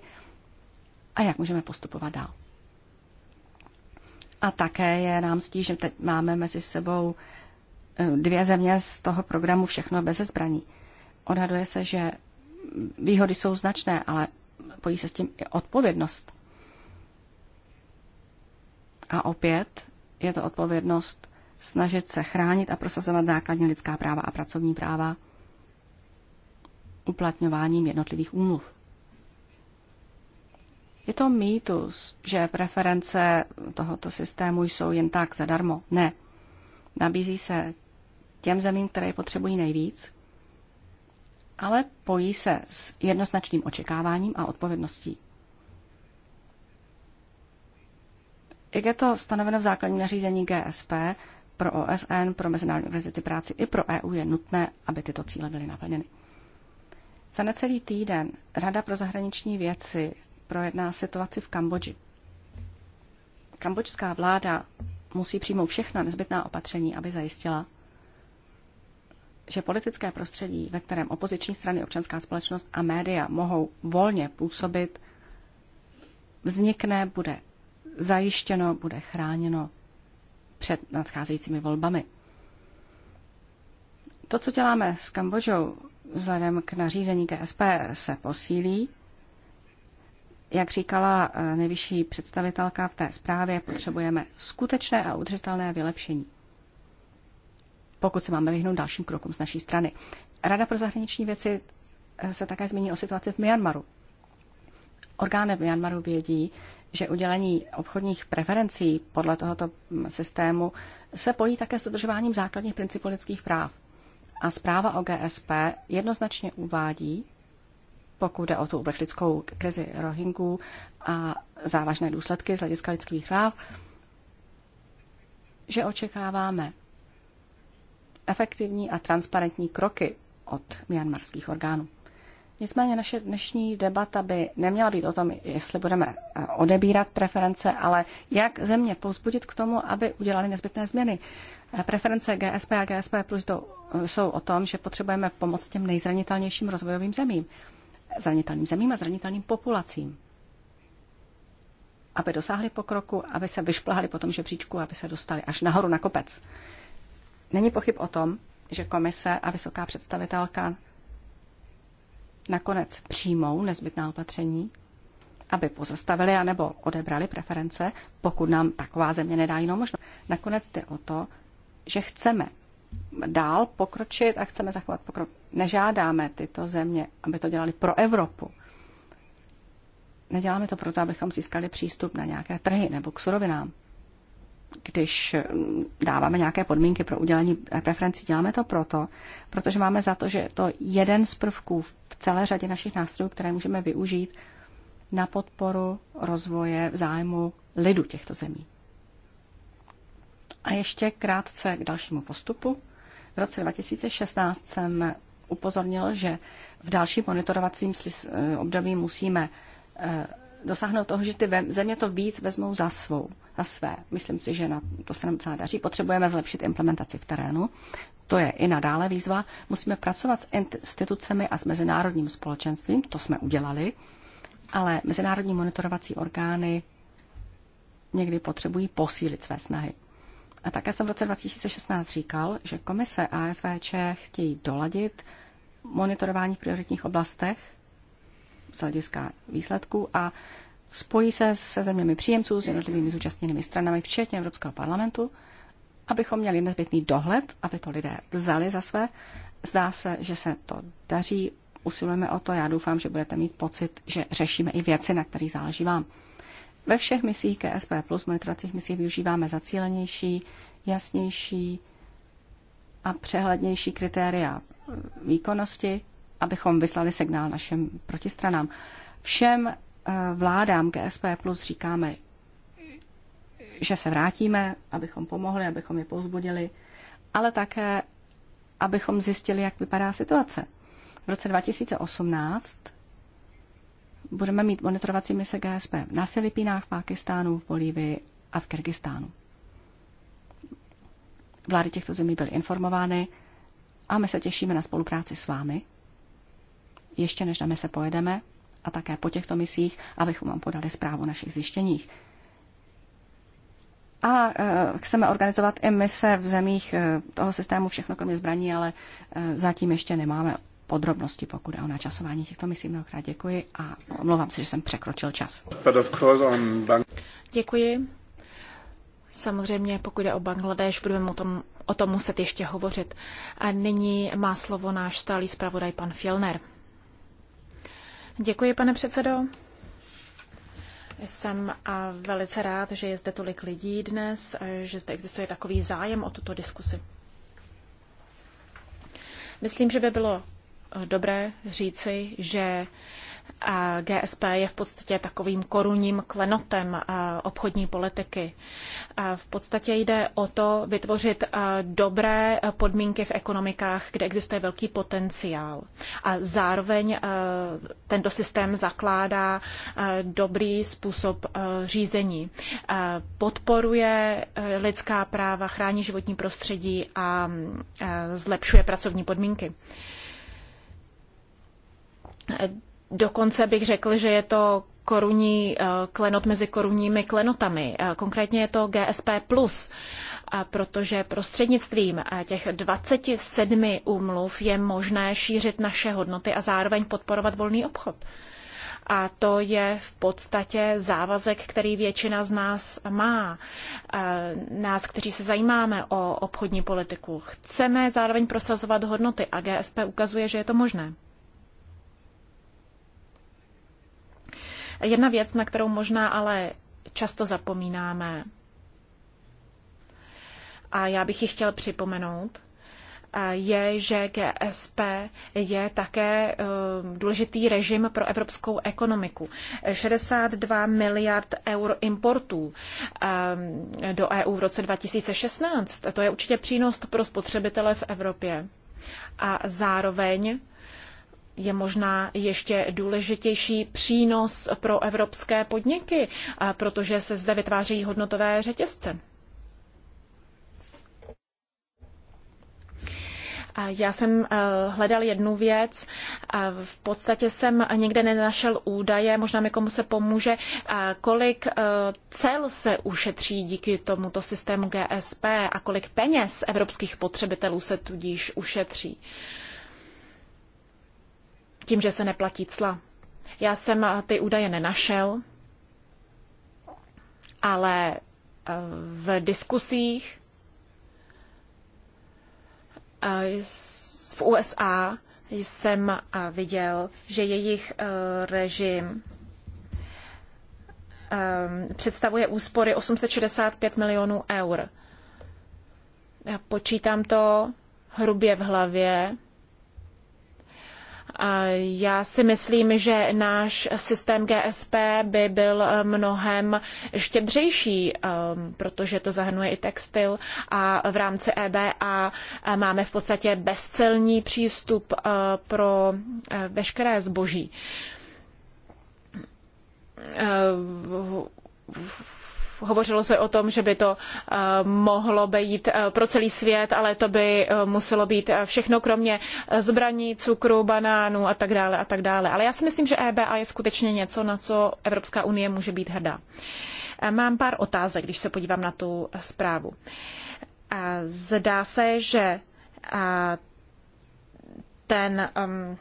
a jak můžeme postupovat dál. A také je nám stíž, že teď máme mezi sebou eh, dvě země z toho programu Všechno bez zbraní. Odhaduje se, že výhody jsou značné, ale pojí se s tím i odpovědnost. A opět je to odpovědnost snažit se chránit a prosazovat základní lidská práva a pracovní práva uplatňováním jednotlivých úmluv. Je to mýtus, že preference tohoto systému jsou jen tak zadarmo. Ne. Nabízí se těm zemím, které je potřebují nejvíc, ale pojí se s jednoznačným očekáváním a odpovědností. Jak je to stanoveno v základním nařízení GSP, pro OSN, pro Mezinárodní organizaci práci i pro EU je nutné, aby tyto cíle byly naplněny. Za necelý týden Rada pro zahraniční věci projedná situaci v Kambodži. Kambodžská vláda musí přijmout všechna nezbytná opatření, aby zajistila, že politické prostředí, ve kterém opoziční strany, občanská společnost a média mohou volně působit, vznikne, bude zajištěno, bude chráněno před nadcházejícími volbami. To, co děláme s Kambodžou, vzhledem k nařízení GSP se posílí. Jak říkala eh, nejvyšší představitelka v té zprávě, potřebujeme skutečné a udržitelné vylepšení, pokud se máme vyhnout dalším krokům z naší strany. Rada pro zahraniční věci eh, se také zmíní o situaci v Myanmaru. Orgány v Myanmaru vědí, že udělení obchodních preferencí podle tohoto mm, systému se pojí také s dodržováním základních principů lidských práv. A zpráva o GSP jednoznačně uvádí, pokud jde o tu uprchlickou krizi Rohingů a závažné důsledky z hlediska lidských práv, že očekáváme efektivní a transparentní kroky od mianmarských orgánů. Nicméně naše dnešní debata by neměla být o tom, jestli budeme eh, odebírat preference, ale jak země povzbudit k tomu, aby udělali nezbytné změny. Eh, preference GSP a GSP plus do, eh, jsou o tom, že potřebujeme pomoc těm nejzranitelnějším rozvojovým zemím, zranitelným zemím a zranitelným populacím aby dosáhli pokroku, aby se vyšplhali po tom žebříčku, aby se dostali až nahoru na kopec. Není pochyb o tom, že komise a vysoká představitelka nakonec přijmou nezbytná opatření, aby pozastavili anebo odebrali preference, pokud nám taková země nedá jinou možnost. Nakonec jde o to, že chceme dál pokročit a chceme zachovat pokrok. Nežádáme tyto země, aby to dělali pro Evropu. Neděláme to proto, abychom získali přístup na nějaké trhy nebo k surovinám když dáváme nějaké podmínky pro udělení preferencí, děláme to proto, protože máme za to, že je to jeden z prvků v celé řadě našich nástrojů, které můžeme využít na podporu rozvoje v zájmu lidu těchto zemí. A ještě krátce k dalšímu postupu. V roce 2016 jsem upozornil, že v dalším monitorovacím eh, období musíme eh, dosáhnout toho, že ty země to víc vezmou za svou, za své. Myslím si, že na to se nám docela daří. Potřebujeme zlepšit implementaci v terénu. To je i nadále výzva. Musíme pracovat s institucemi a s mezinárodním společenstvím, to jsme udělali, ale mezinárodní monitorovací orgány někdy potřebují posílit své snahy. A také jsem v roce 2016 říkal, že komise a chtějí doladit monitorování v prioritních oblastech z hlediska výsledků a spojí se se zeměmi příjemců, s jednotlivými zúčastněnými stranami, včetně Evropského parlamentu, abychom měli nezbytný dohled, aby to lidé vzali za své. Zdá se, že se to daří, usilujeme o to, já doufám, že budete mít pocit, že řešíme i věci, na kterých záleží vám. Ve všech misích KSP plus monitoracích misí využíváme zacílenější, jasnější a přehlednější kritéria výkonnosti abychom vyslali signál našim protistranám. Všem eh, vládám GSP Plus říkáme, že se vrátíme, abychom pomohli, abychom je povzbudili, ale také, abychom zjistili, jak vypadá situace. V roce 2018 budeme mít monitorovací mise GSP na Filipínách, v Pákistánu, v Bolívii a v Kyrgyzstánu. Vlády těchto zemí byly informovány a my se těšíme na spolupráci s vámi ještě než na mise pojedeme a také po těchto misích, abychom vám podali zprávu o našich zjištěních. A e, chceme organizovat i mise v zemích e, toho systému všechno kromě zbraní, ale e, zatím ještě nemáme podrobnosti, pokud je o načasování těchto misí. Mnohokrát děkuji a omlouvám se, že jsem překročil čas. Děkuji. Samozřejmě, pokud je o Bangladeš, budeme o tom, o tom muset ještě hovořit. A nyní má slovo náš stálý zpravodaj pan Fielner. Děkuji, pane předsedo. Jsem a velice rád, že je zde tolik lidí dnes, že zde existuje takový zájem o tuto diskusi. Myslím, že by bylo eh, dobré říci, že GSP je v podstatě takovým korunním klenotem obchodní politiky. V podstatě jde o to vytvořit dobré podmínky v ekonomikách, kde existuje velký potenciál. A zároveň tento systém zakládá dobrý způsob řízení. Podporuje lidská práva, chrání životní prostředí a zlepšuje pracovní podmínky. Dokonce bych řekl, že je to korunní eh, klenot mezi korunními klenotami. Eh, konkrétně je to GSP+, eh, protože prostřednictvím těch 27 úmluv je možné šířit naše hodnoty a zároveň podporovat volný obchod. A to je v podstatě závazek, který většina z nás má. Nás, kteří se zajímáme o obchodní politiku, chceme zároveň prosazovat hodnoty a GSP ukazuje, že je to možné. Jedna věc, na kterou možná ale často zapomínáme, a já bych ji chtěl připomenout, je, že GSP je také e, důležitý režim pro evropskou ekonomiku. 62 miliard eur importů e, do EU v roce 2016. To je určitě přínos pro spotřebitele v Evropě. A zároveň je možná ještě důležitější přínos pro evropské podniky, protože se zde vytvářejí hodnotové řetězce. Já jsem eh, hledal jednu věc, v podstatě jsem někde nenašel údaje, možná mi komu se pomůže, kolik eh, cel se ušetří díky tomuto systému GSP a kolik peněz evropských potřebitelů se tudíž ušetří. Uh, tím, že se neplatí cla. Já jsem eh, ty údaje nenašel, ale eh, v diskusích eh, v USA jsem viděl, že jejich režim představuje úspory 865 milionů eur. Já počítám to hrubě v hlavě já si myslím, že náš systém GSP by byl eh, mnohem štědřejší, eh, protože to zahrnuje i textil a v rámci EBA eh, máme v podstatě bezcelní přístup pro veškeré zboží Hovořilo se o tom, že by to eh, mohlo být eh, pro celý svět, ale to by eh, muselo být všechno kromě zbraní, cukru, banánů a tak dále a tak dále. Ale já si myslím, že EBA je skutečně něco, na co Evropská unie může být hrdá. Mám pár otázek, když se podívám na tu zprávu. Zdá se, že ten um,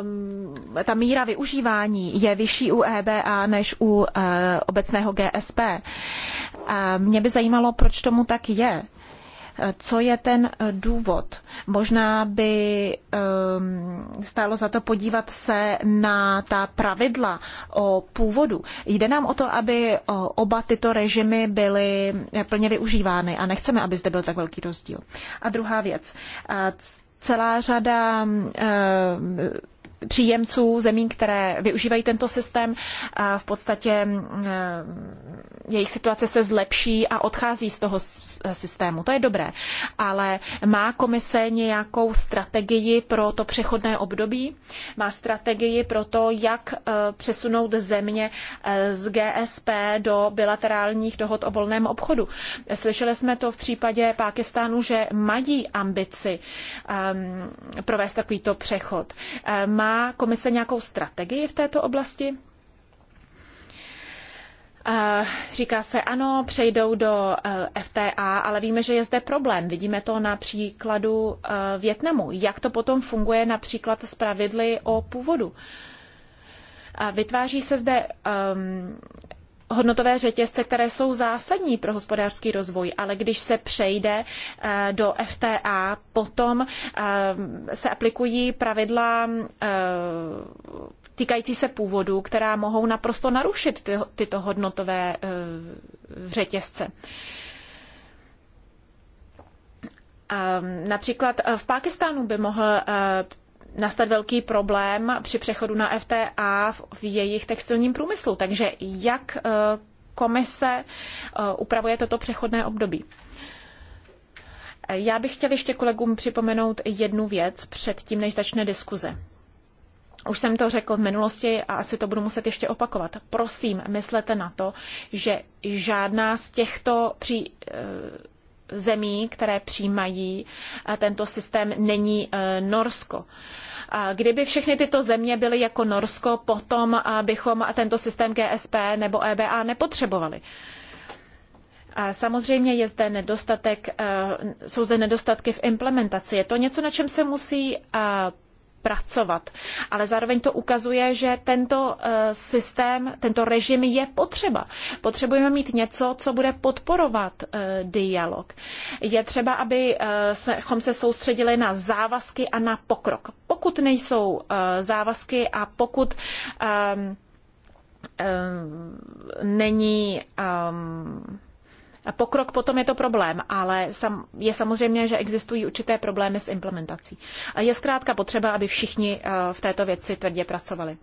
um, ta míra využívání je vyšší u EBA než u uh, obecného GSP. A ehm, mě by zajímalo, proč tomu tak je. Eh, co je ten eh, důvod? Možná by um, stálo za to podívat se na ta pravidla o původu. Jde nám o to, aby oba tyto režimy byly plně využívány a nechceme, aby zde byl tak velký rozdíl. A druhá věc celá řada eh, příjemců zemí, které využívají tento systém, v podstatě eh, jejich situace se zlepší a odchází z toho systému. To je dobré. Ale má komise nějakou strategii pro to přechodné období? Má strategii pro to, jak eh, přesunout země eh, z GSP do bilaterálních dohod o volném obchodu? Slyšeli jsme to v případě Pákistánu, že mají ambici um, provést takovýto přechod. Eh, má komise nějakou strategii v této oblasti? Eh, říká se ano, přejdou do eh, FTA, ale víme, že je zde problém. Vidíme to na příkladu eh, Větnamu. Jak to potom funguje například s pravidly o původu? Vytváří se zde um, hodnotové řetězce, které jsou zásadní pro hospodářský rozvoj, ale když se přejde do FTA, potom ehm, se aplikují pravidla týkající se původu, která mohou naprosto narušit ty, tyto hodnotové e, řetězce. Například e, v Pákistánu by mohl e, nastat velký problém při přechodu na FTA v jejich textilním průmyslu. Takže jak komise upravuje toto přechodné období? Já bych chtěl ještě kolegům připomenout jednu věc předtím, než začne diskuze. Už jsem to řekl v minulosti a asi to budu muset ještě opakovat. Prosím, myslete na to, že žádná z těchto při, eh, zemí, které přijímají eh, tento systém, není eh, Norsko. Kdyby všechny tyto země byly jako Norsko, potom bychom tento systém GSP nebo EBA nepotřebovali. Samozřejmě je zde nedostatek, jsou zde nedostatky v implementaci. Je to něco, na čem se musí pracovat. Ale zároveň to ukazuje, že tento eh, systém, tento režim je potřeba. Potřebujeme mít něco, co bude podporovat eh, dialog. Je třeba, abychom eh, se soustředili na závazky a na pokrok. Pokud nejsou závazky a pokud ehm, ehm, není um, pokrok, potom je to problém, ale je samozřejmě, že existují určité problémy s implementací. Je zkrátka potřeba, aby všichni eh, v této věci tvrdě pracovali.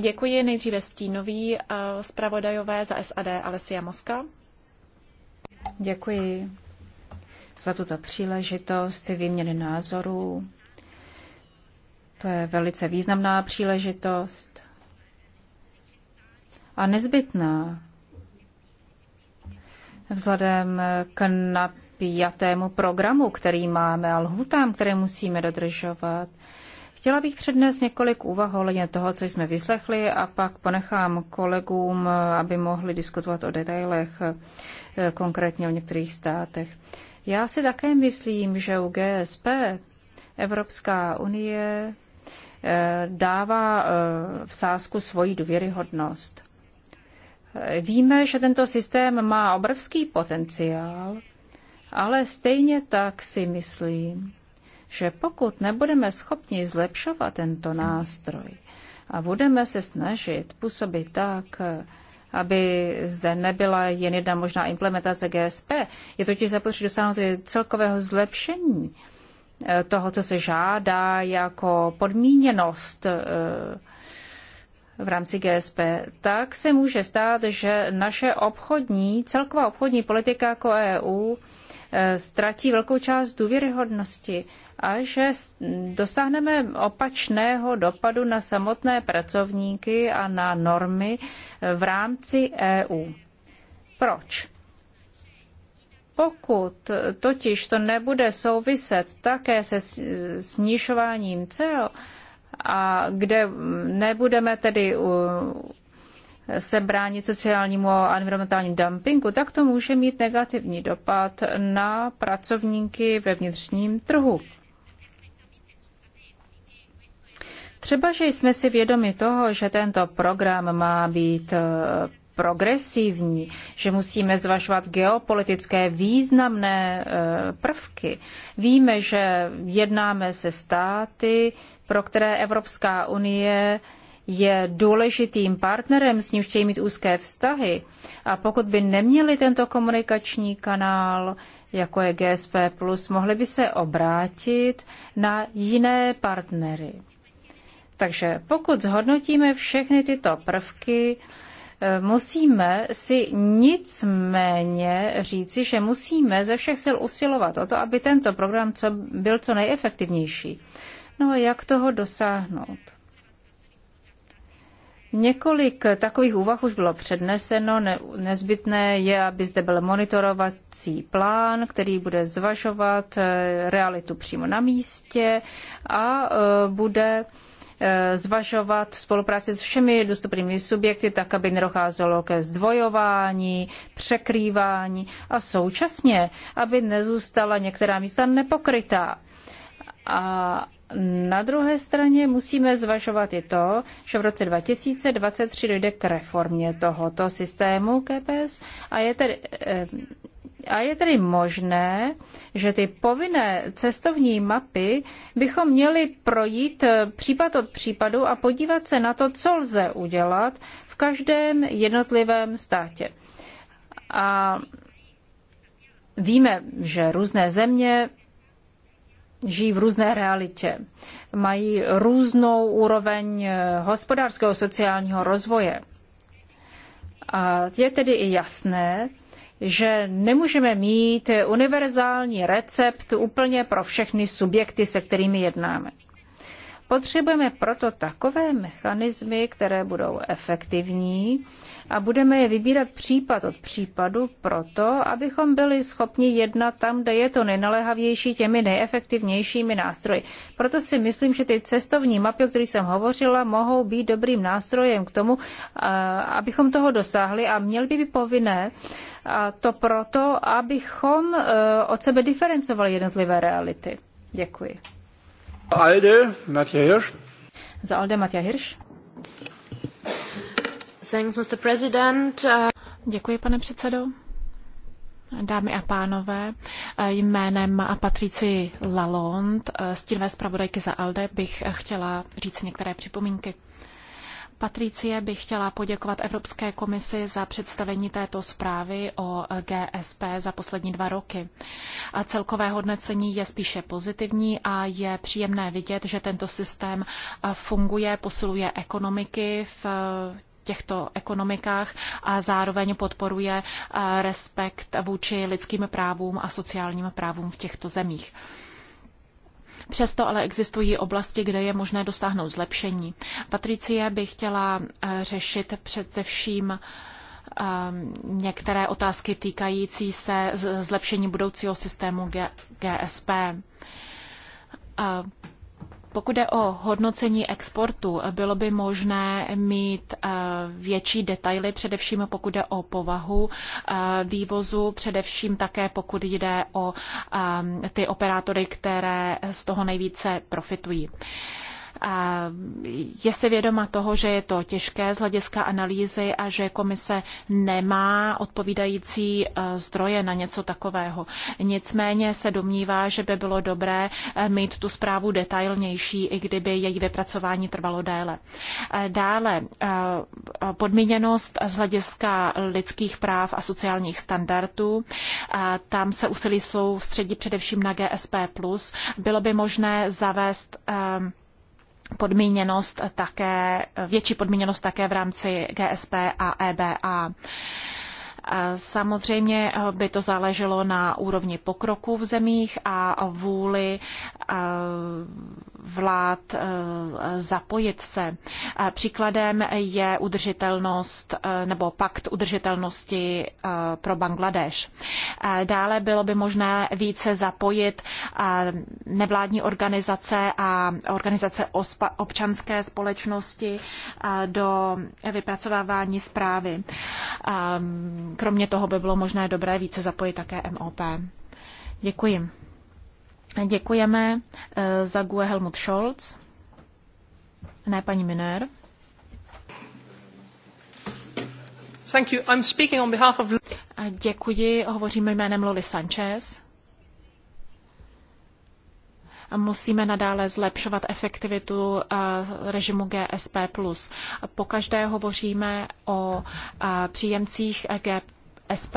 Děkuji nejdříve stínový eh, zpravodajové za SAD Alessia Moska. Děkuji za tuto příležitost výměny názorů. To je velice významná příležitost a nezbytná vzhledem k napjatému programu, který máme a lhutám, které musíme dodržovat. Chtěla bych přednést několik úvah ohledně toho, co jsme vyslechli a pak ponechám kolegům, aby mohli diskutovat o detailech, eh, konkrétně o některých státech. Já si také myslím, že u GSP Evropská unie eh, dává eh, v sázku svoji důvěryhodnost. Víme, že tento systém má obrovský potenciál, ale stejně tak si myslím, že pokud nebudeme schopni zlepšovat tento nástroj a budeme se snažit působit tak, aby zde nebyla jen jedna možná implementace GSP, je totiž zapotřebí dosáhnout celkového zlepšení eh, toho, co se žádá jako podmíněnost eh, v rámci GSP, tak se může stát, že naše obchodní, celková obchodní politika jako EU eh, ztratí velkou část důvěryhodnosti a že dosáhneme opačného dopadu na samotné pracovníky a na normy eh, v rámci EU. Proč? Pokud totiž to nebude souviset také se snižováním cel, a kde nebudeme tedy se bránit sociálnímu a environmentálnímu dumpingu, tak to může mít negativní dopad na pracovníky ve vnitřním trhu. Třeba, že jsme si vědomi toho, že tento program má být progresivní, že musíme zvažovat geopolitické významné e, prvky. Víme, že jednáme se státy, pro které Evropská unie je důležitým partnerem, s ním chtějí mít úzké vztahy. A pokud by neměli tento komunikační kanál, jako je GSP+, mohli by se obrátit na jiné partnery. Takže pokud zhodnotíme všechny tyto prvky, Musíme si nicméně říci, že musíme ze všech sil usilovat o to, aby tento program co, byl co nejefektivnější. No a jak toho dosáhnout? Několik takových úvah už bylo předneseno. Nezbytné je, aby zde byl monitorovací plán, který bude zvažovat eh, realitu přímo na místě a eh, bude Eh, zvažovat spolupráci s všemi dostupnými subjekty, tak aby nedocházelo ke zdvojování, překrývání a současně, aby nezůstala některá místa nepokrytá. A na druhé straně musíme zvažovat i to, že v roce 2023 dojde k reformě tohoto systému KPS a je tedy eh, a je tedy možné, že ty povinné cestovní mapy bychom měli projít eh, případ od případu a podívat se na to, co lze udělat v každém jednotlivém státě. A víme, že různé země žijí v různé realitě, mají různou úroveň eh, hospodářského sociálního rozvoje. A je tedy i jasné, že nemůžeme mít univerzální recept úplně pro všechny subjekty, se kterými jednáme. Potřebujeme proto takové mechanismy, které budou efektivní a budeme je vybírat případ od případu proto, abychom byli schopni jednat tam, kde je to nejnaléhavější těmi nejefektivnějšími nástroji. Proto si myslím, že ty cestovní mapy, o kterých jsem hovořila, mohou být dobrým nástrojem k tomu, abychom toho dosáhli a měli by být povinné a to proto, abychom e, od sebe diferencovali jednotlivé reality. Děkuji. Alde, Nadja Hirsch. Za Alde, Matja Hirsch. Thanks, Mr. President. Děkuji, pane předsedo. Dámy a pánové, jménem Patrici Lalonde, stínové zpravodajky za ALDE, bych chtěla říct některé připomínky. Patricie bych chtěla poděkovat Evropské komisi za představení této zprávy o GSP za poslední dva roky. A celkové hodnocení je spíše pozitivní a je příjemné vidět, že tento systém funguje, posiluje ekonomiky v těchto ekonomikách a zároveň podporuje respekt vůči lidským právům a sociálním právům v těchto zemích. Přesto ale existují oblasti, kde je možné dosáhnout zlepšení. Patricie by chtěla eh, řešit především eh, některé otázky týkající se zlepšení budoucího systému GSP. Pokud je o hodnocení exportu, bylo by možné mít eh, větší detaily, především pokud je o povahu eh, vývozu, především také pokud jde o eh, ty operátory, které z toho nejvíce profitují je si vědoma toho, že je to těžké z hlediska analýzy a že komise nemá odpovídající e, zdroje na něco takového. Nicméně se domnívá, že by bylo dobré e, mít tu zprávu detailnější, i kdyby její vypracování trvalo déle. E, dále podmíněnost z hlediska lidských práv a sociálních standardů. Tam se úsilí soustředí především na GSP+. Bylo by možné zavést podmíněnost také, větší podmíněnost také v rámci GSP a EBA. Samozřejmě by to záleželo na úrovni pokroku v zemích a vůli eh, vlád eh, zapojit se. Eh, příkladem je udržitelnost eh, nebo pakt udržitelnosti pro Bangladeš. Dále bylo by možné více zapojit nevládní organizace a organizace občanské společnosti do vypracovávání zprávy. Ehm, kromě toho by bylo možné dobré více zapojit také MOP. Děkuji. Děkujeme eh, za GUE Helmut Scholz, ne paní Miner. Thank you. I'm speaking on behalf of... Děkuji, hovoříme jménem Loli Sanchez. Musíme nadále zlepšovat efektivitu eh, režimu GSP+. Pokaždé hovoříme o eh, příjemcích GSP SP+,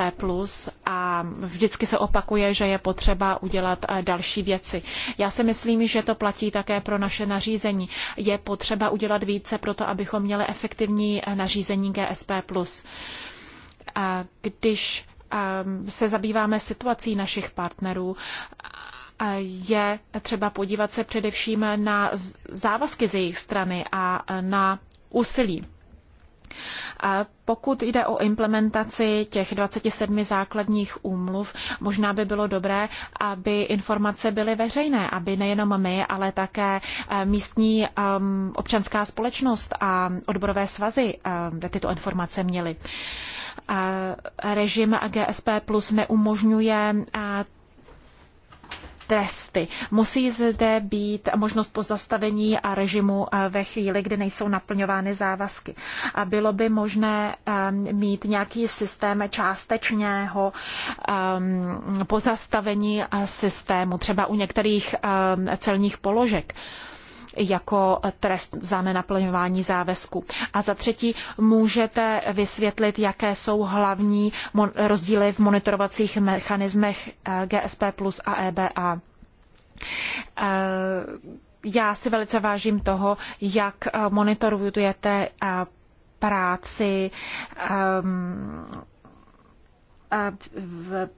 a vždycky se opakuje, že je potřeba udělat eh, další věci. Já si myslím, že to platí také pro naše nařízení. Je potřeba udělat více pro to, abychom měli efektivní eh, nařízení GSP+. Když ehm, se zabýváme situací našich partnerů, je třeba podívat se především na závazky z jejich strany a eh, na úsilí. A pokud jde o implementaci těch 27 základních úmluv, možná by bylo dobré, aby informace byly veřejné, aby nejenom my, ale také eh, místní um, občanská společnost a odborové svazy um, tyto informace měly eh, režim GSP plus neumožňuje eh, tresty. Musí zde být možnost pozastavení a režimu eh, ve chvíli, kdy nejsou naplňovány závazky. A bylo by možné ehm, mít nějaký systém částečného ehm, pozastavení eh, systému, třeba u některých ehm, celních položek jako trest za nenaplňování závazku. A za třetí, můžete vysvětlit, jaké jsou hlavní rozdíly v monitorovacích mechanismech eh, GSP plus a EBA. Eh, já si velice vážím toho, jak eh, monitorujete práci ehm, v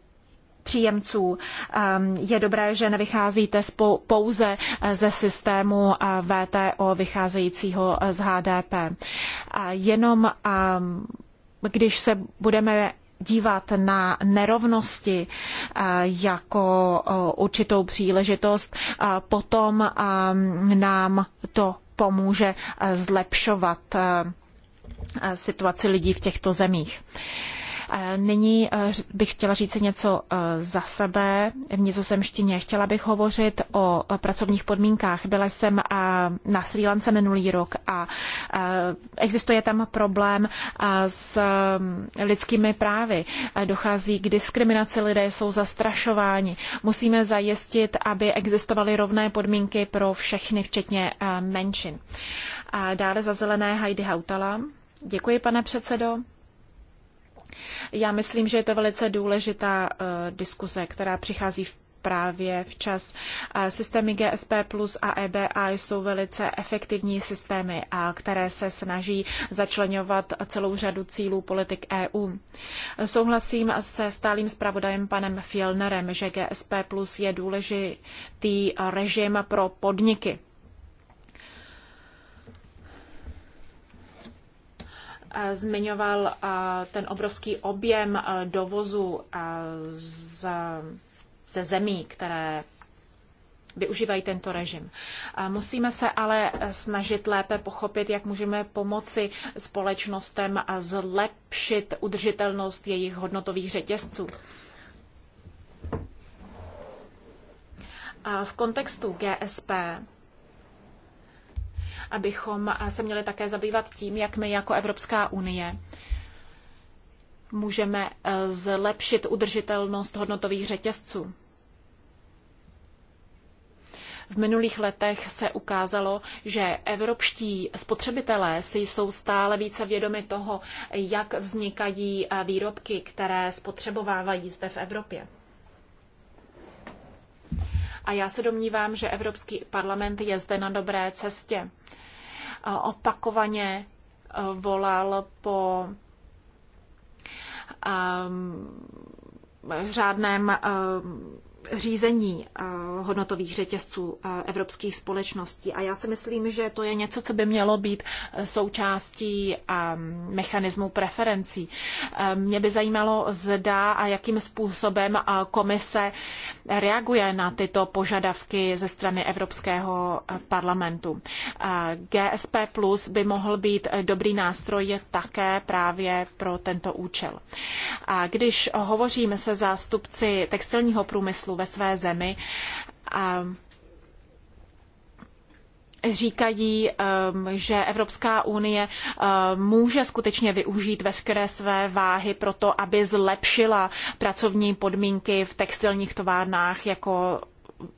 příjemců. Ehm, je dobré, že nevycházíte pouze eh, ze systému eh, VTO vycházejícího eh, z HDP. Jenom ehm, když se budeme dívat na nerovnosti jako určitou příležitost, potom ehm, nám to pomůže zlepšovat situaci lidí v těchto zemích. Eh, nyní eh, bych chtěla říct něco eh, za sebe. V nizozemštině chtěla bych hovořit o pracovních podmínkách. Byla jsem na Sri Lance minulý rok a existuje tam problém s lidskými právy. Dochází k diskriminaci, lidé jsou zastrašováni. Musíme zajistit, aby existovaly rovné podmínky pro všechny, včetně menšin. A dále za zelené Heidi Hautala. Děkuji, pane předsedo. Já myslím, že je to velice důležitá eh, diskuze, která přichází v právě včas. Eh, systémy GSP plus a EBA jsou velice efektivní systémy, a které se snaží začlenovat celou řadu cílů politik EU. Souhlasím se stálým zpravodajem panem Fielnerem, že GSP plus je důležitý režim pro podniky. zmiňoval ten obrovský objem dovozu z, ze zemí, které využívají tento režim. Musíme se ale snažit lépe pochopit, jak můžeme pomoci společnostem a zlepšit udržitelnost jejich hodnotových řetězců. v kontextu GSP abychom se měli také zabývat tím, jak my jako Evropská unie můžeme eh, zlepšit udržitelnost hodnotových řetězců. V minulých letech se ukázalo, že evropští spotřebitelé si jsou stále více vědomi toho, jak vznikají eh, výrobky, které spotřebovávají zde v Evropě. A já se domnívám, že Evropský parlament je zde na dobré cestě. Opakovaně e, volal po ehm, řádném ehm, řízení e, hodnotových řetězců e, evropských společností. A já si myslím, že to je něco, co by mělo být součástí ehm, mechanismu preferencí. Mě by zajímalo, zda a jakým způsobem komise reaguje na tyto požadavky ze strany Evropského parlamentu. GSP Plus by mohl být dobrý nástroj také právě pro tento účel. A když hovoříme se zástupci textilního průmyslu ve své zemi, říkají, um, že Evropská unie um, může skutečně využít veškeré své váhy pro to, aby zlepšila pracovní podmínky v textilních továrnách jako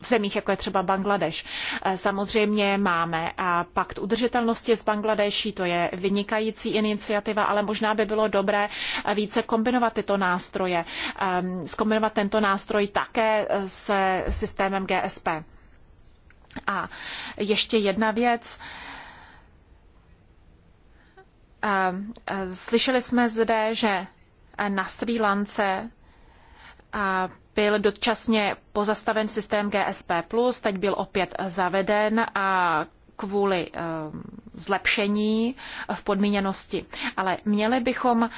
v zemích, jako je třeba Bangladeš. Eh, samozřejmě máme a pakt udržitelnosti z Bangladeší, to je vynikající iniciativa, ale možná by bylo dobré eh, více kombinovat tyto nástroje, ehm, zkombinovat tento nástroj také eh, se systémem GSP. A ještě jedna věc. Eh, eh, slyšeli jsme zde, že na Sri Lance eh, byl dočasně pozastaven systém GSP+, teď byl opět zaveden a kvůli zlepšení v podmíněnosti. Ale měli bychom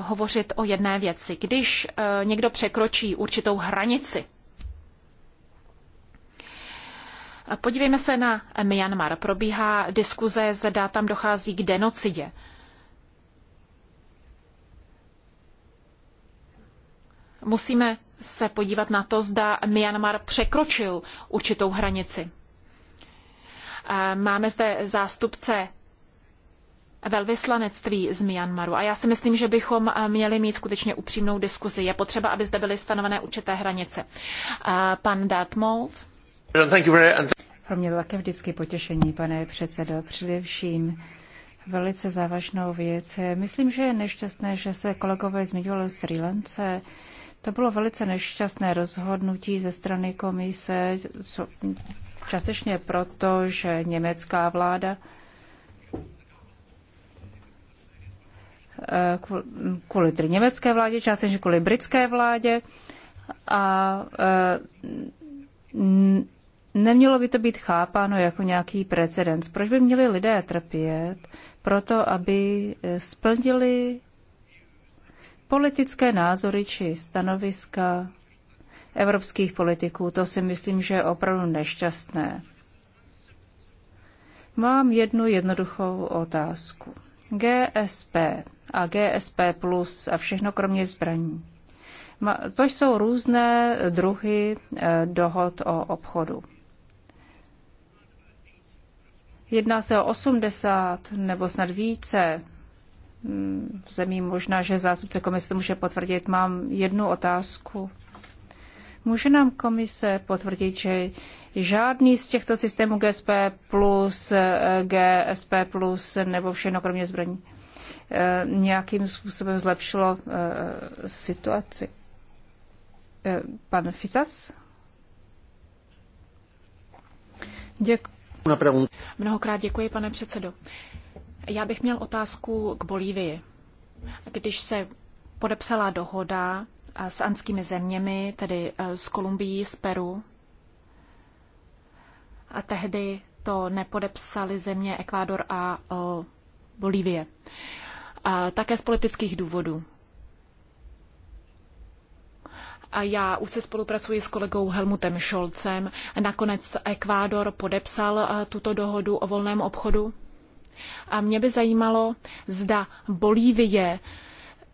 hovořit o jedné věci. Když někdo překročí určitou hranici, Podívejme se na Myanmar. Probíhá diskuze, zda tam dochází k denocidě. Musíme se podívat na to, zda Myanmar překročil určitou hranici. Máme zde zástupce velvyslanectví z Myanmaru. A já si myslím, že bychom měli mít skutečně upřímnou diskuzi. Je potřeba, aby zde byly stanovené určité hranice. Pan Dartmouth. Pro mě to také vždycky potěšení, pane předsedo, především velice závažnou věc. Myslím, že je nešťastné, že se kolegové zmiňovali o Sri Lance. To bylo velice nešťastné rozhodnutí ze strany komise, co, částečně proto, že německá vláda eh, kvůli německé vládě, částečně kvůli britské vládě a eh, Nemělo by to být chápáno jako nějaký precedens. Proč by měli lidé trpět? Proto, aby eh, splnili politické názory či stanoviska evropských politiků. To si myslím, že je opravdu nešťastné. Mám jednu jednoduchou otázku. GSP a GSP plus a všechno kromě zbraní. To jsou různé druhy eh, dohod o obchodu. Jedná se o 80 nebo snad více hm, zemí. Možná, že zástupce komise to může potvrdit. Mám jednu otázku. Může nám komise potvrdit, že žádný z těchto systémů GSP plus, eh, GSP plus nebo všechno kromě zbraní eh, nějakým způsobem zlepšilo eh, situaci? Pan Fisas? Děkuji. Mnohokrát děkuji, pane předsedo. Já bych měl otázku k Bolívii. Když se podepsala dohoda s Andskými zeměmi, tedy e, s Kolumbií, s Peru, a tehdy to nepodepsali země Ekvádor a e, Bolívie. také z politických důvodů. A já už se spolupracuji s kolegou Helmutem Šolcem. Nakonec Ekvádor podepsal eh, tuto dohodu o volném obchodu. A mě by zajímalo, zda Bolívie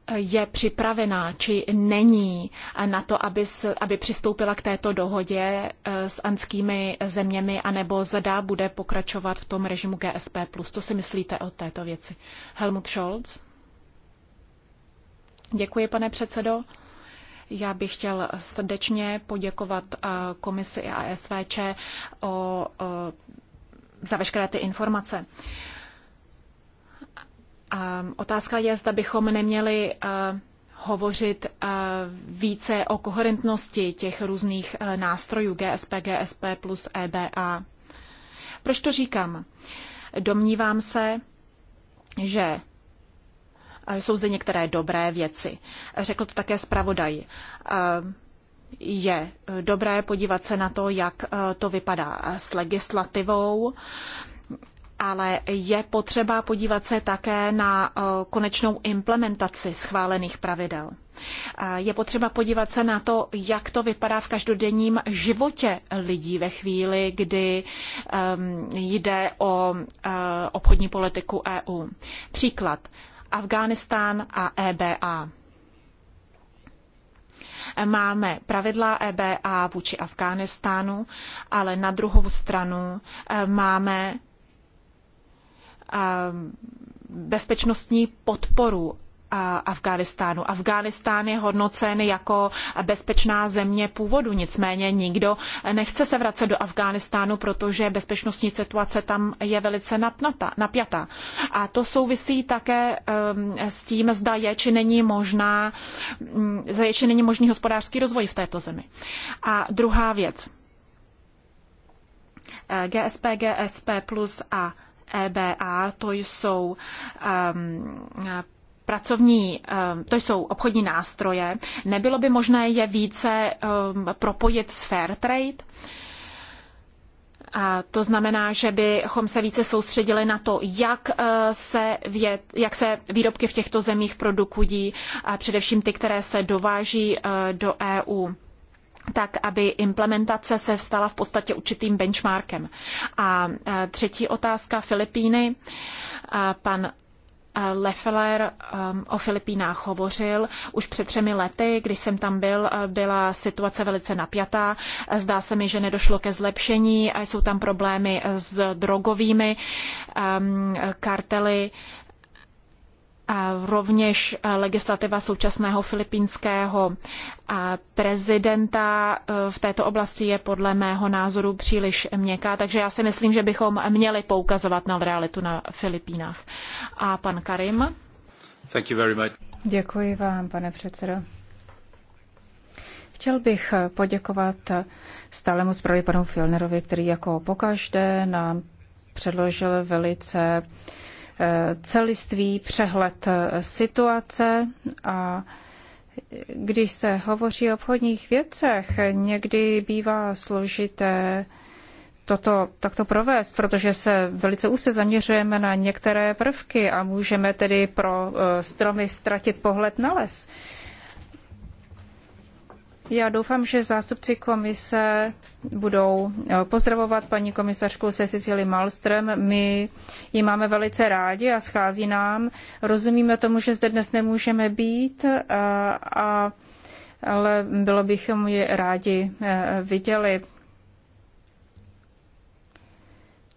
eh, je připravená či není eh, na to, aby, aby přistoupila k této dohodě s anskými zeměmi, anebo zda bude pokračovat v tom režimu GSP+. To si myslíte o této věci? Helmut Scholz? Děkuji, pane předsedo. Já bych chtěl srdečně poděkovat eh, komisi a SVČ o, o, eh, za veškeré ty informace. A eh, otázka je, zda bychom neměli hovořit více o koherentnosti těch různých nástrojů GSP, GSP plus EBA. Proč to říkám? Domnívám se, že jsou zde některé dobré věci. Řekl to také zpravodaj. Eh, je eh, dobré podívat se na to, jak eh, to vypadá s legislativou, ale je potřeba podívat se také na konečnou implementaci schválených pravidel. Je potřeba podívat se na to, jak to vypadá v každodenním životě lidí ve chvíli, kdy ehm, jde o obchodní politiku EU. Příklad. Afghánistán a EBA. Máme pravidla EBA vůči Afghánistánu, ale na druhou stranu eh, máme eh, bezpečnostní podporu Afghánistánu. Afghánistán je hodnocen jako bezpečná země původu, nicméně nikdo nechce se vracet do Afghánistánu, protože bezpečnostní situace tam je velice napnata, napjatá. A to souvisí také um, s tím, zda je či není možná, mm, zda je či není možný hospodářský rozvoj v této zemi. A druhá věc. Eh, GSP, GSP plus a EBA, to jsou um, pracovní, eh, to jsou obchodní nástroje, nebylo by možné je více eh, propojit s fair trade? A to znamená, že bychom se více soustředili na to, jak eh, se, vě, jak se výrobky v těchto zemích produkují, a především ty, které se dováží do EU tak, aby implementace se stala v podstatě určitým benchmarkem. A třetí otázka Filipíny. Pan Lefler um, o Filipínách hovořil. Už před třemi lety, když jsem tam byl, eh, byla situace velice napjatá. Zdá se mi, že nedošlo ke zlepšení. a Jsou tam problémy s drogovými um, kartely rovněž eh, legislativa současného filipínského eh, prezidenta eh, v této oblasti je podle mého názoru příliš měkká, takže já si myslím, že bychom měli poukazovat na realitu na Filipínách. A pan Karim. Thank you very much. Děkuji vám, pane předsedo. Chtěl bych poděkovat stálemu zpravodaji panu Filnerovi, který jako pokaždé nám předložil velice uh, celistvý přehled eh, situace a když se hovoří o obchodních věcech, někdy bývá složité toto takto provést, protože se velice úzce zaměřujeme na některé prvky a můžeme tedy pro eh, stromy ztratit pohled na les. Já doufám, že zástupci komise budou eh, pozdravovat paní komisařku se Cecily Malström. My ji máme velice rádi a schází nám. Rozumíme tomu, že zde dnes nemůžeme být, a, eh, a, ale bylo bychom ji rádi eh, viděli.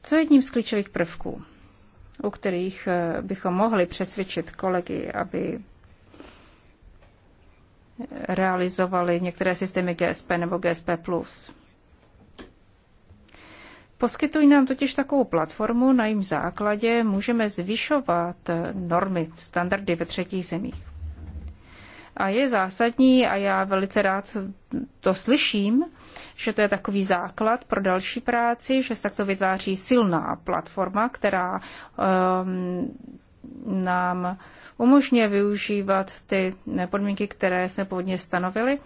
Co je jedním z klíčových prvků, u kterých bychom mohli přesvědčit kolegy, aby realizovaly některé systémy GSP nebo GSP+. Poskytují nám totiž takovou platformu, na jejím základě můžeme zvyšovat normy, standardy ve třetích zemích. A je zásadní, a já velice rád to slyším, že to je takový základ pro další práci, že se takto vytváří silná platforma, která um, nám umožňuje využívat ty eh, podmínky, které jsme původně stanovili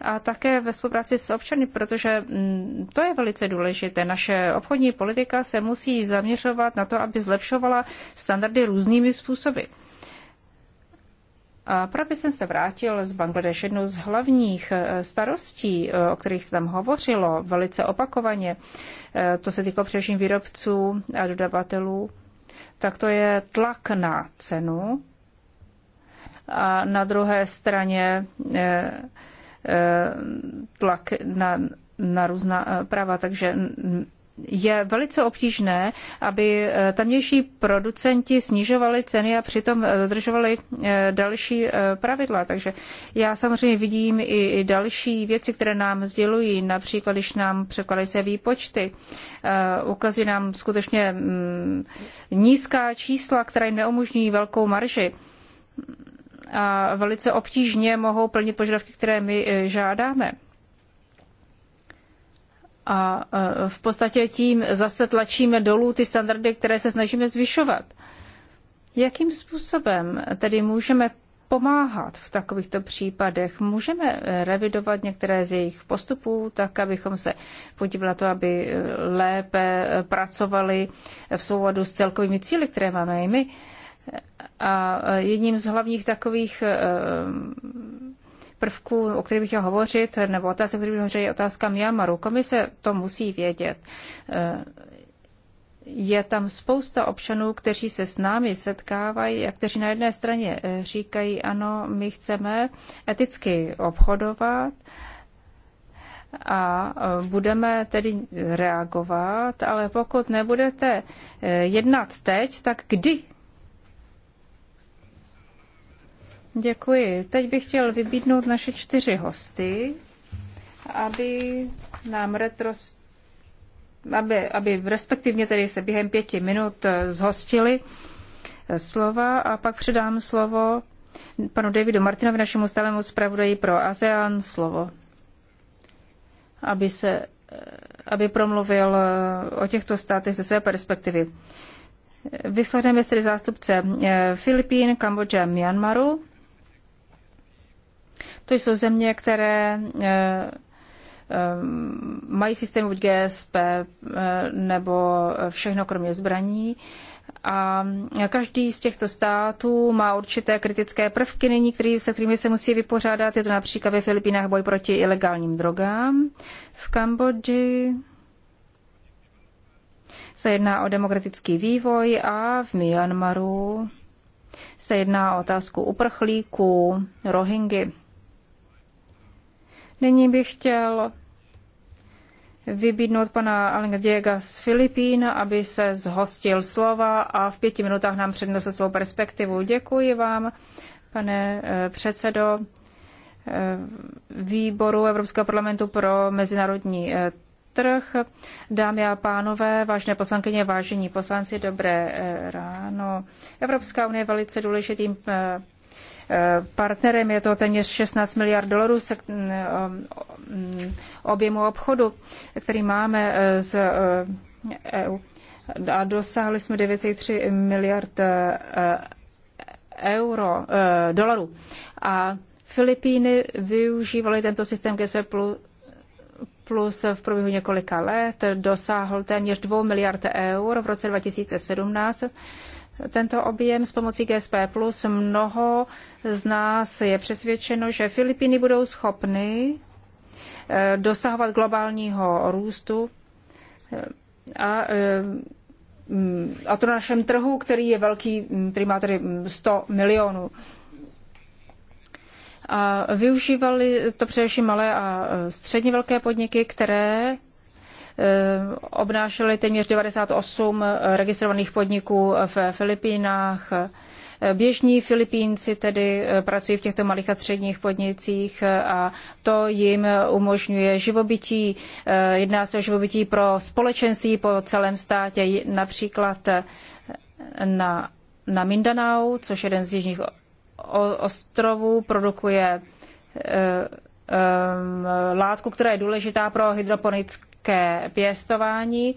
a také ve spolupráci s občany, protože mm, to je velice důležité. Naše obchodní politika se musí zaměřovat na to, aby zlepšovala standardy různými způsoby. A právě jsem se vrátil z Bangladeš. Jednou z hlavních eh, starostí, eh, o kterých se tam hovořilo velice opakovaně, to se týkalo především výrobců a dodavatelů, tak to je tlak na cenu a na druhé straně eh, eh, tlak na, na různá eh, práva. Takže je velice obtížné, aby tamnější producenti snižovali ceny a přitom dodržovali další pravidla. Takže já samozřejmě vidím i další věci, které nám sdělují, například když nám překladají se výpočty, ukazují nám skutečně mm, nízká čísla, která jim neumožňují velkou marži a velice obtížně mohou plnit požadavky, které my e, žádáme. A e, v podstatě tím zase tlačíme dolů ty standardy, které se snažíme zvyšovat. Jakým způsobem tedy můžeme pomáhat v takovýchto případech? Můžeme e, revidovat některé z jejich postupů, tak abychom se podívali na to, aby lépe pracovali v souladu s celkovými cíly, které máme i my. A jedním z hlavních takových e, prvků, o kterých bych chtěl hovořit, nebo otázka, o kterých bych hovořil, je otázka Myanmaru. Komise to musí vědět. E, je tam spousta občanů, kteří se s námi setkávají a kteří na jedné straně e, říkají, ano, my chceme eticky obchodovat, a budeme tedy reagovat, ale pokud nebudete jednat teď, tak kdy Děkuji. Teď bych chtěl vybídnout naše čtyři hosty, aby nám retros, aby, aby respektivně tedy se během pěti minut eh, zhostili eh, slova a pak předám slovo panu Davidu Martinovi, našemu stálemu zpravodaji pro ASEAN, slovo, aby, se, eh, aby promluvil o těchto státech ze své perspektivy. Vyslechneme se zástupce Filipín, Kambodže a Myanmaru to jsou země, které eh, eh, mají systém buď GSP eh, nebo všechno kromě zbraní. A každý z těchto států má určité kritické prvky nyní, který, se kterými se musí vypořádat. Je to například ve Filipínách boj proti ilegálním drogám, v Kambodži se jedná o demokratický vývoj a v Myanmaru se jedná o otázku uprchlíků, rohingy. Nyní bych chtěl vybídnout pana Diega z Filipín, aby se zhostil slova a v pěti minutách nám přednesl svou perspektivu. Děkuji vám, pane eh, předsedo eh, výboru Evropského parlamentu pro mezinárodní eh, trh. Dámy a pánové, vážné poslankyně, vážení poslanci, dobré ráno. Evropská unie je velice důležitým partnerem. Je to téměř 16 miliard dolarů se, mm, mm, objemu obchodu, který máme e, z EU. E A dosáhli jsme 9,3 miliard e, euro, dolarů. A Filipíny využívaly tento systém GSP plus v průběhu několika let dosáhl téměř 2 miliard eur v roce 2017 tento objem s pomocí GSP+. Plus. Mnoho z nás je přesvědčeno, že Filipíny budou schopny eh, dosahovat globálního růstu eh, a, eh, mm, a to na našem trhu, který je velký, mm, který má tedy 100 mm, milionů. A využívali to především malé a středně velké podniky, které Eh, obnášely téměř 98 eh, registrovaných podniků v Filipínách. Eh, běžní Filipínci tedy pracují v těchto malých a středních podnicích a to jim umožňuje živobytí. Jedná se o živobytí pro společenství po celém státě, například na, na Mindanao, což je jeden z jižních ostrovů, produkuje látku, která je důležitá pro hydroponické ke pěstování,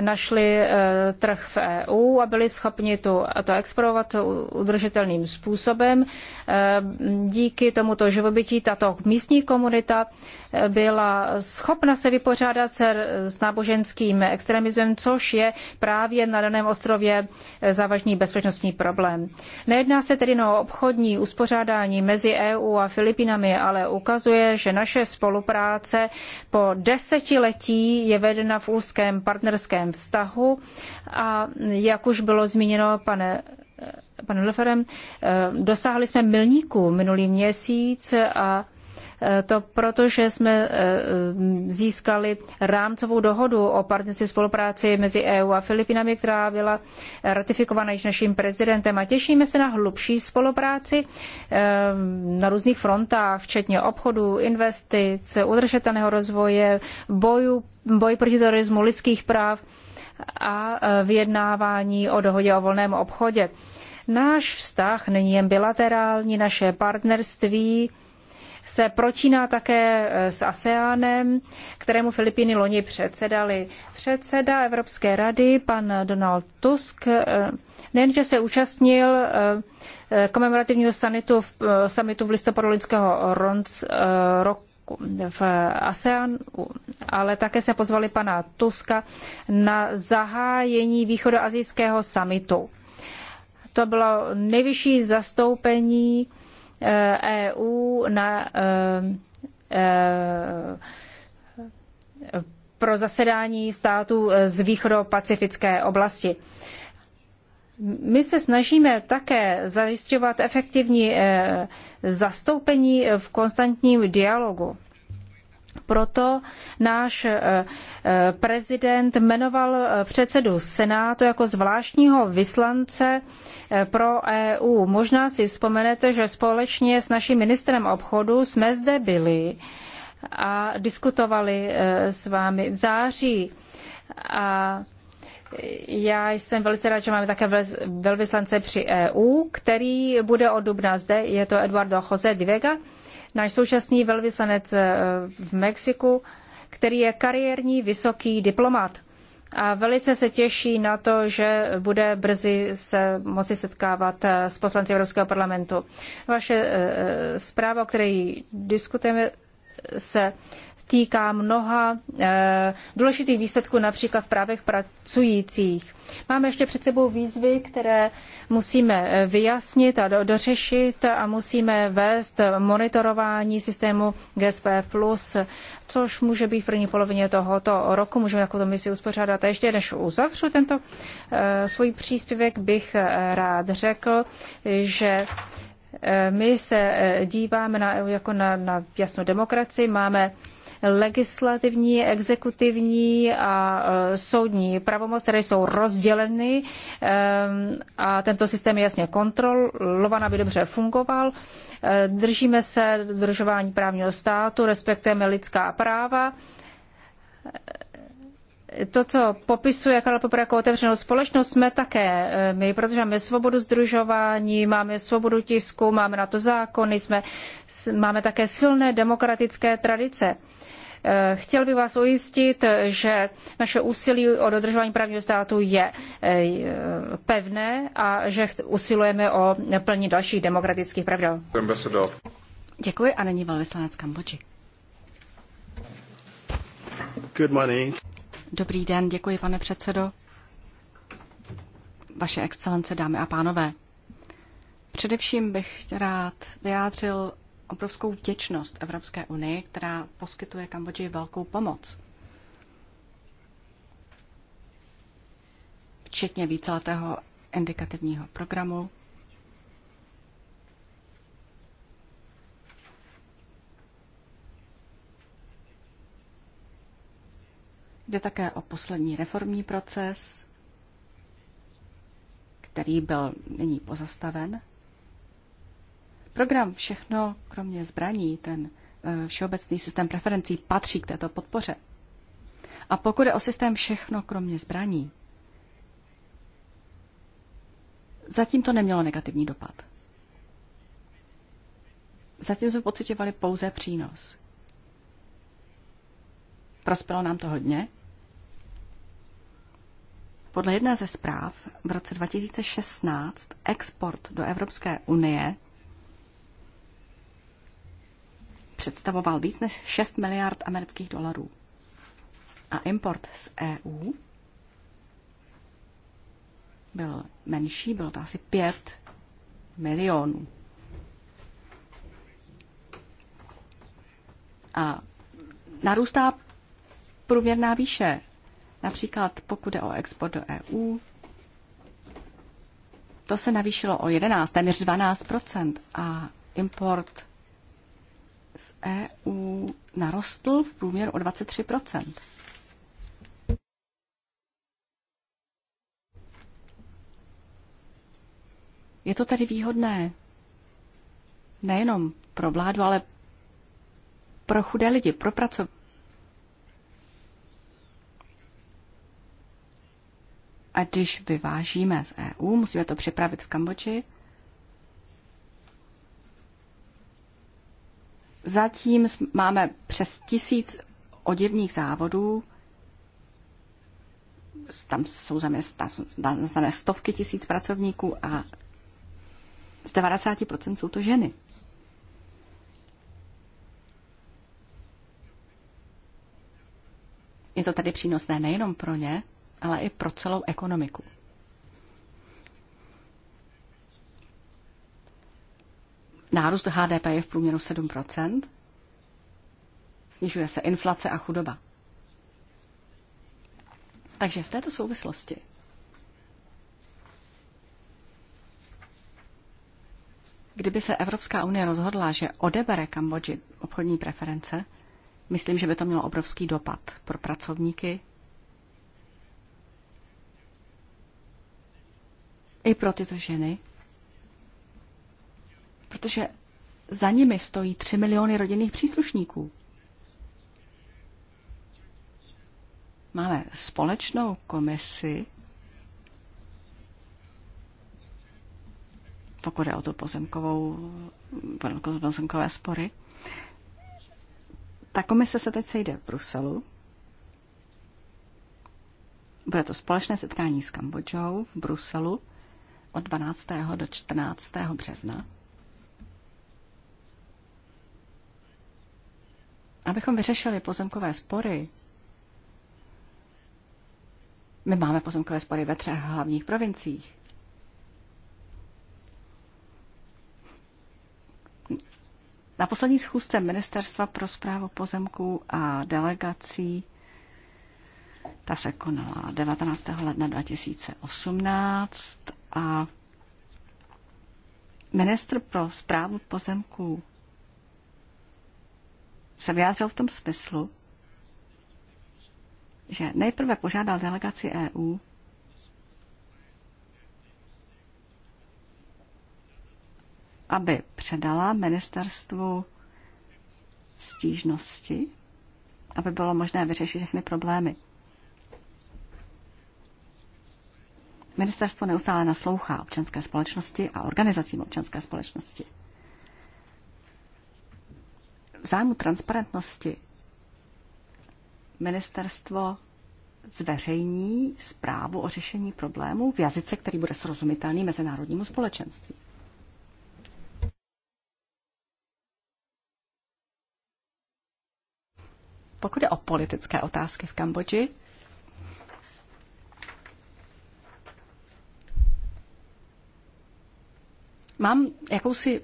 našli eh, trh v EU a byli schopni tu, to exportovat udržitelným způsobem. Eh, díky tomuto živobytí tato místní komunita eh, byla schopna se vypořádat se s náboženským extremismem, což je právě na daném ostrově závažný bezpečnostní problém. Nejedná se tedy o obchodní uspořádání mezi EU a Filipinami, ale ukazuje, že naše spolupráce po desetiletí je vedena v úzkém partnerském vztahu a jak už bylo zmíněno pane panem Leferem, eh, dosáhli jsme milníku minulý měsíc a Eh, to proto, že jsme eh, získali rámcovou dohodu o partnerství spolupráci mezi EU a Filipinami, která byla ratifikována již naším prezidentem a těšíme se na hlubší spolupráci eh, na různých frontách, včetně obchodu, investic, udržitelného rozvoje, boju, boj proti terorismu, lidských práv a vyjednávání o dohodě o volném obchodě. Náš vztah není jen bilaterální, naše partnerství se protíná také eh, s ASEANem, kterému Filipíny loni předsedali. Předseda Evropské rady, pan Donald Tusk, eh, nejenže se účastnil eh, komemorativního summitu v, summitu v listopadu lidského roku, v ASEAN, ale také se pozvali pana Tuska na zahájení východoazijského samitu. To bylo nejvyšší zastoupení EU e na e, e, pro zasedání států z východopacifické oblasti. My se snažíme také zajišťovat efektivní zastoupení v konstantním dialogu proto náš eh, eh, prezident jmenoval eh, předsedu Senátu jako zvláštního vyslance pro EU. Možná si vzpomenete, že společně s naším ministrem obchodu jsme zde byli a diskutovali s vámi v září. A já jsem velice rád, že máme také velvyslance při EU, který bude od dubna zde, je to Eduardo José de Vega náš současný velvyslanec eh, v Mexiku, který je kariérní vysoký diplomat. A velice se těší na to, že bude brzy se moci setkávat eh, s poslanci Evropského parlamentu. Vaše eh, zpráva, o které diskutujeme, se týká mnoha eh, důležitých výsledků, například v právech pracujících. Máme ještě před sebou výzvy, které musíme eh, vyjasnit a dořešit a musíme vést monitorování systému GSP+, což může být v první polovině tohoto roku. Můžeme takovou misi uspořádat. A ještě než uzavřu tento eh, svůj příspěvek, bych rád řekl, že my se díváme na EU jako na, na jasnou demokracii, máme legislativní, exekutivní a e, soudní pravomoc, které jsou rozděleny e, a tento systém je jasně kontrolovaný, aby dobře fungoval. E, držíme se dodržování právního státu, respektujeme lidská práva to, co popisuje Karel Popper jako otevřenou společnost, jsme také my, protože máme svobodu združování, máme svobodu tisku, máme na to zákony, jsme, máme také silné demokratické tradice. Eh, chtěl bych vás ujistit, že naše úsilí o dodržování právního státu je eh, pevné a že usilujeme o plní dalších demokratických pravidel. Děkuji a není velvyslanec Kambodži. Dobrý den, děkuji pane předsedo. Vaše excelence, dámy a pánové. Především bych rád vyjádřil obrovskou vděčnost Evropské unii, která poskytuje Kambodži velkou pomoc. Včetně víceletého indikativního programu. Jde také o poslední reformní proces, který byl nyní pozastaven Program Všechno kromě zbraní, ten e, všeobecný systém preferencí, patří k této podpoře. A pokud je o systém Všechno kromě zbraní, zatím to nemělo negativní dopad. Zatím jsme pocitovali pouze přínos. Prospělo nám to hodně. Podle jedné ze zpráv v roce 2016 export do Evropské unie představoval víc než 6 miliard amerických dolarů. A import z EU byl menší, bylo to asi 5 milionů. A narůstá průměrná výše. Například pokud je o export do EU, to se navýšilo o 11, téměř 12 a import z EU narostl v průměru o 23 Je to tedy výhodné nejenom pro vládu, ale pro chudé lidi, pro pracovníky. A když vyvážíme z EU, musíme to připravit v Kambodži, Zatím máme přes tisíc oděvních závodů, tam jsou zaměstnané stovky tisíc pracovníků a z 90% jsou to ženy. Je to tady přínosné nejenom pro ně, ale i pro celou ekonomiku. Nárůst HDP je v průměru 7 Snižuje se inflace a chudoba. Takže v této souvislosti Kdyby se Evropská unie rozhodla, že odebere Kambodži obchodní preference, myslím, že by to mělo obrovský dopad pro pracovníky i pro tyto ženy, protože za nimi stojí 3 miliony rodinných příslušníků. Máme společnou komisi, pokud je o tu pozemkovou, pozemkové spory. Ta komise se teď sejde v Bruselu. Bude to společné setkání s Kambodžou v Bruselu od 12. do 14. března. Abychom vyřešili pozemkové spory, my máme pozemkové spory ve třech hlavních provinciích. Na poslední schůzce Ministerstva pro zprávu pozemků a delegací, ta se konala 19. ledna 2018 a ministr pro zprávu pozemků se vyjádřil v tom smyslu, že nejprve požádal delegaci EU, aby předala ministerstvu stížnosti, aby bylo možné vyřešit všechny problémy. Ministerstvo neustále naslouchá občanské společnosti a organizacím občanské společnosti v zájmu transparentnosti ministerstvo zveřejní zprávu o řešení problému v jazyce, který bude srozumitelný mezinárodnímu společenství. Pokud je o politické otázky v Kambodži, mám jakousi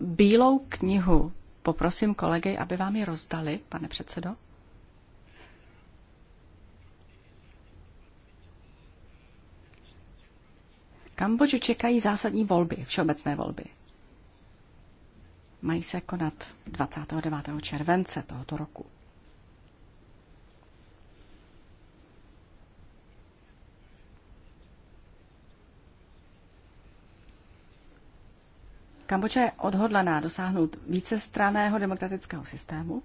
bílou knihu Poprosím kolegy, aby vám ji rozdali, pane předsedo. Kambodžu čekají zásadní volby, všeobecné volby. Mají se konat 29. července tohoto roku. Kambodža je odhodlaná dosáhnout vícestraného demokratického systému.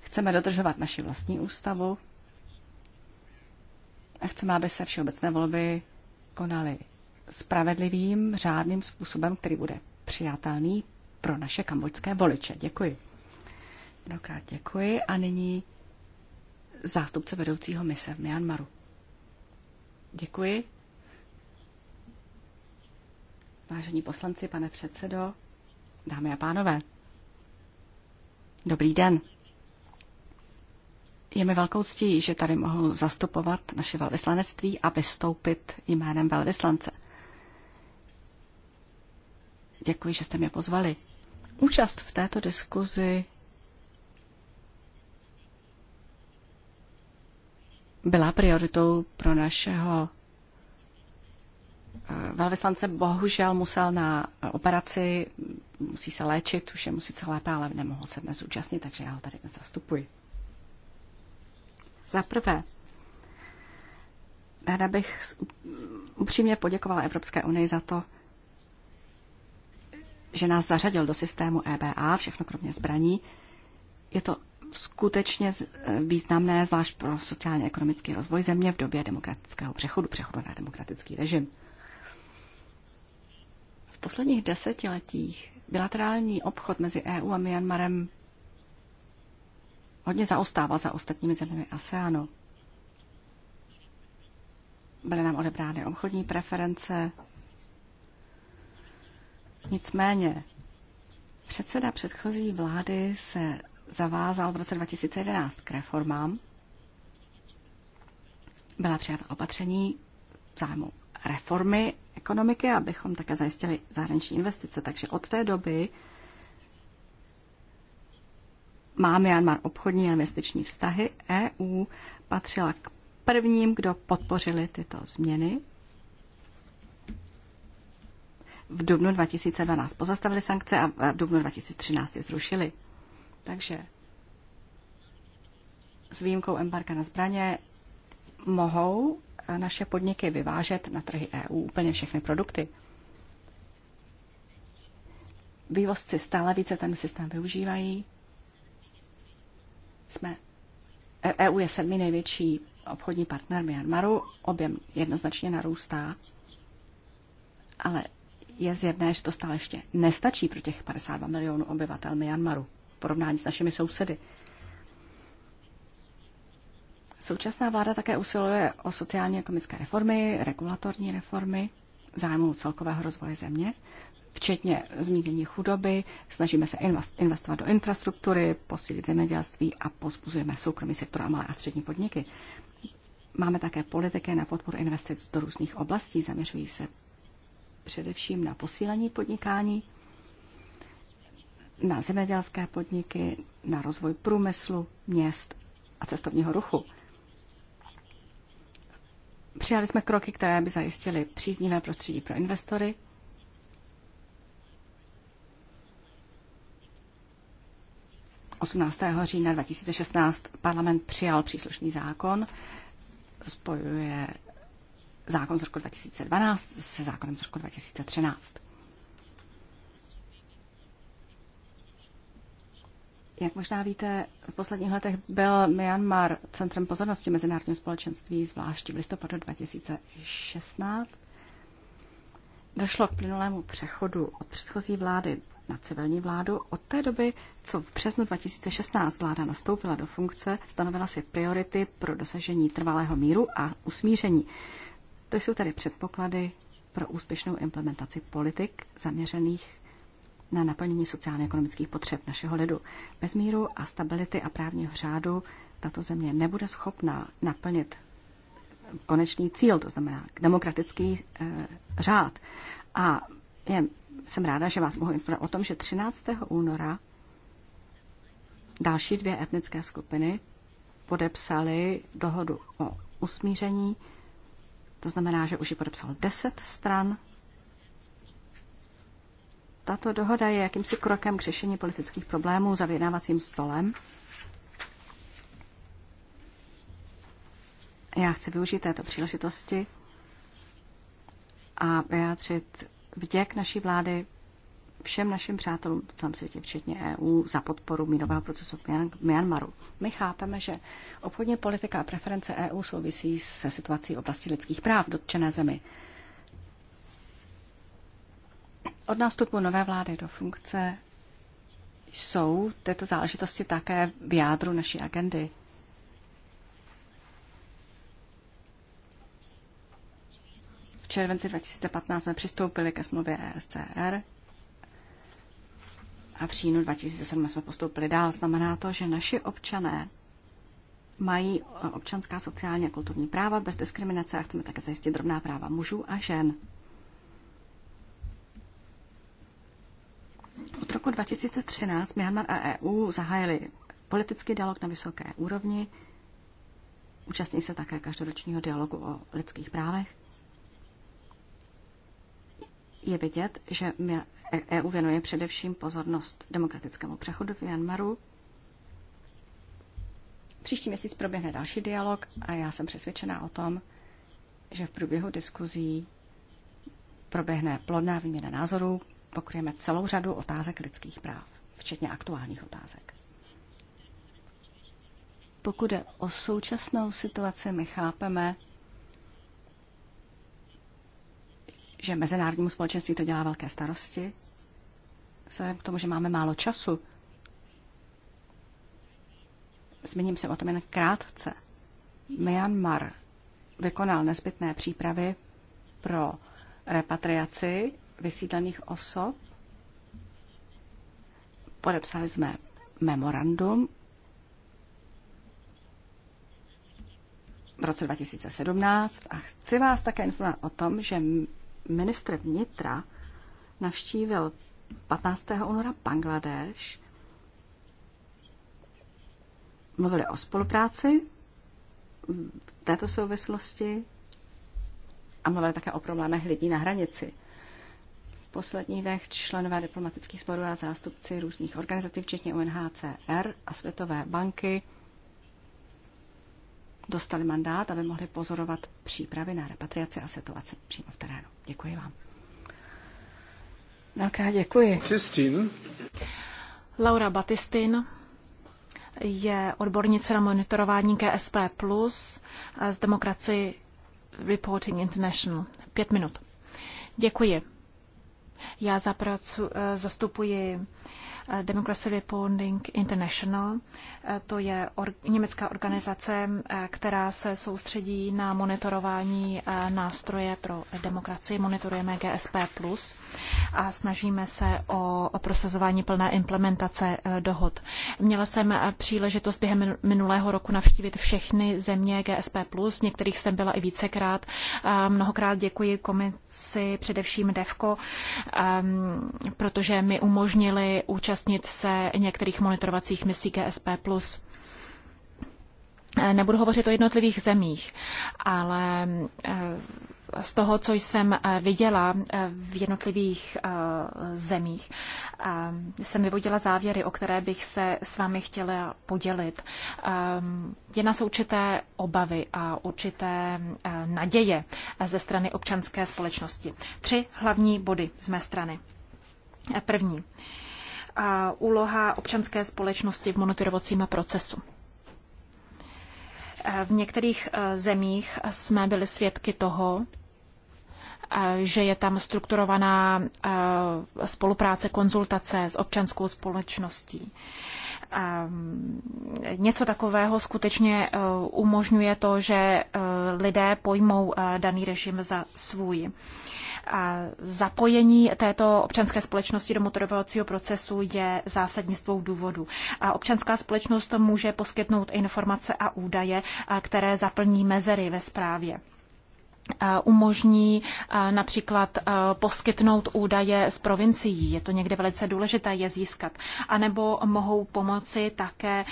Chceme dodržovat naši vlastní ústavu a chceme, aby se všeobecné volby konaly spravedlivým, řádným způsobem, který bude přijatelný pro naše kambodžské voliče. Děkuji. Mnohokrát děkuji a nyní zástupce vedoucího mise v Myanmaru. Děkuji. Vážení poslanci, pane předsedo, dámy a pánové, dobrý den. Je mi velkou ctí, že tady mohu zastupovat naše velvyslanectví a vystoupit jménem velvyslance. Děkuji, že jste mě pozvali. Účast v této diskuzi byla prioritou pro našeho velvyslance bohužel musel na operaci, musí se léčit, už je mu sice lépe, ale nemohl se dnes účastnit, takže já ho tady dnes zastupuji. Za prvé, ráda bych upřímně poděkovala Evropské unii za to, že nás zařadil do systému EBA, všechno kromě zbraní. Je to skutečně významné, zvlášť pro sociálně-ekonomický rozvoj země v době demokratického přechodu, přechodu na demokratický režim posledních desetiletích bilaterální obchod mezi EU a Myanmarem hodně zaostával za ostatními zeměmi ASEANu. Byly nám odebrány obchodní preference. Nicméně předseda předchozí vlády se zavázal v roce 2011 k reformám. Byla přijata opatření v zájmu reformy ekonomiky, abychom také zajistili zahraniční investice. Takže od té doby má Myanmar obchodní a investiční vztahy. EU patřila k prvním, kdo podpořili tyto změny. V dubnu 2012 pozastavili sankce a v dubnu 2013 je zrušili. Takže s výjimkou embarga na zbraně mohou naše podniky vyvážet na trhy EU úplně všechny produkty. Vývozci stále více ten systém využívají. Jsme, EU je sedmý největší obchodní partner Myanmaru, objem jednoznačně narůstá, ale je zjevné, že to stále ještě nestačí pro těch 52 milionů obyvatel Myanmaru v porovnání s našimi sousedy. Současná vláda také usiluje o sociálně ekonomické reformy, regulatorní reformy v zájmu celkového rozvoje země, včetně zmínění chudoby. Snažíme se investovat do infrastruktury, posílit zemědělství a pospuzujeme soukromý sektor a malé a střední podniky. Máme také politiky na podporu investic do různých oblastí. Zaměřují se především na posílení podnikání, na zemědělské podniky, na rozvoj průmyslu, měst a cestovního ruchu. Přijali jsme kroky, které by zajistily příznivé prostředí pro investory, Osmnáctého října 2016 parlament přijal příslušný zákon, spojuje zákon z roku 2012 se zákonem z roku 2013. Jak možná víte, v posledních letech byl Myanmar centrem pozornosti mezinárodního společenství, zvláště v listopadu 2016. Došlo k plynulému přechodu od předchozí vlády na civilní vládu. Od té doby, co v březnu 2016 vláda nastoupila do funkce, stanovila si priority pro dosažení trvalého míru a usmíření. To jsou tedy předpoklady pro úspěšnou implementaci politik zaměřených na naplnění sociálně-ekonomických potřeb našeho lidu. Bez míru a stability a právního řádu tato země nebude schopna naplnit konečný cíl, to znamená demokratický eh, řád. A je, jsem ráda, že vás mohu informovat o tom, že 13. února další dvě etnické skupiny podepsaly dohodu o usmíření. To znamená, že už ji podepsalo 10 stran tato dohoda je jakýmsi krokem k řešení politických problémů za vyjednávacím stolem. Já chci využít této příležitosti a vyjádřit vděk naší vlády všem našim přátelům v celém světě, včetně EU, za podporu mírového procesu v Myanmaru. My chápeme, že obchodní politika a preference EU souvisí se situací oblasti lidských práv dotčené zemi. Od nástupu nové vlády do funkce jsou tyto záležitosti také v jádru naší agendy. V červenci 2015 jsme přistoupili ke smlouvě ESCR a v říjnu 2007 jsme postoupili dál. Znamená to, že naši občané mají eh, občanská, sociální a kulturní práva bez diskriminace a chceme také zajistit rovná práva mužů a žen. roku 2013 Myanmar a EU zahájili politický dialog na vysoké úrovni, účastní se také každoročního dialogu o lidských právech. Je vidět, že EU e věnuje především pozornost demokratickému přechodu v Myanmaru. Příští měsíc proběhne další dialog a já jsem přesvědčená o tom, že v průběhu diskuzí proběhne plodná výměna názorů, pokryjeme celou řadu otázek lidských práv, včetně aktuálních otázek. Pokud je o současnou situaci, my chápeme, že mezinárodnímu společenství to dělá velké starosti, vzhledem k tomu, že máme málo času. Zmíním se o tom jen krátce. Myanmar vykonal nezbytné přípravy pro repatriaci vysídlených osob. Podepsali jsme memorandum v roce 2017 a chci vás také informovat o tom, že ministr vnitra navštívil 15. února Bangladeš. Mluvili o spolupráci v této souvislosti a mluvili také o problémech lidí na hranici posledních dnech členové diplomatických sborů a zástupci různých organizací, včetně UNHCR a Světové banky, dostali mandát, aby mohli pozorovat přípravy na repatriaci a situaci přímo v terénu. Děkuji vám. Mnohokrát děkuji. Kristin. Laura Batistin je odbornice na monitorování KSP Plus z Democracy Reporting International. Pět minut. Děkuji. Já zapracu, eh, zastupuji Democracy Reporting International. Eh, to je or- německá organizace, eh, která se soustředí na monitorování eh, nástroje pro demokracii. Monitorujeme GSP+. A snažíme se o prosazování plné implementace dohod. Měla jsem příležitost během minulého roku navštívit všechny země GSP+. Některých jsem byla i vícekrát. Mnohokrát děkuji komisi, především DEVKO, ehm, protože mi umožnili účast účastnit se některých monitorovacích misí GSP+. Eh, nebudu hovořit o jednotlivých zemích, ale eh, z toho, co jsem eh, viděla v jednotlivých zemích, jsem vyvodila závěry, o které bych se s vámi chtěla podělit. Jedná se určité obavy a určité naděje ze strany občanské společnosti. Tři hlavní body z mé strany. První úloha občanské společnosti v monitorovacím procesu. Eh, v některých eh, zemích jsme byli svědky toho, eh, že je tam strukturovaná spolupráce, konzultace s občanskou společností. Něco takového skutečně umožňuje to, že lidé pojmou daný režim za svůj. Zapojení této občanské společnosti do motorovacího procesu je zásadní z dvou důvodů. Občanská společnost může poskytnout informace a údaje, které zaplní mezery ve správě umožní například poskytnout údaje z provincií. Je to někde velice důležité je získat. A nebo mohou pomoci také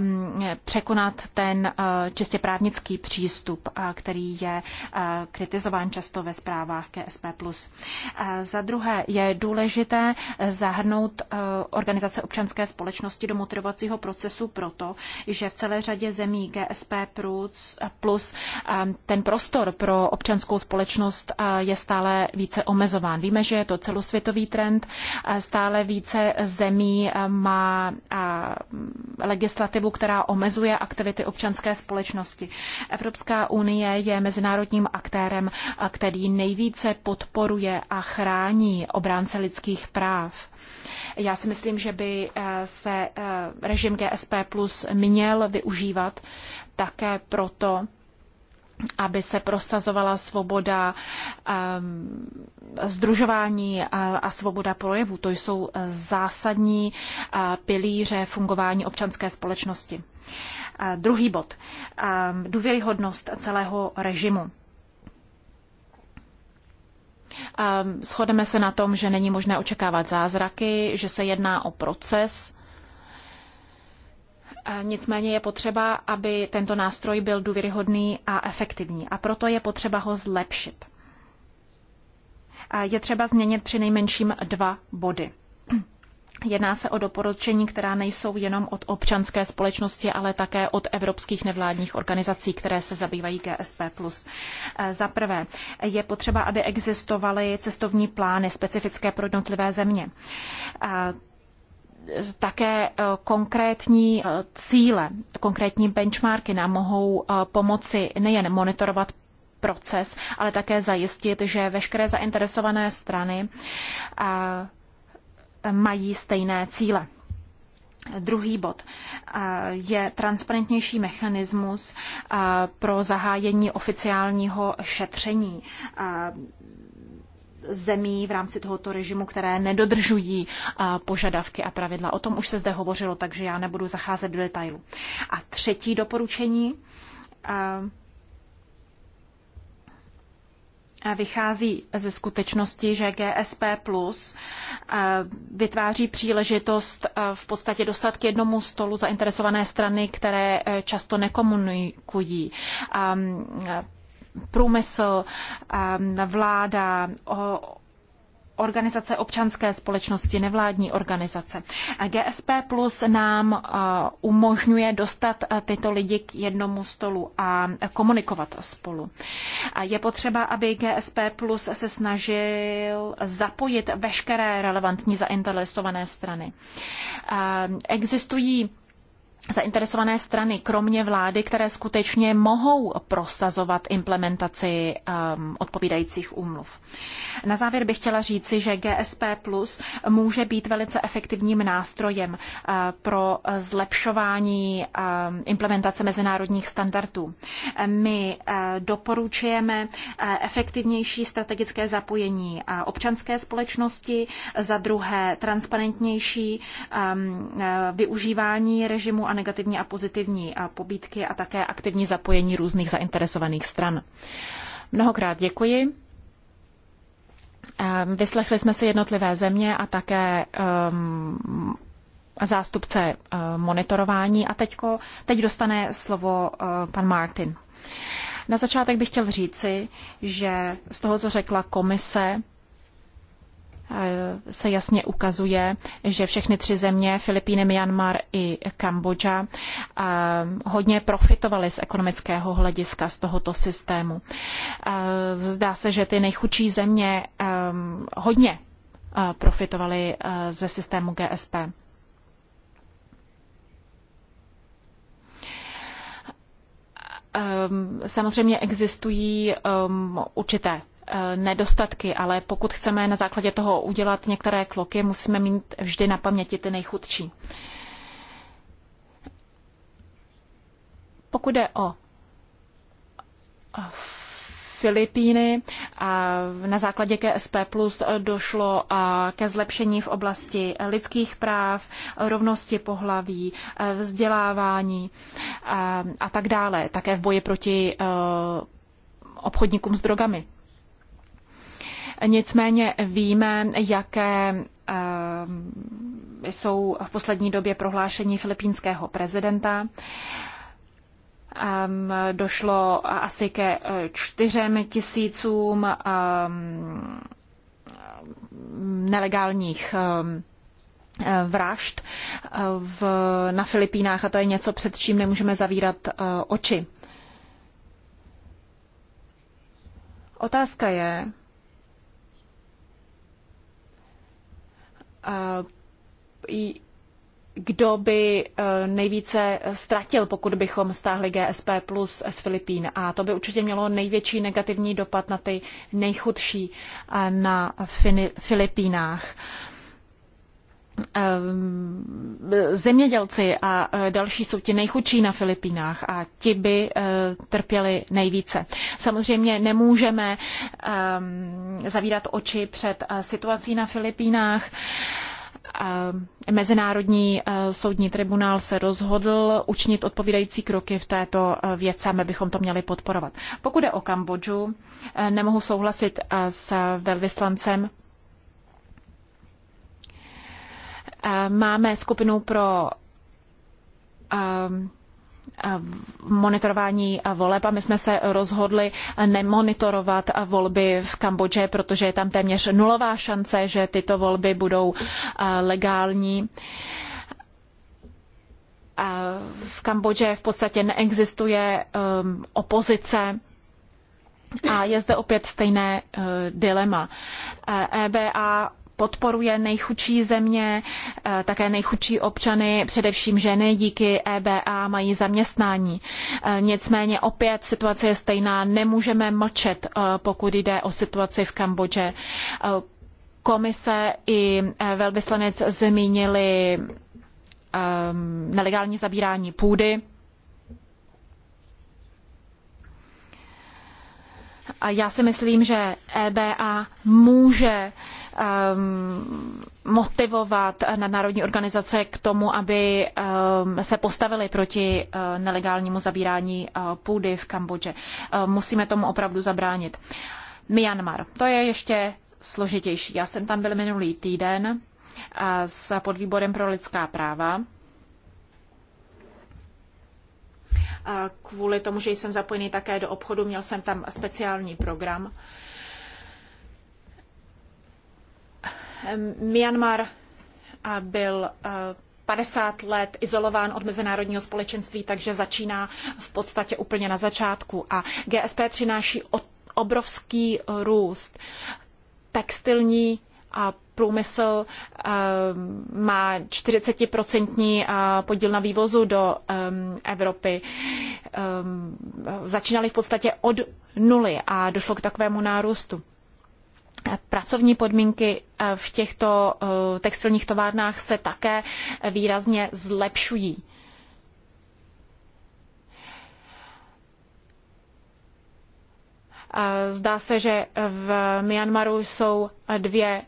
um, překonat ten uh, čistě právnický přístup, který je uh, kritizován často ve zprávách KSP+. Za druhé je důležité zahrnout uh, organizace občanské společnosti do motivacího procesu proto, že v celé řadě zemí GSP plus um, ten prostor pro občanskou společnost eh, je stále více omezován. Víme, že je to celosvětový trend, eh, stále více zemí eh, má legislativu, která omezuje aktivity občanské společnosti. Evropská unie je mezinárodním aktérem, který nejvíce podporuje a chrání obránce lidských práv. Já si myslím, že by se režim GSP plus měl využívat také proto, aby se prosazovala svoboda ehm, združování eh, a svoboda projevu. To jsou eh, zásadní eh, pilíře fungování občanské společnosti. Druhý bod. Ehm, důvěryhodnost celého režimu. Ehm, shodeme se na tom, že není možné očekávat zázraky, že se jedná o proces, Nicméně je potřeba, aby tento nástroj byl důvěryhodný a efektivní a proto je potřeba ho zlepšit. Je třeba změnit při nejmenším dva body. Jedná se o doporučení, která nejsou jenom od občanské společnosti, ale také od evropských nevládních organizací, které se zabývají GSP+. E, za prvé, je potřeba, aby existovaly cestovní plány specifické pro jednotlivé země. E, také e, konkrétní e, cíle, konkrétní benchmarky nám mohou e, pomoci nejen monitorovat proces, ale také zajistit, že veškeré zainteresované strany mají stejné cíle. Druhý bod je transparentnější mechanismus pro zahájení oficiálního šetření zemí v rámci tohoto režimu, které nedodržují požadavky a pravidla. O tom už se zde hovořilo, takže já nebudu zacházet do detailu. A třetí doporučení vychází ze skutečnosti, že GSP Plus vytváří příležitost v podstatě dostat k jednomu stolu zainteresované strany, které e, často nekomunikují průmysl, vláda, organizace občanské společnosti, nevládní organizace. GSP Plus nám umožňuje dostat tyto lidi k jednomu stolu a komunikovat spolu. Je potřeba, aby GSP Plus se snažil zapojit veškeré relevantní zainteresované strany. Existují zainteresované strany, kromě vlády, které skutečně mohou prosazovat implementaci um, odpovídajících úmluv. Na závěr bych chtěla říci, že GSP Plus může být velice efektivním nástrojem uh, pro zlepšování um, implementace mezinárodních standardů. My uh, doporučujeme uh, efektivnější strategické zapojení uh, občanské společnosti, za druhé transparentnější um, uh, využívání režimu a negativní a pozitivní a pobídky a také aktivní zapojení různých zainteresovaných stran. Mnohokrát děkuji. Ehm, vyslechli jsme si jednotlivé země a také um, zástupce uh, monitorování a teďko, teď dostane slovo uh, pan Martin. Na začátek bych chtěl říci, že z toho, co řekla komise, Eh, se jasně ukazuje, že všechny tři země, Filipíny, Myanmar i Kambodža, eh, hodně profitovaly z ekonomického hlediska z tohoto systému. Eh, zdá se, že ty nejchudší země hodně profitovaly ze systému GSP. Samozřejmě existují určité Eh, nedostatky, ale pokud chceme na základě toho udělat některé kloky, musíme mít vždy na paměti ty nejchudší. Pokud jde o eh, Filipíny. Na základě KSP Plus došlo eh, ke zlepšení v oblasti lidských práv, rovnosti pohlaví, vzdělávání a tak dále. Také v boji proti obchodníkům s drogami. Nicméně víme, jaké eh, jsou v poslední době prohlášení filipínského prezidenta. Došlo asi ke eh, čtyřem tisícům nelegálních eh, vražd v, na Filipínách a to je něco, před čím nemůžeme zavírat oči. Otázka je, kdo by e, nejvíce ztratil, pokud bychom stáhli GSP plus z Filipín. A to by určitě mělo největší negativní dopad na ty nejchudší e, na Filipínách. Ehm, zemědělci a e, další jsou ti nejchudší na Filipínách a ti by e, trpěli nejvíce. Samozřejmě nemůžeme ehm, zavírat oči před e, situací na Filipínách. Ehm, Mezinárodní soudní tribunál se rozhodl učinit odpovídající kroky v této věci a my bychom to měli podporovat. Pokud je o Kambodžu, nemohu souhlasit s velvyslancem Eh, máme skupinu pro ehm, eh, monitorování voleb a my jsme se rozhodli nemonitorovat volby v Kambodži, protože je tam téměř nulová šance, že tyto volby budou eh, legální. V Kambodži v podstatě neexistuje ehm, opozice. A je zde opět stejné dilema. EBA e podporuje nejchudší země, eh, také nejchudší občany, především ženy, díky EBA mají zaměstnání. Eh, nicméně opět situace je stejná, nemůžeme mlčet, eh, pokud jde o situaci v Kambodži. Komise i velvyslanec zmínili ehm, nelegální zabírání půdy. A já si myslím, že EBA může Um, motivovat na národní organizace k tomu, aby um, se postavili proti uh, nelegálnímu zabírání uh, půdy v Kambodži. Uh, musíme tomu opravdu zabránit. Myanmar, to je ještě složitější. Já jsem tam byl minulý týden s podvýborem pro lidská práva. Kvůli tomu, že jsem zapojený také do obchodu, měl jsem tam speciální program Myanmar byl 50 e, let izolován od mezinárodního společenství, takže začíná v podstatě úplně na začátku. A GSP přináší obrovský růst. Textilní a průmysl má 40% podíl na vývozu do Evropy. Začínali v podstatě od nuly a došlo k takovému nárůstu. Pracovní podmínky eh, v těchto eh, textilních továrnách se také výrazně zlepšují. Eh, zdá se, že v Myanmaru jsou dvě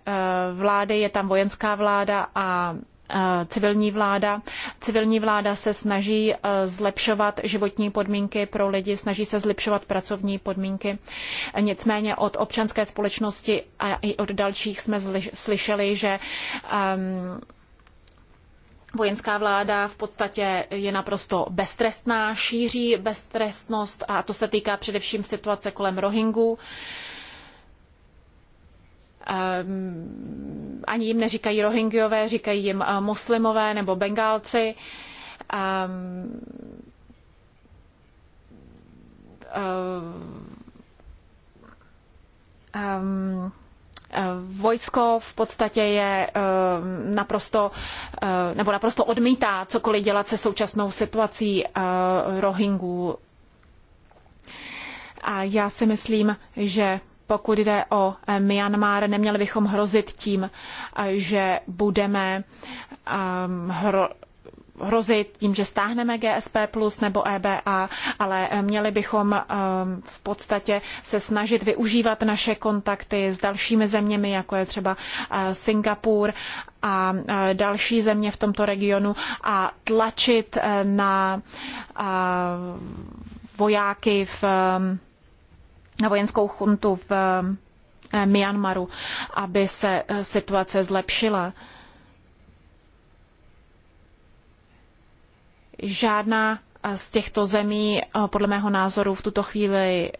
vlády, je tam vojenská vláda a Eh, civilní vláda. Civilní vláda se snaží eh, zlepšovat životní podmínky pro lidi, snaží se zlepšovat pracovní podmínky. Nicméně od občanské společnosti a i od dalších jsme slyšeli, že um, Vojenská vláda v podstatě je naprosto beztrestná, šíří beztrestnost a to se týká především situace kolem Rohingů. Uh, Ehm, ani jim neříkají rohingyové, říkají jim eh, muslimové nebo bengálci. Ehm, eh, ehm, eh, vojsko v podstatě je naprosto, nebo naprosto odmítá cokoliv dělat se současnou situací Rohingů. A já si myslím, že pokud jde o eh, Myanmar, neměli bychom hrozit tím, eh, že budeme ehm, hro, hrozit tím, že stáhneme GSP plus nebo EBA, ale eh, měli bychom ehm, v podstatě se snažit využívat naše kontakty s dalšími zeměmi, jako je třeba Singapur a další země v tomto regionu a tlačit na vojáky v ehm, na vojenskou chuntu v eh, Myanmaru, aby se eh, situace zlepšila. Žádná eh, z těchto zemí, podle mého názoru, v tuto chvíli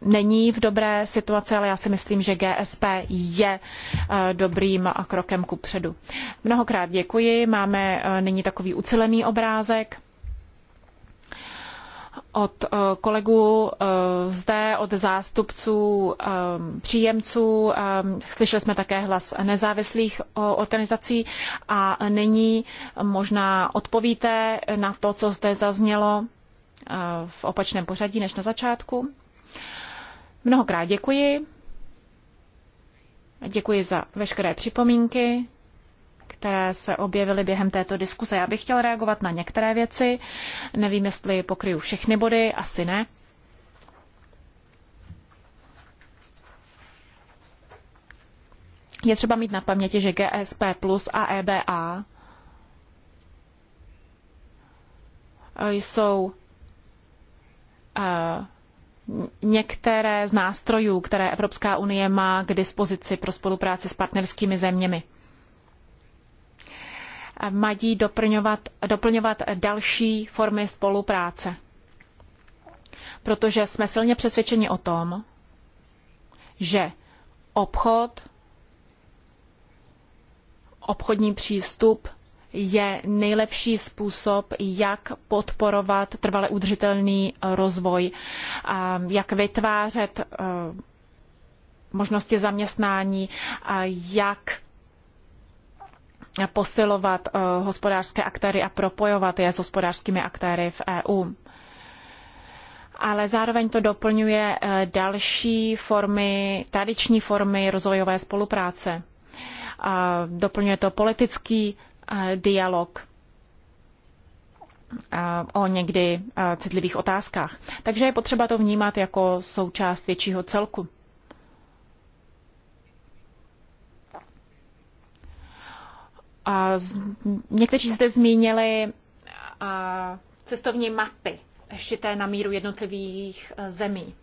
není v dobré situaci, ale já si myslím, že GSP je dobrým krokem ku předu. Mnohokrát děkuji. Máme nyní takový ucelený obrázek od eh, kolegů eh, zde, od zástupců eh, příjemců, slyšeli jsme také hlas nezávislých organizací a nyní možná odpovíte na to, co zde zaznělo v opačném pořadí než na začátku. Mnohokrát děkuji. Děkuji za veškeré připomínky které se objevily během této diskuse. Já bych chtěl reagovat na některé věci. Nevím, jestli pokryju všechny body, asi ne. Je třeba mít na paměti, že GSP plus a EBA jsou eh, některé z nástrojů, které Evropská unie má k dispozici pro spolupráci s partnerskými zeměmi mají doplňovat, doplňovat další formy spolupráce. Protože jsme silně přesvědčeni o tom, že obchod, obchodní přístup je nejlepší způsob, jak podporovat trvale udržitelný rozvoj, jak vytvářet eh, možnosti zaměstnání, jak posilovat eh, hospodářské aktéry a propojovat je s hospodářskými aktéry v EU. Ale zároveň to doplňuje eh, další formy, tradiční formy rozvojové spolupráce. Doplňuje to politický eh, dialog o někdy citlivých otázkách. Takže je potřeba to vnímat jako součást většího celku. A z, někteří zde zmínili a, cestovní mapy, té na míru jednotlivých e, zemí.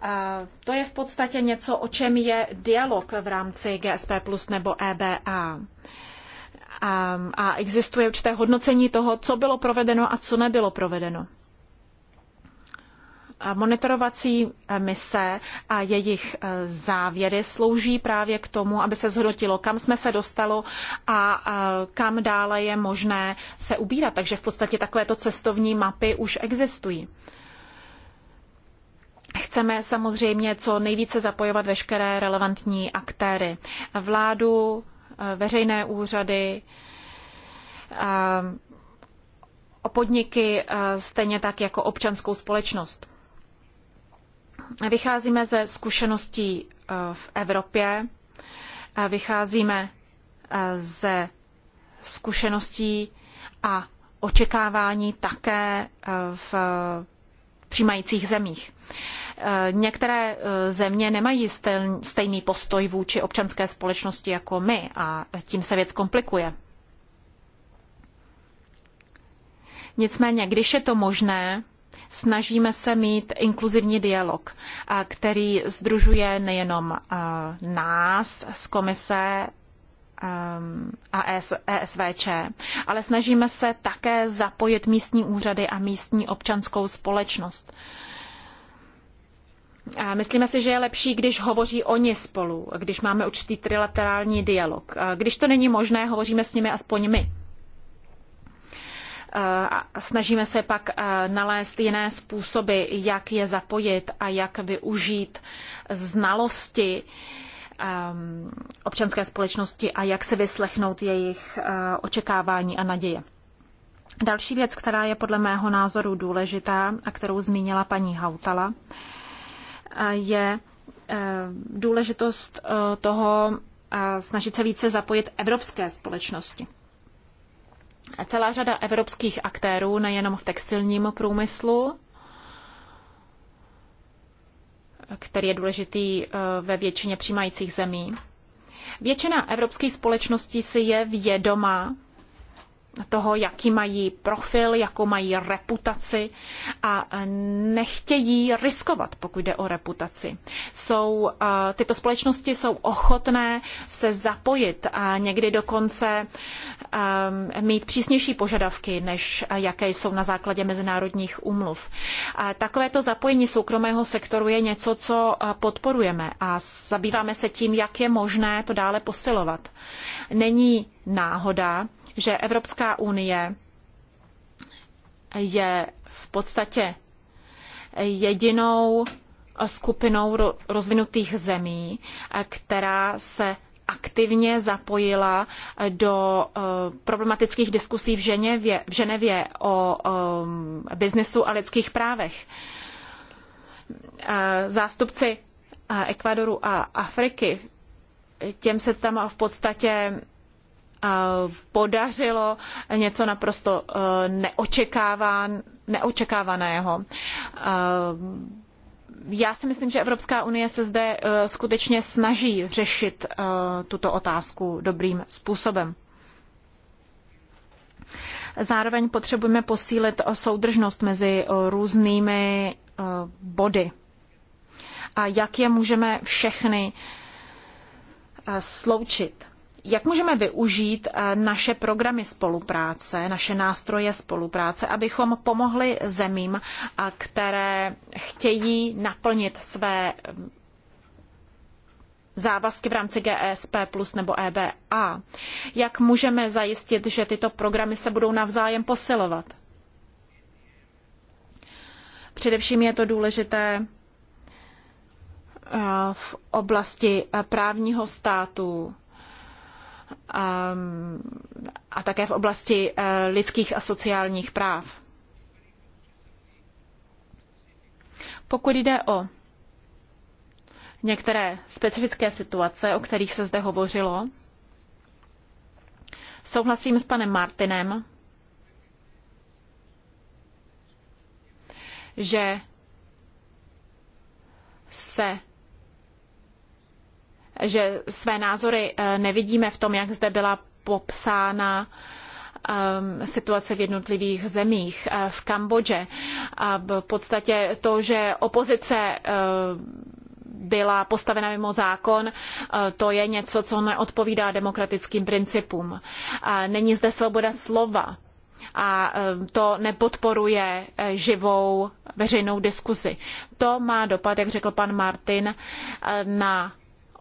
A to je v podstatě něco, o čem je dialog v rámci GSP Plus nebo EBA. A, a existuje určité hodnocení toho, co bylo provedeno a co nebylo provedeno. Monitorovací eh, mise a jejich eh, závěry slouží právě k tomu, aby se zhodnotilo, kam jsme se dostalo a eh, kam dále je možné se ubírat. Takže v podstatě takovéto cestovní mapy už existují. Chceme samozřejmě co nejvíce zapojovat veškeré relevantní aktéry. Vládu, veřejné úřady, podniky, stejně tak jako občanskou společnost vycházíme ze zkušeností eh, v Evropě, eh, vycházíme eh, ze zkušeností a očekávání také v přijímajících zemích. Některé země nemají stejný postoj vůči občanské společnosti jako my a tím se věc komplikuje. Nicméně, když je to možné, Snažíme se mít inkluzivní dialog, který združuje nejenom nás z komise a ESVČ, ale snažíme se také zapojit místní úřady a místní občanskou společnost. Myslíme si, že je lepší, když hovoří oni spolu, když máme určitý trilaterální dialog. Když to není možné, hovoříme s nimi aspoň my snažíme se pak eh, nalézt jiné způsoby, jak je zapojit a jak využít znalosti ehm, občanské společnosti a jak se vyslechnout jejich eh, očekávání a naděje. Další věc, která je podle mého názoru důležitá a kterou zmínila paní Hautala, eh, je důležitost toho snažit se více zapojit evropské společnosti celá řada evropských aktérů, nejenom v textilním průmyslu, který je důležitý eh, ve většině přijímajících zemí. Většina evropských společností si je vědomá toho, jaký mají profil, jakou mají reputaci a nechtějí riskovat, pokud jde o reputaci. Jsou, eh, tyto společnosti jsou ochotné se zapojit a někdy dokonce eh, mít přísnější požadavky, než eh, jaké jsou na základě mezinárodních úmluv. Takovéto zapojení soukromého sektoru je něco, co podporujeme a zabýváme se tím, jak je možné to dále posilovat. Není náhoda, že Evropská unie je v podstatě jedinou skupinou rozvinutých zemí, která se aktivně zapojila do eh, problematických diskusí v Ženevě, v Ženevě o eh, biznesu a lidských právech. Eh, zástupci Ekvadoru a Afriky, těm se tam v podstatě podařilo něco naprosto eh, neočekávaného. Eh, já si myslím, že Evropská unie se zde eh, skutečně snaží řešit tuto otázku dobrým způsobem. Zároveň potřebujeme posílit soudržnost mezi různými body. A jak je můžeme všechny sloučit. Jak můžeme využít eh, naše programy spolupráce, naše nástroje spolupráce, abychom pomohli zemím, eh, které chtějí naplnit své mm, závazky v rámci GSP e plus nebo EBA? Jak můžeme zajistit, že tyto programy se budou navzájem posilovat? Především je to důležité eh, v oblasti právního státu, Ehm, a také v oblasti eh, lidských a sociálních práv. Pokud jde o některé specifické situace, o kterých se zde hovořilo, souhlasím s panem Martinem, že se že své názory eh, nevidíme v tom, jak zde byla popsána ehm, situace v jednotlivých zemích. Eh, v Kambodži a v podstatě to, že opozice eh, byla postavena mimo zákon, to je něco, co neodpovídá demokratickým principům. Není zde svoboda slova a to nepodporuje živou veřejnou diskusi. To má dopad, jak řekl pan Martin, na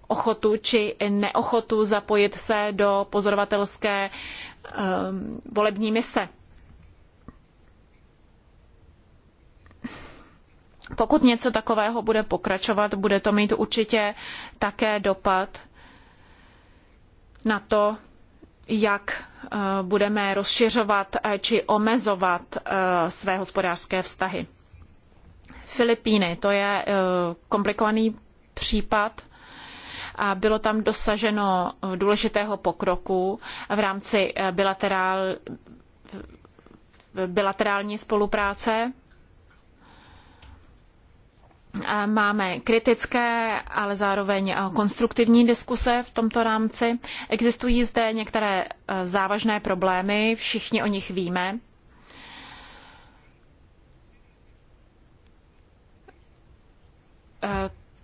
ochotu či neochotu zapojit se do pozorovatelské ehm, volební mise. Pokud něco takového bude pokračovat, bude to mít určitě také dopad na to, jak eh, budeme rozšiřovat eh, či omezovat eh, své hospodářské vztahy. Filipíny, to je komplikovaný případ. A Bylo tam dosaženo eh, důležitého pokroku v rámci eh, bilaterál, bilaterální spolupráce. Máme kritické, ale zároveň eh, konstruktivní diskuse v tomto rámci. Existují zde některé závažné problémy, všichni o nich víme.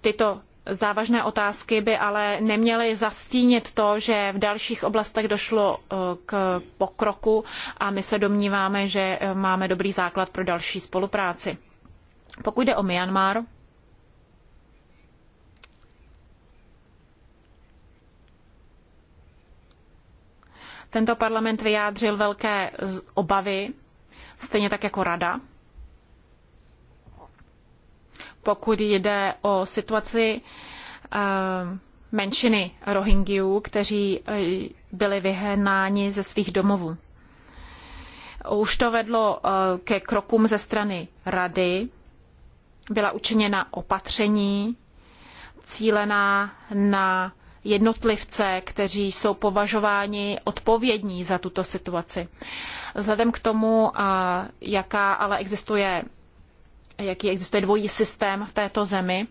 Tyto závažné otázky by ale neměly zastínit to, že v dalších oblastech došlo eh, k pokroku a my se domníváme, že eh, máme dobrý základ pro další spolupráci. Pokud jde o Myanmar, tento parlament vyjádřil velké obavy, stejně tak jako rada pokud jde o situaci eh, menšiny Rohingyů, kteří eh, byli vyhnáni ze svých domovů. Už to vedlo eh, ke krokům ze strany rady, byla učiněna opatření cílená na jednotlivce, kteří jsou považováni odpovědní za tuto situaci. Vzhledem k tomu, jaká ale existuje jaký existuje dvojí systém v této zemi.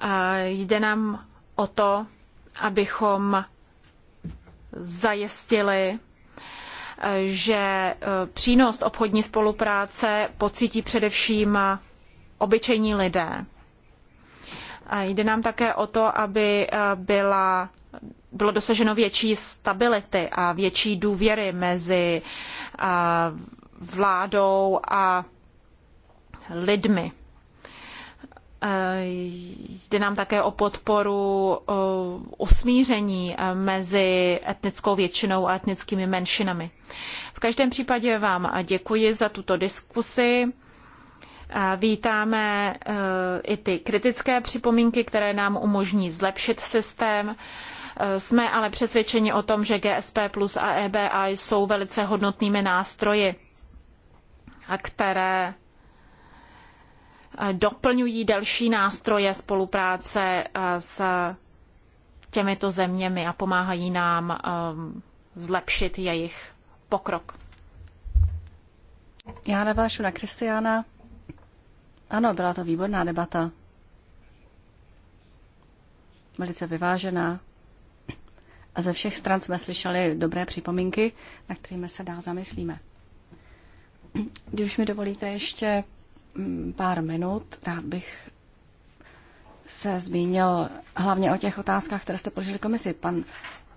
A jde nám o to, abychom zajistili, že e, přínos obchodní spolupráce pocítí především obyčejní lidé. A jde nám také o to, aby e, byla bylo dosaženo větší stability a větší důvěry mezi vládou a lidmi. Eh, jde nám také o podporu eh, usmíření eh, mezi etnickou většinou a etnickými menšinami. V každém případě vám děkuji za tuto diskusi. Vítáme i ty kritické připomínky, které nám umožní zlepšit systém. Jsme ale přesvědčeni o tom, že GSP Plus a EBA jsou velice hodnotnými nástroji, které eh, doplňují další nástroje spolupráce eh, s těmito zeměmi a pomáhají nám eh, zlepšit jejich pokrok. Já navážu na Kristiána. Ano, byla to výborná debata. Velice vyvážená. A ze všech stran jsme slyšeli dobré připomínky, na kterými se dál zamyslíme. Když už mi dovolíte ještě mm, pár minut, rád bych se zmínil hlavně o těch otázkách, které jste položili komisi. Pan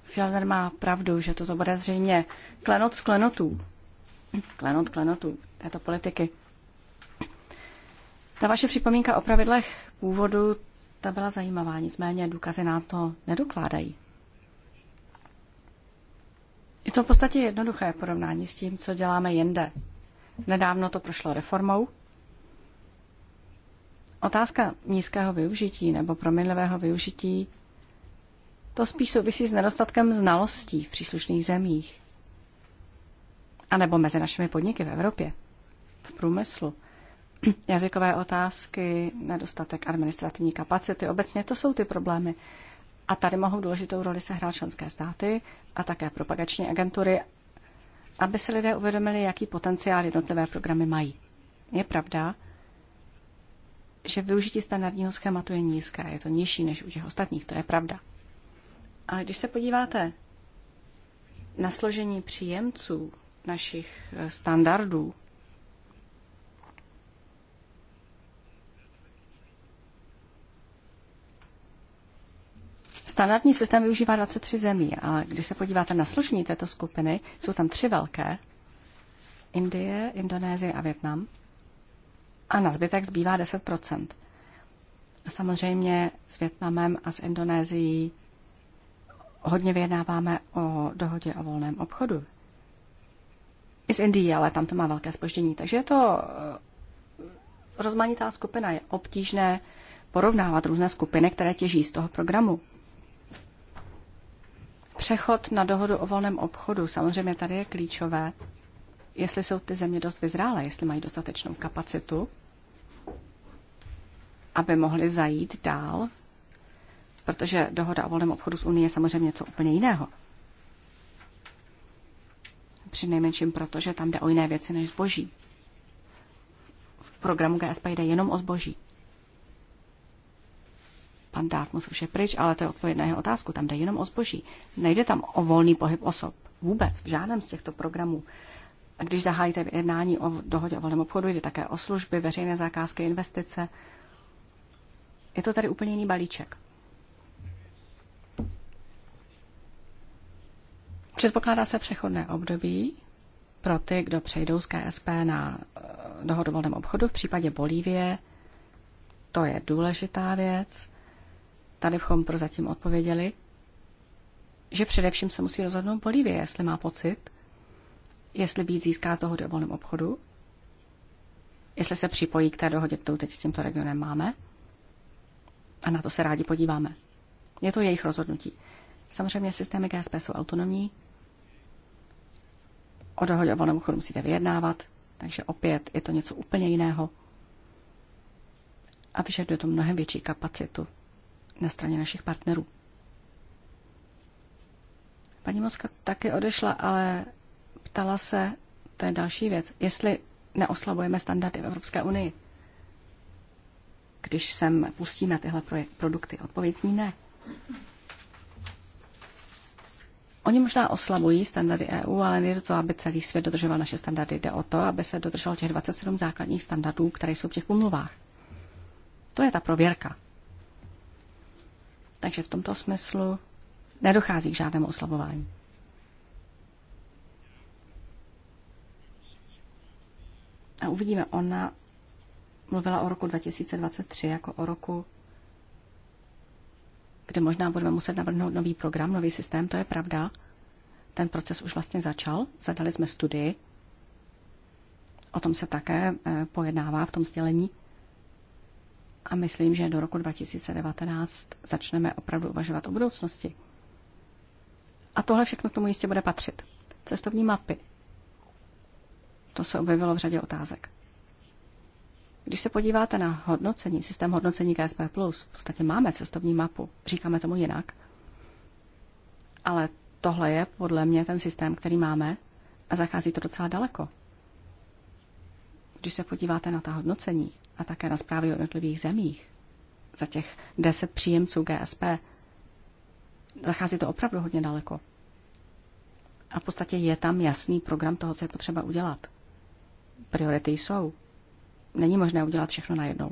Fjellner má pravdu, že toto bude zřejmě klenot z klenotů. Klenot klenotů této politiky. Ta vaše připomínka o pravidlech původu, ta byla zajímavá, nicméně důkazy nám to nedokládají. Je to v podstatě jednoduché porovnání s tím, co děláme jinde. Nedávno to prošlo reformou. Otázka nízkého využití nebo proměnlivého využití to spíš souvisí s nedostatkem znalostí v příslušných zemích. A nebo mezi našimi podniky v Evropě, v průmyslu. Jazykové otázky, nedostatek administrativní kapacity, obecně to jsou ty problémy. A tady mohou důležitou roli sehrát členské státy a také propagační agentury, aby si lidé uvědomili, jaký potenciál jednotlivé programy mají. Je pravda, že využití standardního schématu je nízké, je to nižší než u těch ostatních, to je pravda. A když se podíváte na složení příjemců našich standardů, Standardní systém využívá 23 zemí, ale když se podíváte na složení této skupiny, jsou tam tři velké. Indie, Indonésie a Větnam. A na zbytek zbývá 10 A samozřejmě s Větnamem a s Indonésií hodně vyjednáváme o dohodě o volném obchodu. I z Indie, ale tam to má velké spoždění. Takže je to eh, rozmanitá skupina. Je obtížné porovnávat různé skupiny, které těží z toho programu. Přechod na dohodu o volném obchodu, samozřejmě tady je klíčové, jestli jsou ty země dost vyzrále, jestli mají dostatečnou kapacitu, aby mohly zajít dál, protože dohoda o volném obchodu s Unii je samozřejmě něco úplně jiného. Při nejmenším proto, že tam jde o jiné věci než zboží. V programu GSP jde jenom o zboží. Pan Dartmouth už je pryč, ale to je odpověď na jeho otázku. Tam jde jenom o zboží. Nejde tam o volný pohyb osob. Vůbec. V žádném z těchto programů. A když zahájíte jednání o dohodě o volném obchodu, jde také o služby, veřejné zakázky, investice. Je to tady úplně jiný balíček. Předpokládá se přechodné období pro ty, kdo přejdou z KSP na eh, dohodu o volném obchodu. V případě Bolívie to je důležitá věc. Tady bychom prozatím odpověděli, že především se musí rozhodnout Bolívie, jestli má pocit, jestli být získá z dohody o volném obchodu, jestli se připojí k té dohodě, kterou teď s tímto regionem máme. A na to se rádi podíváme. Je to jejich rozhodnutí. Samozřejmě systémy GSP jsou autonomní. O dohodě o volném obchodu musíte vyjednávat, takže opět je to něco úplně jiného. A vyžaduje to mnohem větší kapacitu na straně našich partnerů. Paní Moska taky odešla, ale ptala se, to je další věc, jestli neoslabujeme standardy v Evropské unii, když sem pustíme tyhle produkty. Odpověď zní ne. Oni možná oslabují standardy EU, ale nejde to, aby celý svět dodržoval naše standardy. Jde o to, aby se dodrželo těch 27 základních standardů, které jsou v těch umluvách. To je ta prověrka. Takže v tomto smyslu nedochází k žádnému oslabování. A uvidíme, ona mluvila o roku 2023 jako o roku, kde možná budeme muset navrhnout nový program, nový systém, to je pravda. Ten proces už vlastně začal, zadali jsme studii, o tom se také eh, pojednává v tom sdělení. A myslím, že do roku 2019 začneme opravdu uvažovat o budoucnosti. A tohle všechno k tomu jistě bude patřit. Cestovní mapy. To se objevilo v řadě otázek. Když se podíváte na hodnocení, systém hodnocení KSP+, v podstatě máme cestovní mapu, říkáme tomu jinak, ale tohle je podle mě ten systém, který máme a zachází to docela daleko. Když se podíváte na ta hodnocení a také na zprávy o jednotlivých zemích, za těch deset příjemců GSP, zachází to opravdu hodně daleko. A v podstatě je tam jasný program toho, co je potřeba udělat. Priority jsou. Není možné udělat všechno najednou.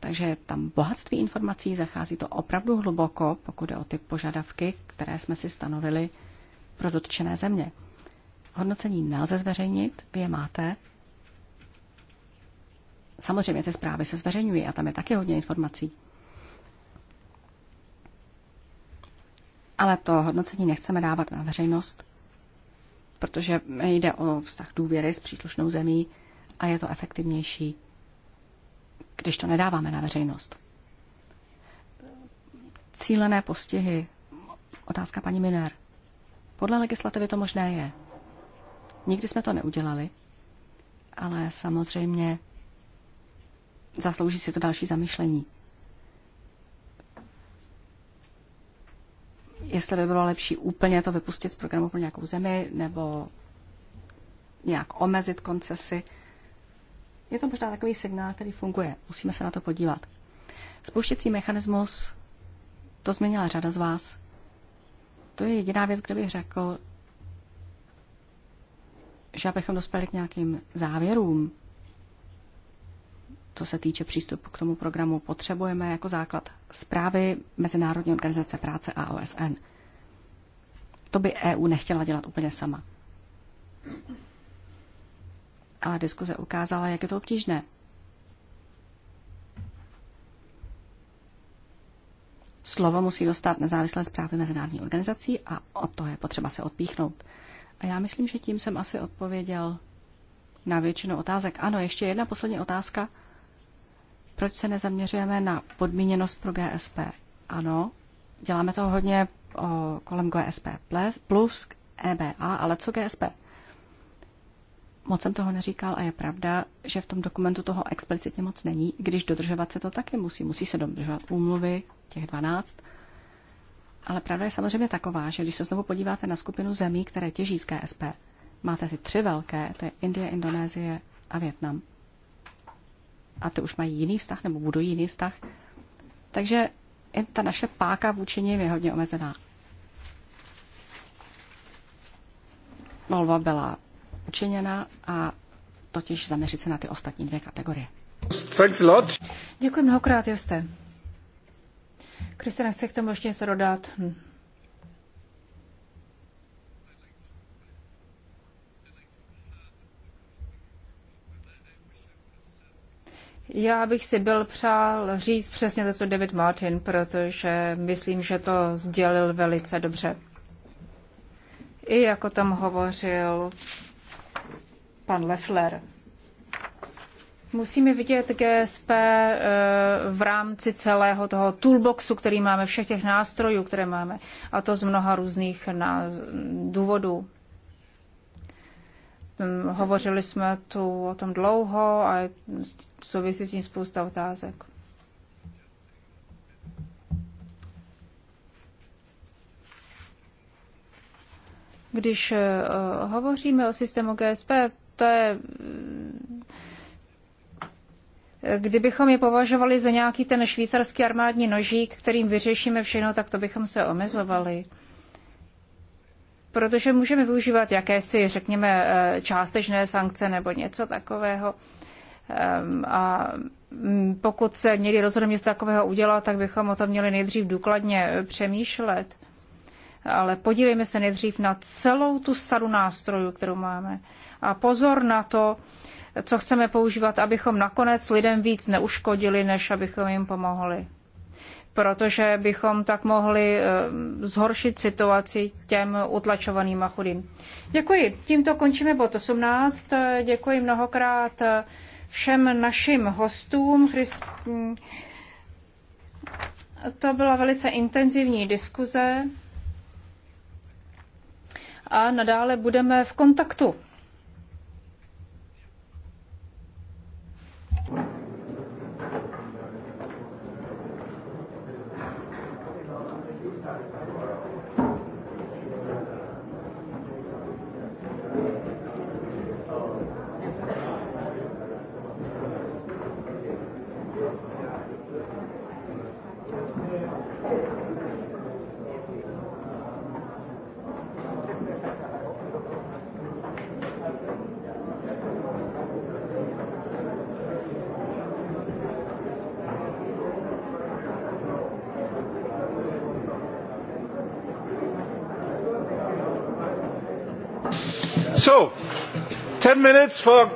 Takže tam bohatství informací zachází to opravdu hluboko, pokud je o ty požadavky, které jsme si stanovili pro dotčené země. Hodnocení nelze zveřejnit, vy je máte, Samozřejmě ty zprávy se zveřejňují a tam je taky hodně informací. Ale to hodnocení nechceme dávat na veřejnost, protože jde o vztah důvěry s příslušnou zemí a je to efektivnější, když to nedáváme na veřejnost. Cílené postihy. Otázka paní Miner. Podle legislativy to možné je. Nikdy jsme to neudělali, ale samozřejmě zaslouží si to další zamyšlení. Jestli by bylo lepší úplně to vypustit z programu pro nějakou zemi, nebo nějak omezit koncesy. Je to možná takový signál, který funguje. Musíme se na to podívat. Spouštěcí mechanismus, to změnila řada z vás. To je jediná věc, kde bych řekl, že abychom dospěli k nějakým závěrům, co se týče přístupu k tomu programu, potřebujeme jako základ zprávy Mezinárodní organizace práce a OSN. To by EU nechtěla dělat úplně sama. Ale diskuze ukázala, jak je to obtížné. Slovo musí dostat nezávislé zprávy mezinárodní organizací a o to je potřeba se odpíchnout. A já myslím, že tím jsem asi odpověděl na většinu otázek. Ano, ještě jedna poslední otázka proč se nezaměřujeme na podmíněnost pro GSP? Ano, děláme to hodně o, kolem GSP plus EBA, ale co GSP? Moc jsem toho neříkal a je pravda, že v tom dokumentu toho explicitně moc není, když dodržovat se to taky musí. Musí se dodržovat úmluvy, těch 12. Ale pravda je samozřejmě taková, že když se znovu podíváte na skupinu zemí, které těží z GSP, máte ty tři velké, to je Indie, Indonésie a Větnam a ty už mají jiný vztah nebo budou jiný vztah. Takže jen ta naše páka vůči nim je hodně omezená. Volba byla učiněna a totiž zaměřit se na ty ostatní dvě kategorie. Thanks a lot. Děkuji mnohokrát, Joste. Kristina, chce k tomu ještě něco dodat? Hm. Já bych si byl přál říct přesně to, co David Martin, protože myslím, že to sdělil velice dobře. I jako tam hovořil pan Leffler. Musíme vidět GSP eh, v rámci celého toho toolboxu, který máme, všech těch nástrojů, které máme, a to z mnoha různých důvodů. Hm, hovořili jsme tu o tom dlouho a souvisí s tím spousta otázek. Když eh, hovoříme o systému GSP, to je eh, kdybychom je považovali za nějaký ten švýcarský armádní nožík, kterým vyřešíme všechno, tak to bychom se omezovali protože můžeme využívat jakési, řekněme, eh, částečné sankce nebo něco takového. Ehm, a mm, pokud se někdy rozhodneme něco takového udělat, tak bychom o tom měli nejdřív důkladně eh, přemýšlet. Ale podívejme se nejdřív na celou tu sadu nástrojů, kterou máme. A pozor na to, co chceme používat, abychom nakonec lidem víc neuškodili, než abychom jim pomohli protože bychom tak mohli eh, zhoršit situaci těm utlačovaným a chudým. Děkuji. Tímto končíme bod 18. Děkuji mnohokrát eh, všem našim hostům. To byla velice intenzivní diskuze a nadále budeme v kontaktu. minutes for...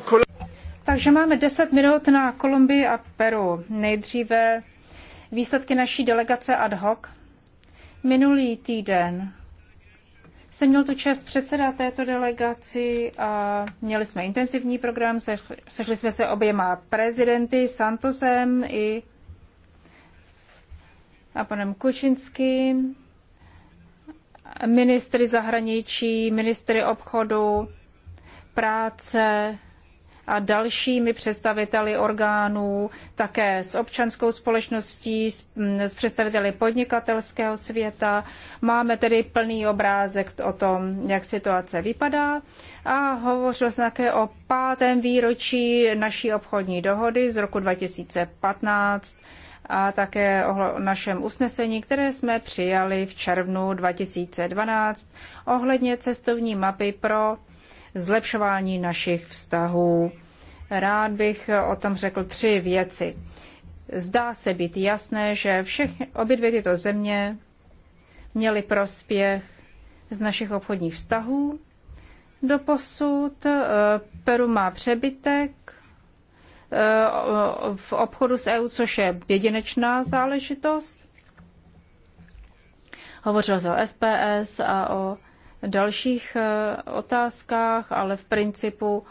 Takže máme 10 minut na Kolumbii a Peru. Nejdříve výsledky naší delegace ad hoc. Minulý týden jsem měl tu čest předseda této delegaci a měli jsme intenzivní program, sešli jsme se oběma prezidenty, Santosem i a panem Kučinským, ministry zahraničí, ministry obchodu, práce a dalšími představiteli orgánů, také s občanskou společností, mm, s představiteli podnikatelského světa. Máme tedy plný obrázek o tom, jak situace vypadá. A hovořil jsem také o pátém výročí naší obchodní dohody z roku 2015 a také o našem usnesení, které jsme přijali v červnu 2012 ohledně cestovní mapy pro zlepšování našich vztahů. Rád bych o tom řekl tři věci. Zdá se být jasné, že všechny, obě dvě tyto země měly prospěch z našich obchodních vztahů. posud, eh, Peru má přebytek eh, v obchodu s EU, což je jedinečná záležitost. Hovořil se o SPS a o dalších eh, otázkách, ale v principu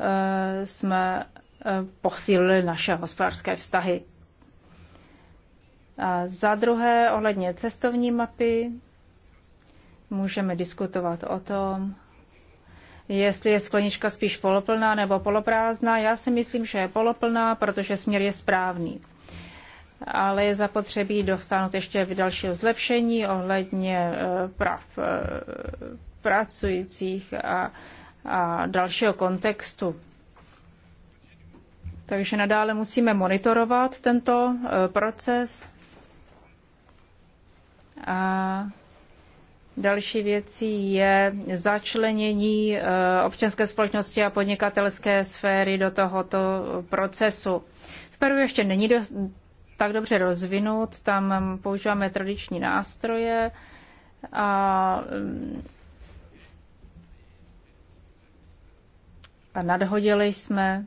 eh, jsme eh, posílili naše hospodářské vztahy. A za druhé, ohledně cestovní mapy, můžeme diskutovat o tom, jestli je sklenička spíš poloplná nebo poloprázdná. Já si myslím, že je poloplná, protože směr je správný ale je zapotřebí dosáhnout ještě dalšího zlepšení ohledně eh, práv eh, pracujících a, a dalšího kontextu. Takže nadále musíme monitorovat tento eh, proces. A další věcí je začlenění občanské společnosti a podnikatelské sféry do tohoto procesu. V Peru ještě není tak dobře rozvinut, tam používáme tradiční nástroje a, mm, a nadhodili jsme,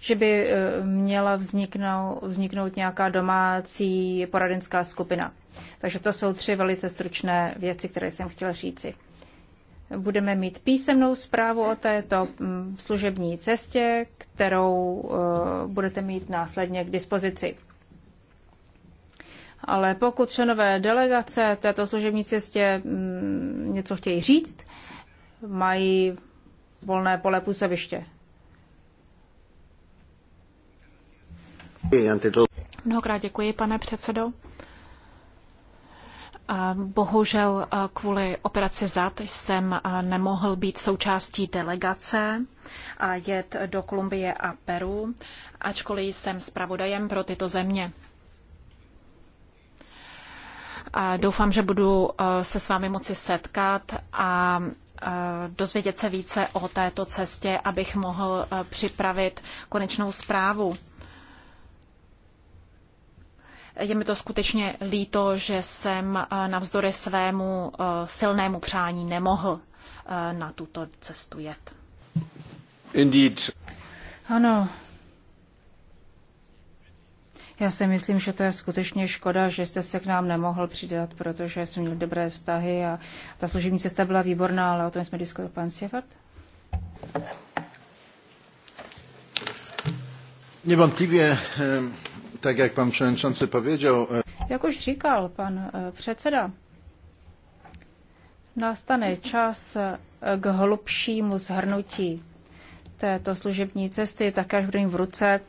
že by e, měla vzniknout, vzniknout nějaká domácí poradenská skupina. Takže to jsou tři velice stručné věci, které jsem chtěla říci. Budeme mít písemnou zprávu o této mm, služební cestě, kterou e, budete mít následně k dispozici. Ale pokud členové delegace této služební cestě mm, něco chtějí říct, mají volné pole působiště. Mnohokrát děkuji, pane předsedo. Bohužel kvůli operaci ZAD jsem nemohl být součástí delegace a jet do Kolumbie a Peru, ačkoliv jsem zpravodajem pro tyto země. A doufám, že budu se s vámi moci setkat a dozvědět se více o této cestě, abych mohl připravit konečnou zprávu je mi to skutečně líto, že jsem eh, navzdory svému eh, silnému přání nemohl eh, na tuto cestu jet. Indeed. Ano. Já si myslím, že to je skutečně škoda, že jste se k nám nemohl přidat, protože jsme měli dobré vztahy a ta služební cesta byla výborná, ale o tom jsme diskutovali. Pan Sievert? Niewątpliwie tak jak pan przewodniczący powiedział. E, jak už říkal pan e, předseda, nastane čas e, k hlubšímu zhrnutí této služební cesty, také až budu mít v ruce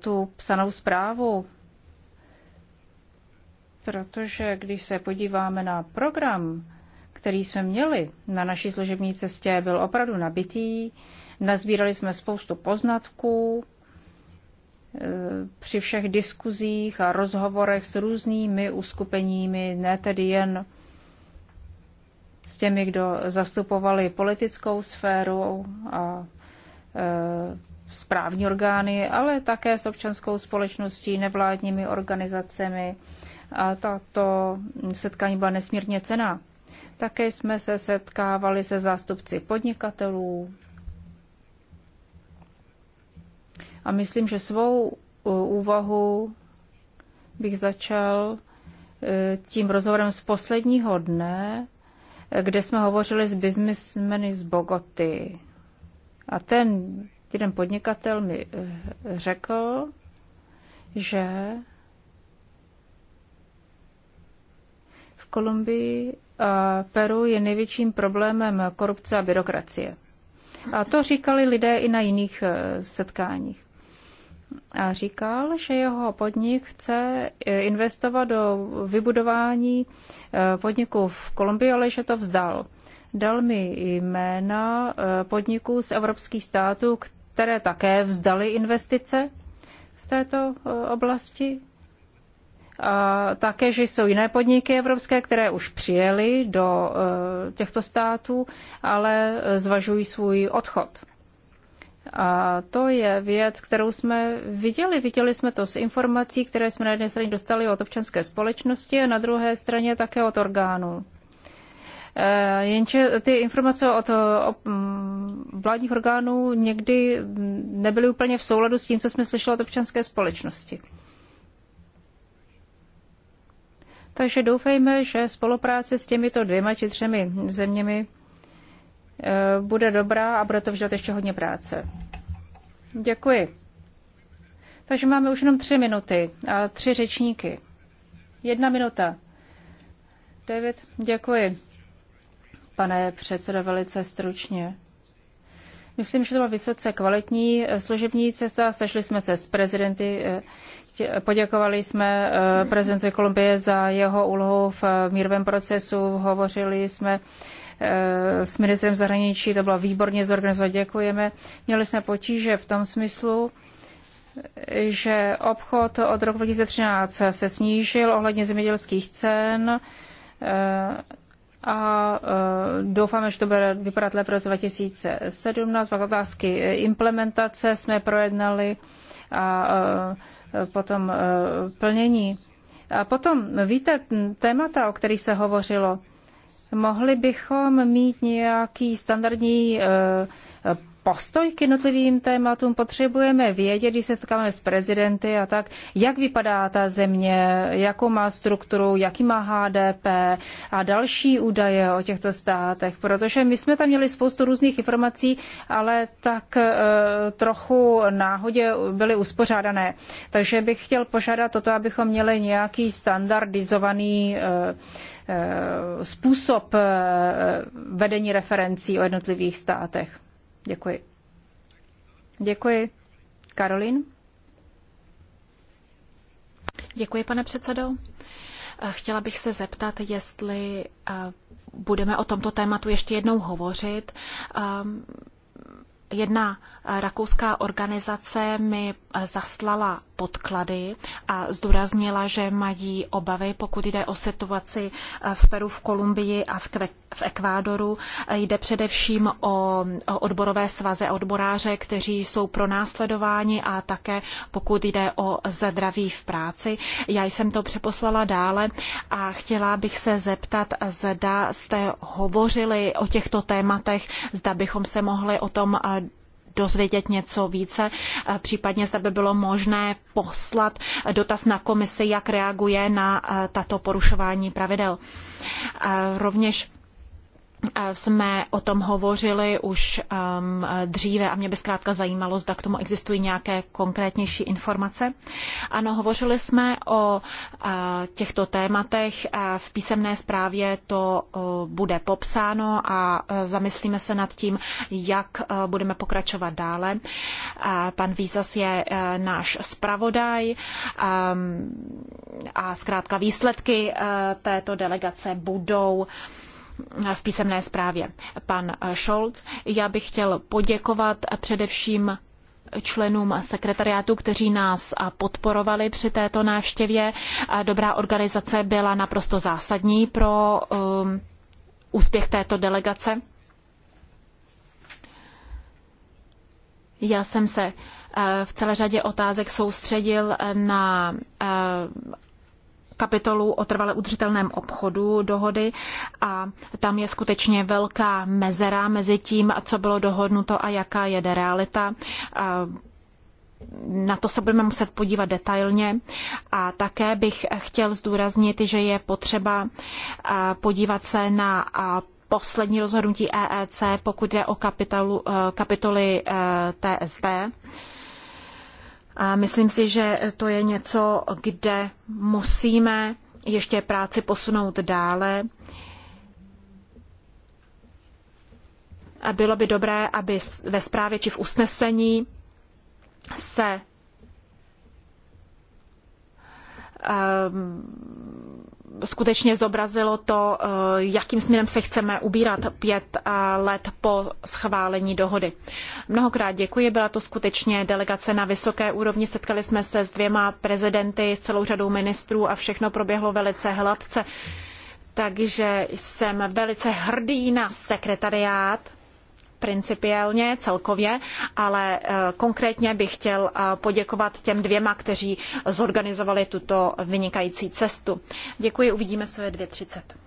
tu psanou zprávu. Protože když se podíváme na program, který jsme měli na naší služební cestě, byl opravdu nabitý. Nazbírali jsme spoustu poznatků, při všech diskuzích a rozhovorech s různými uskupeními, ne tedy jen s těmi, kdo zastupovali politickou sféru a e, správní orgány, ale také s občanskou společností, nevládními organizacemi. A tato setkání byla nesmírně cená. Také jsme se setkávali se zástupci podnikatelů, A myslím, že svou eh, úvahu bych začal eh, tím rozhovorem z posledního dne, eh, kde jsme hovořili s biznismeny z Bogoty. A ten jeden podnikatel mi řekl, že v Kolumbii a Peru je největším problémem korupce a byrokracie. A to říkali lidé i na jiných setkáních a říkal, že jeho podnik chce e, investovat do vybudování e, podniku v Kolumbii, ale že to vzdal. Dal mi jména e, podniků z evropských států, které také vzdali investice v této oblasti. A také, že jsou jiné podniky evropské, které už přijeli do těchto států, ale zvažují svůj odchod. A to je věc, kterou jsme viděli. Viděli jsme to z informací, které jsme na jedné straně dostali od občanské společnosti a na druhé straně také od orgánů. E, jenže ty informace od vládních orgánů někdy nebyly úplně v souladu s tím, co jsme slyšeli od občanské společnosti. Takže doufejme, že spolupráce s těmito dvěma či třemi zeměmi Eh, bude dobrá a bude to vyžadovat ještě hodně práce. Děkuji. Takže máme už jenom tři minuty a tři řečníky. Jedna minuta. David, děkuji. Pane předsedo, velice stručně. Myslím, že to byla vysoce kvalitní eh, služební cesta. Sešli jsme se s prezidenty, eh, poděkovali jsme prezidentovi Kolumbie za jeho úlohu v mírovém procesu, hovořili jsme s ministrem zahraničí, to bylo výborně zorganizováno, děkujeme. Měli jsme potíže v tom smyslu, že obchod od roku 2013 se snížil ohledně zemědělských cen eh, a eh, doufáme, že to bude vypadat lépe roce 2017. Pak otázky implementace jsme projednali a eh, potom plnění. A potom, víte, témata, o kterých se hovořilo, Mohli bychom mít nějaký standardní eh, postoj k jednotlivým tématům, potřebujeme vědět, když se setkáme s prezidenty a tak, jak vypadá ta země, jakou má strukturu, jaký má HDP a další údaje o těchto státech, protože my jsme tam měli spoustu různých informací, ale tak eh, trochu náhodě byly uspořádané. Takže bych chtěl požádat toto, abychom měli nějaký standardizovaný eh, eh, způsob vedení referencí o jednotlivých státech. Děkuji. Děkuji. Karolín? Děkuji, pane předsedo. Chtěla bych se zeptat, jestli eh, budeme o tomto tématu ještě jednou hovořit. Ehm, jedna rakouská organizace mi eh, zaslala podklady a zdůraznila, že mají obavy, pokud jde o situaci eh, v Peru, v Kolumbii a v, Kve- v Ekvádoru. Eh, jde především o odborové svaze odboráře, kteří jsou pronásledováni a také pokud jde o zdraví v práci. Já jsem to přeposlala dále a chtěla bych se zeptat, zda jste hovořili o těchto tématech, zda bychom se mohli o tom dozvědět něco více. Případně zda by bylo možné poslat dotaz na komisi, jak reaguje na e, tato porušování pravidel. E, rovněž jsme o tom hovořili už um, dříve a mě by zkrátka zajímalo, zda k tomu existují nějaké konkrétnější informace. Ano, hovořili jsme o uh, těchto tématech. v písemné zprávě to uh, bude popsáno a uh, zamyslíme se nad tím, jak uh, budeme pokračovat dále. Uh, pan Vízas je uh, náš zpravodaj um, a zkrátka výsledky uh, této delegace budou uh, v písemné zprávě. Pan Scholz, já bych chtěl poděkovat především členům sekretariátu, kteří nás podporovali při této návštěvě. Dobrá organizace byla naprosto zásadní pro um, úspěch této delegace. Já jsem se eh, v celé řadě otázek soustředil na eh, kapitolu o trvale udržitelném obchodu dohody a tam je skutečně velká mezera mezi tím, co bylo dohodnuto a jaká je realita. Na to se budeme muset podívat detailně a také bych chtěl zdůraznit, že je potřeba podívat se na poslední rozhodnutí EEC, pokud jde o kapitolu, kapitoly e, TSD. A myslím si, že to je něco, kde musíme ještě práci posunout dále. A bylo by dobré, aby ve zprávě či v usnesení se skutečně zobrazilo to, eh, jakým směrem se chceme ubírat pět eh, let po schválení dohody. Mnohokrát děkuji, byla to skutečně delegace na vysoké úrovni. Setkali jsme se s dvěma prezidenty, s celou řadou ministrů a všechno proběhlo velice hladce. Takže jsem velice hrdý na sekretariát principiálně, celkově, ale eh, konkrétně bych chtěl eh, poděkovat těm dvěma, kteří zorganizovali tuto vynikající cestu. Děkuji, uvidíme se ve 2.30.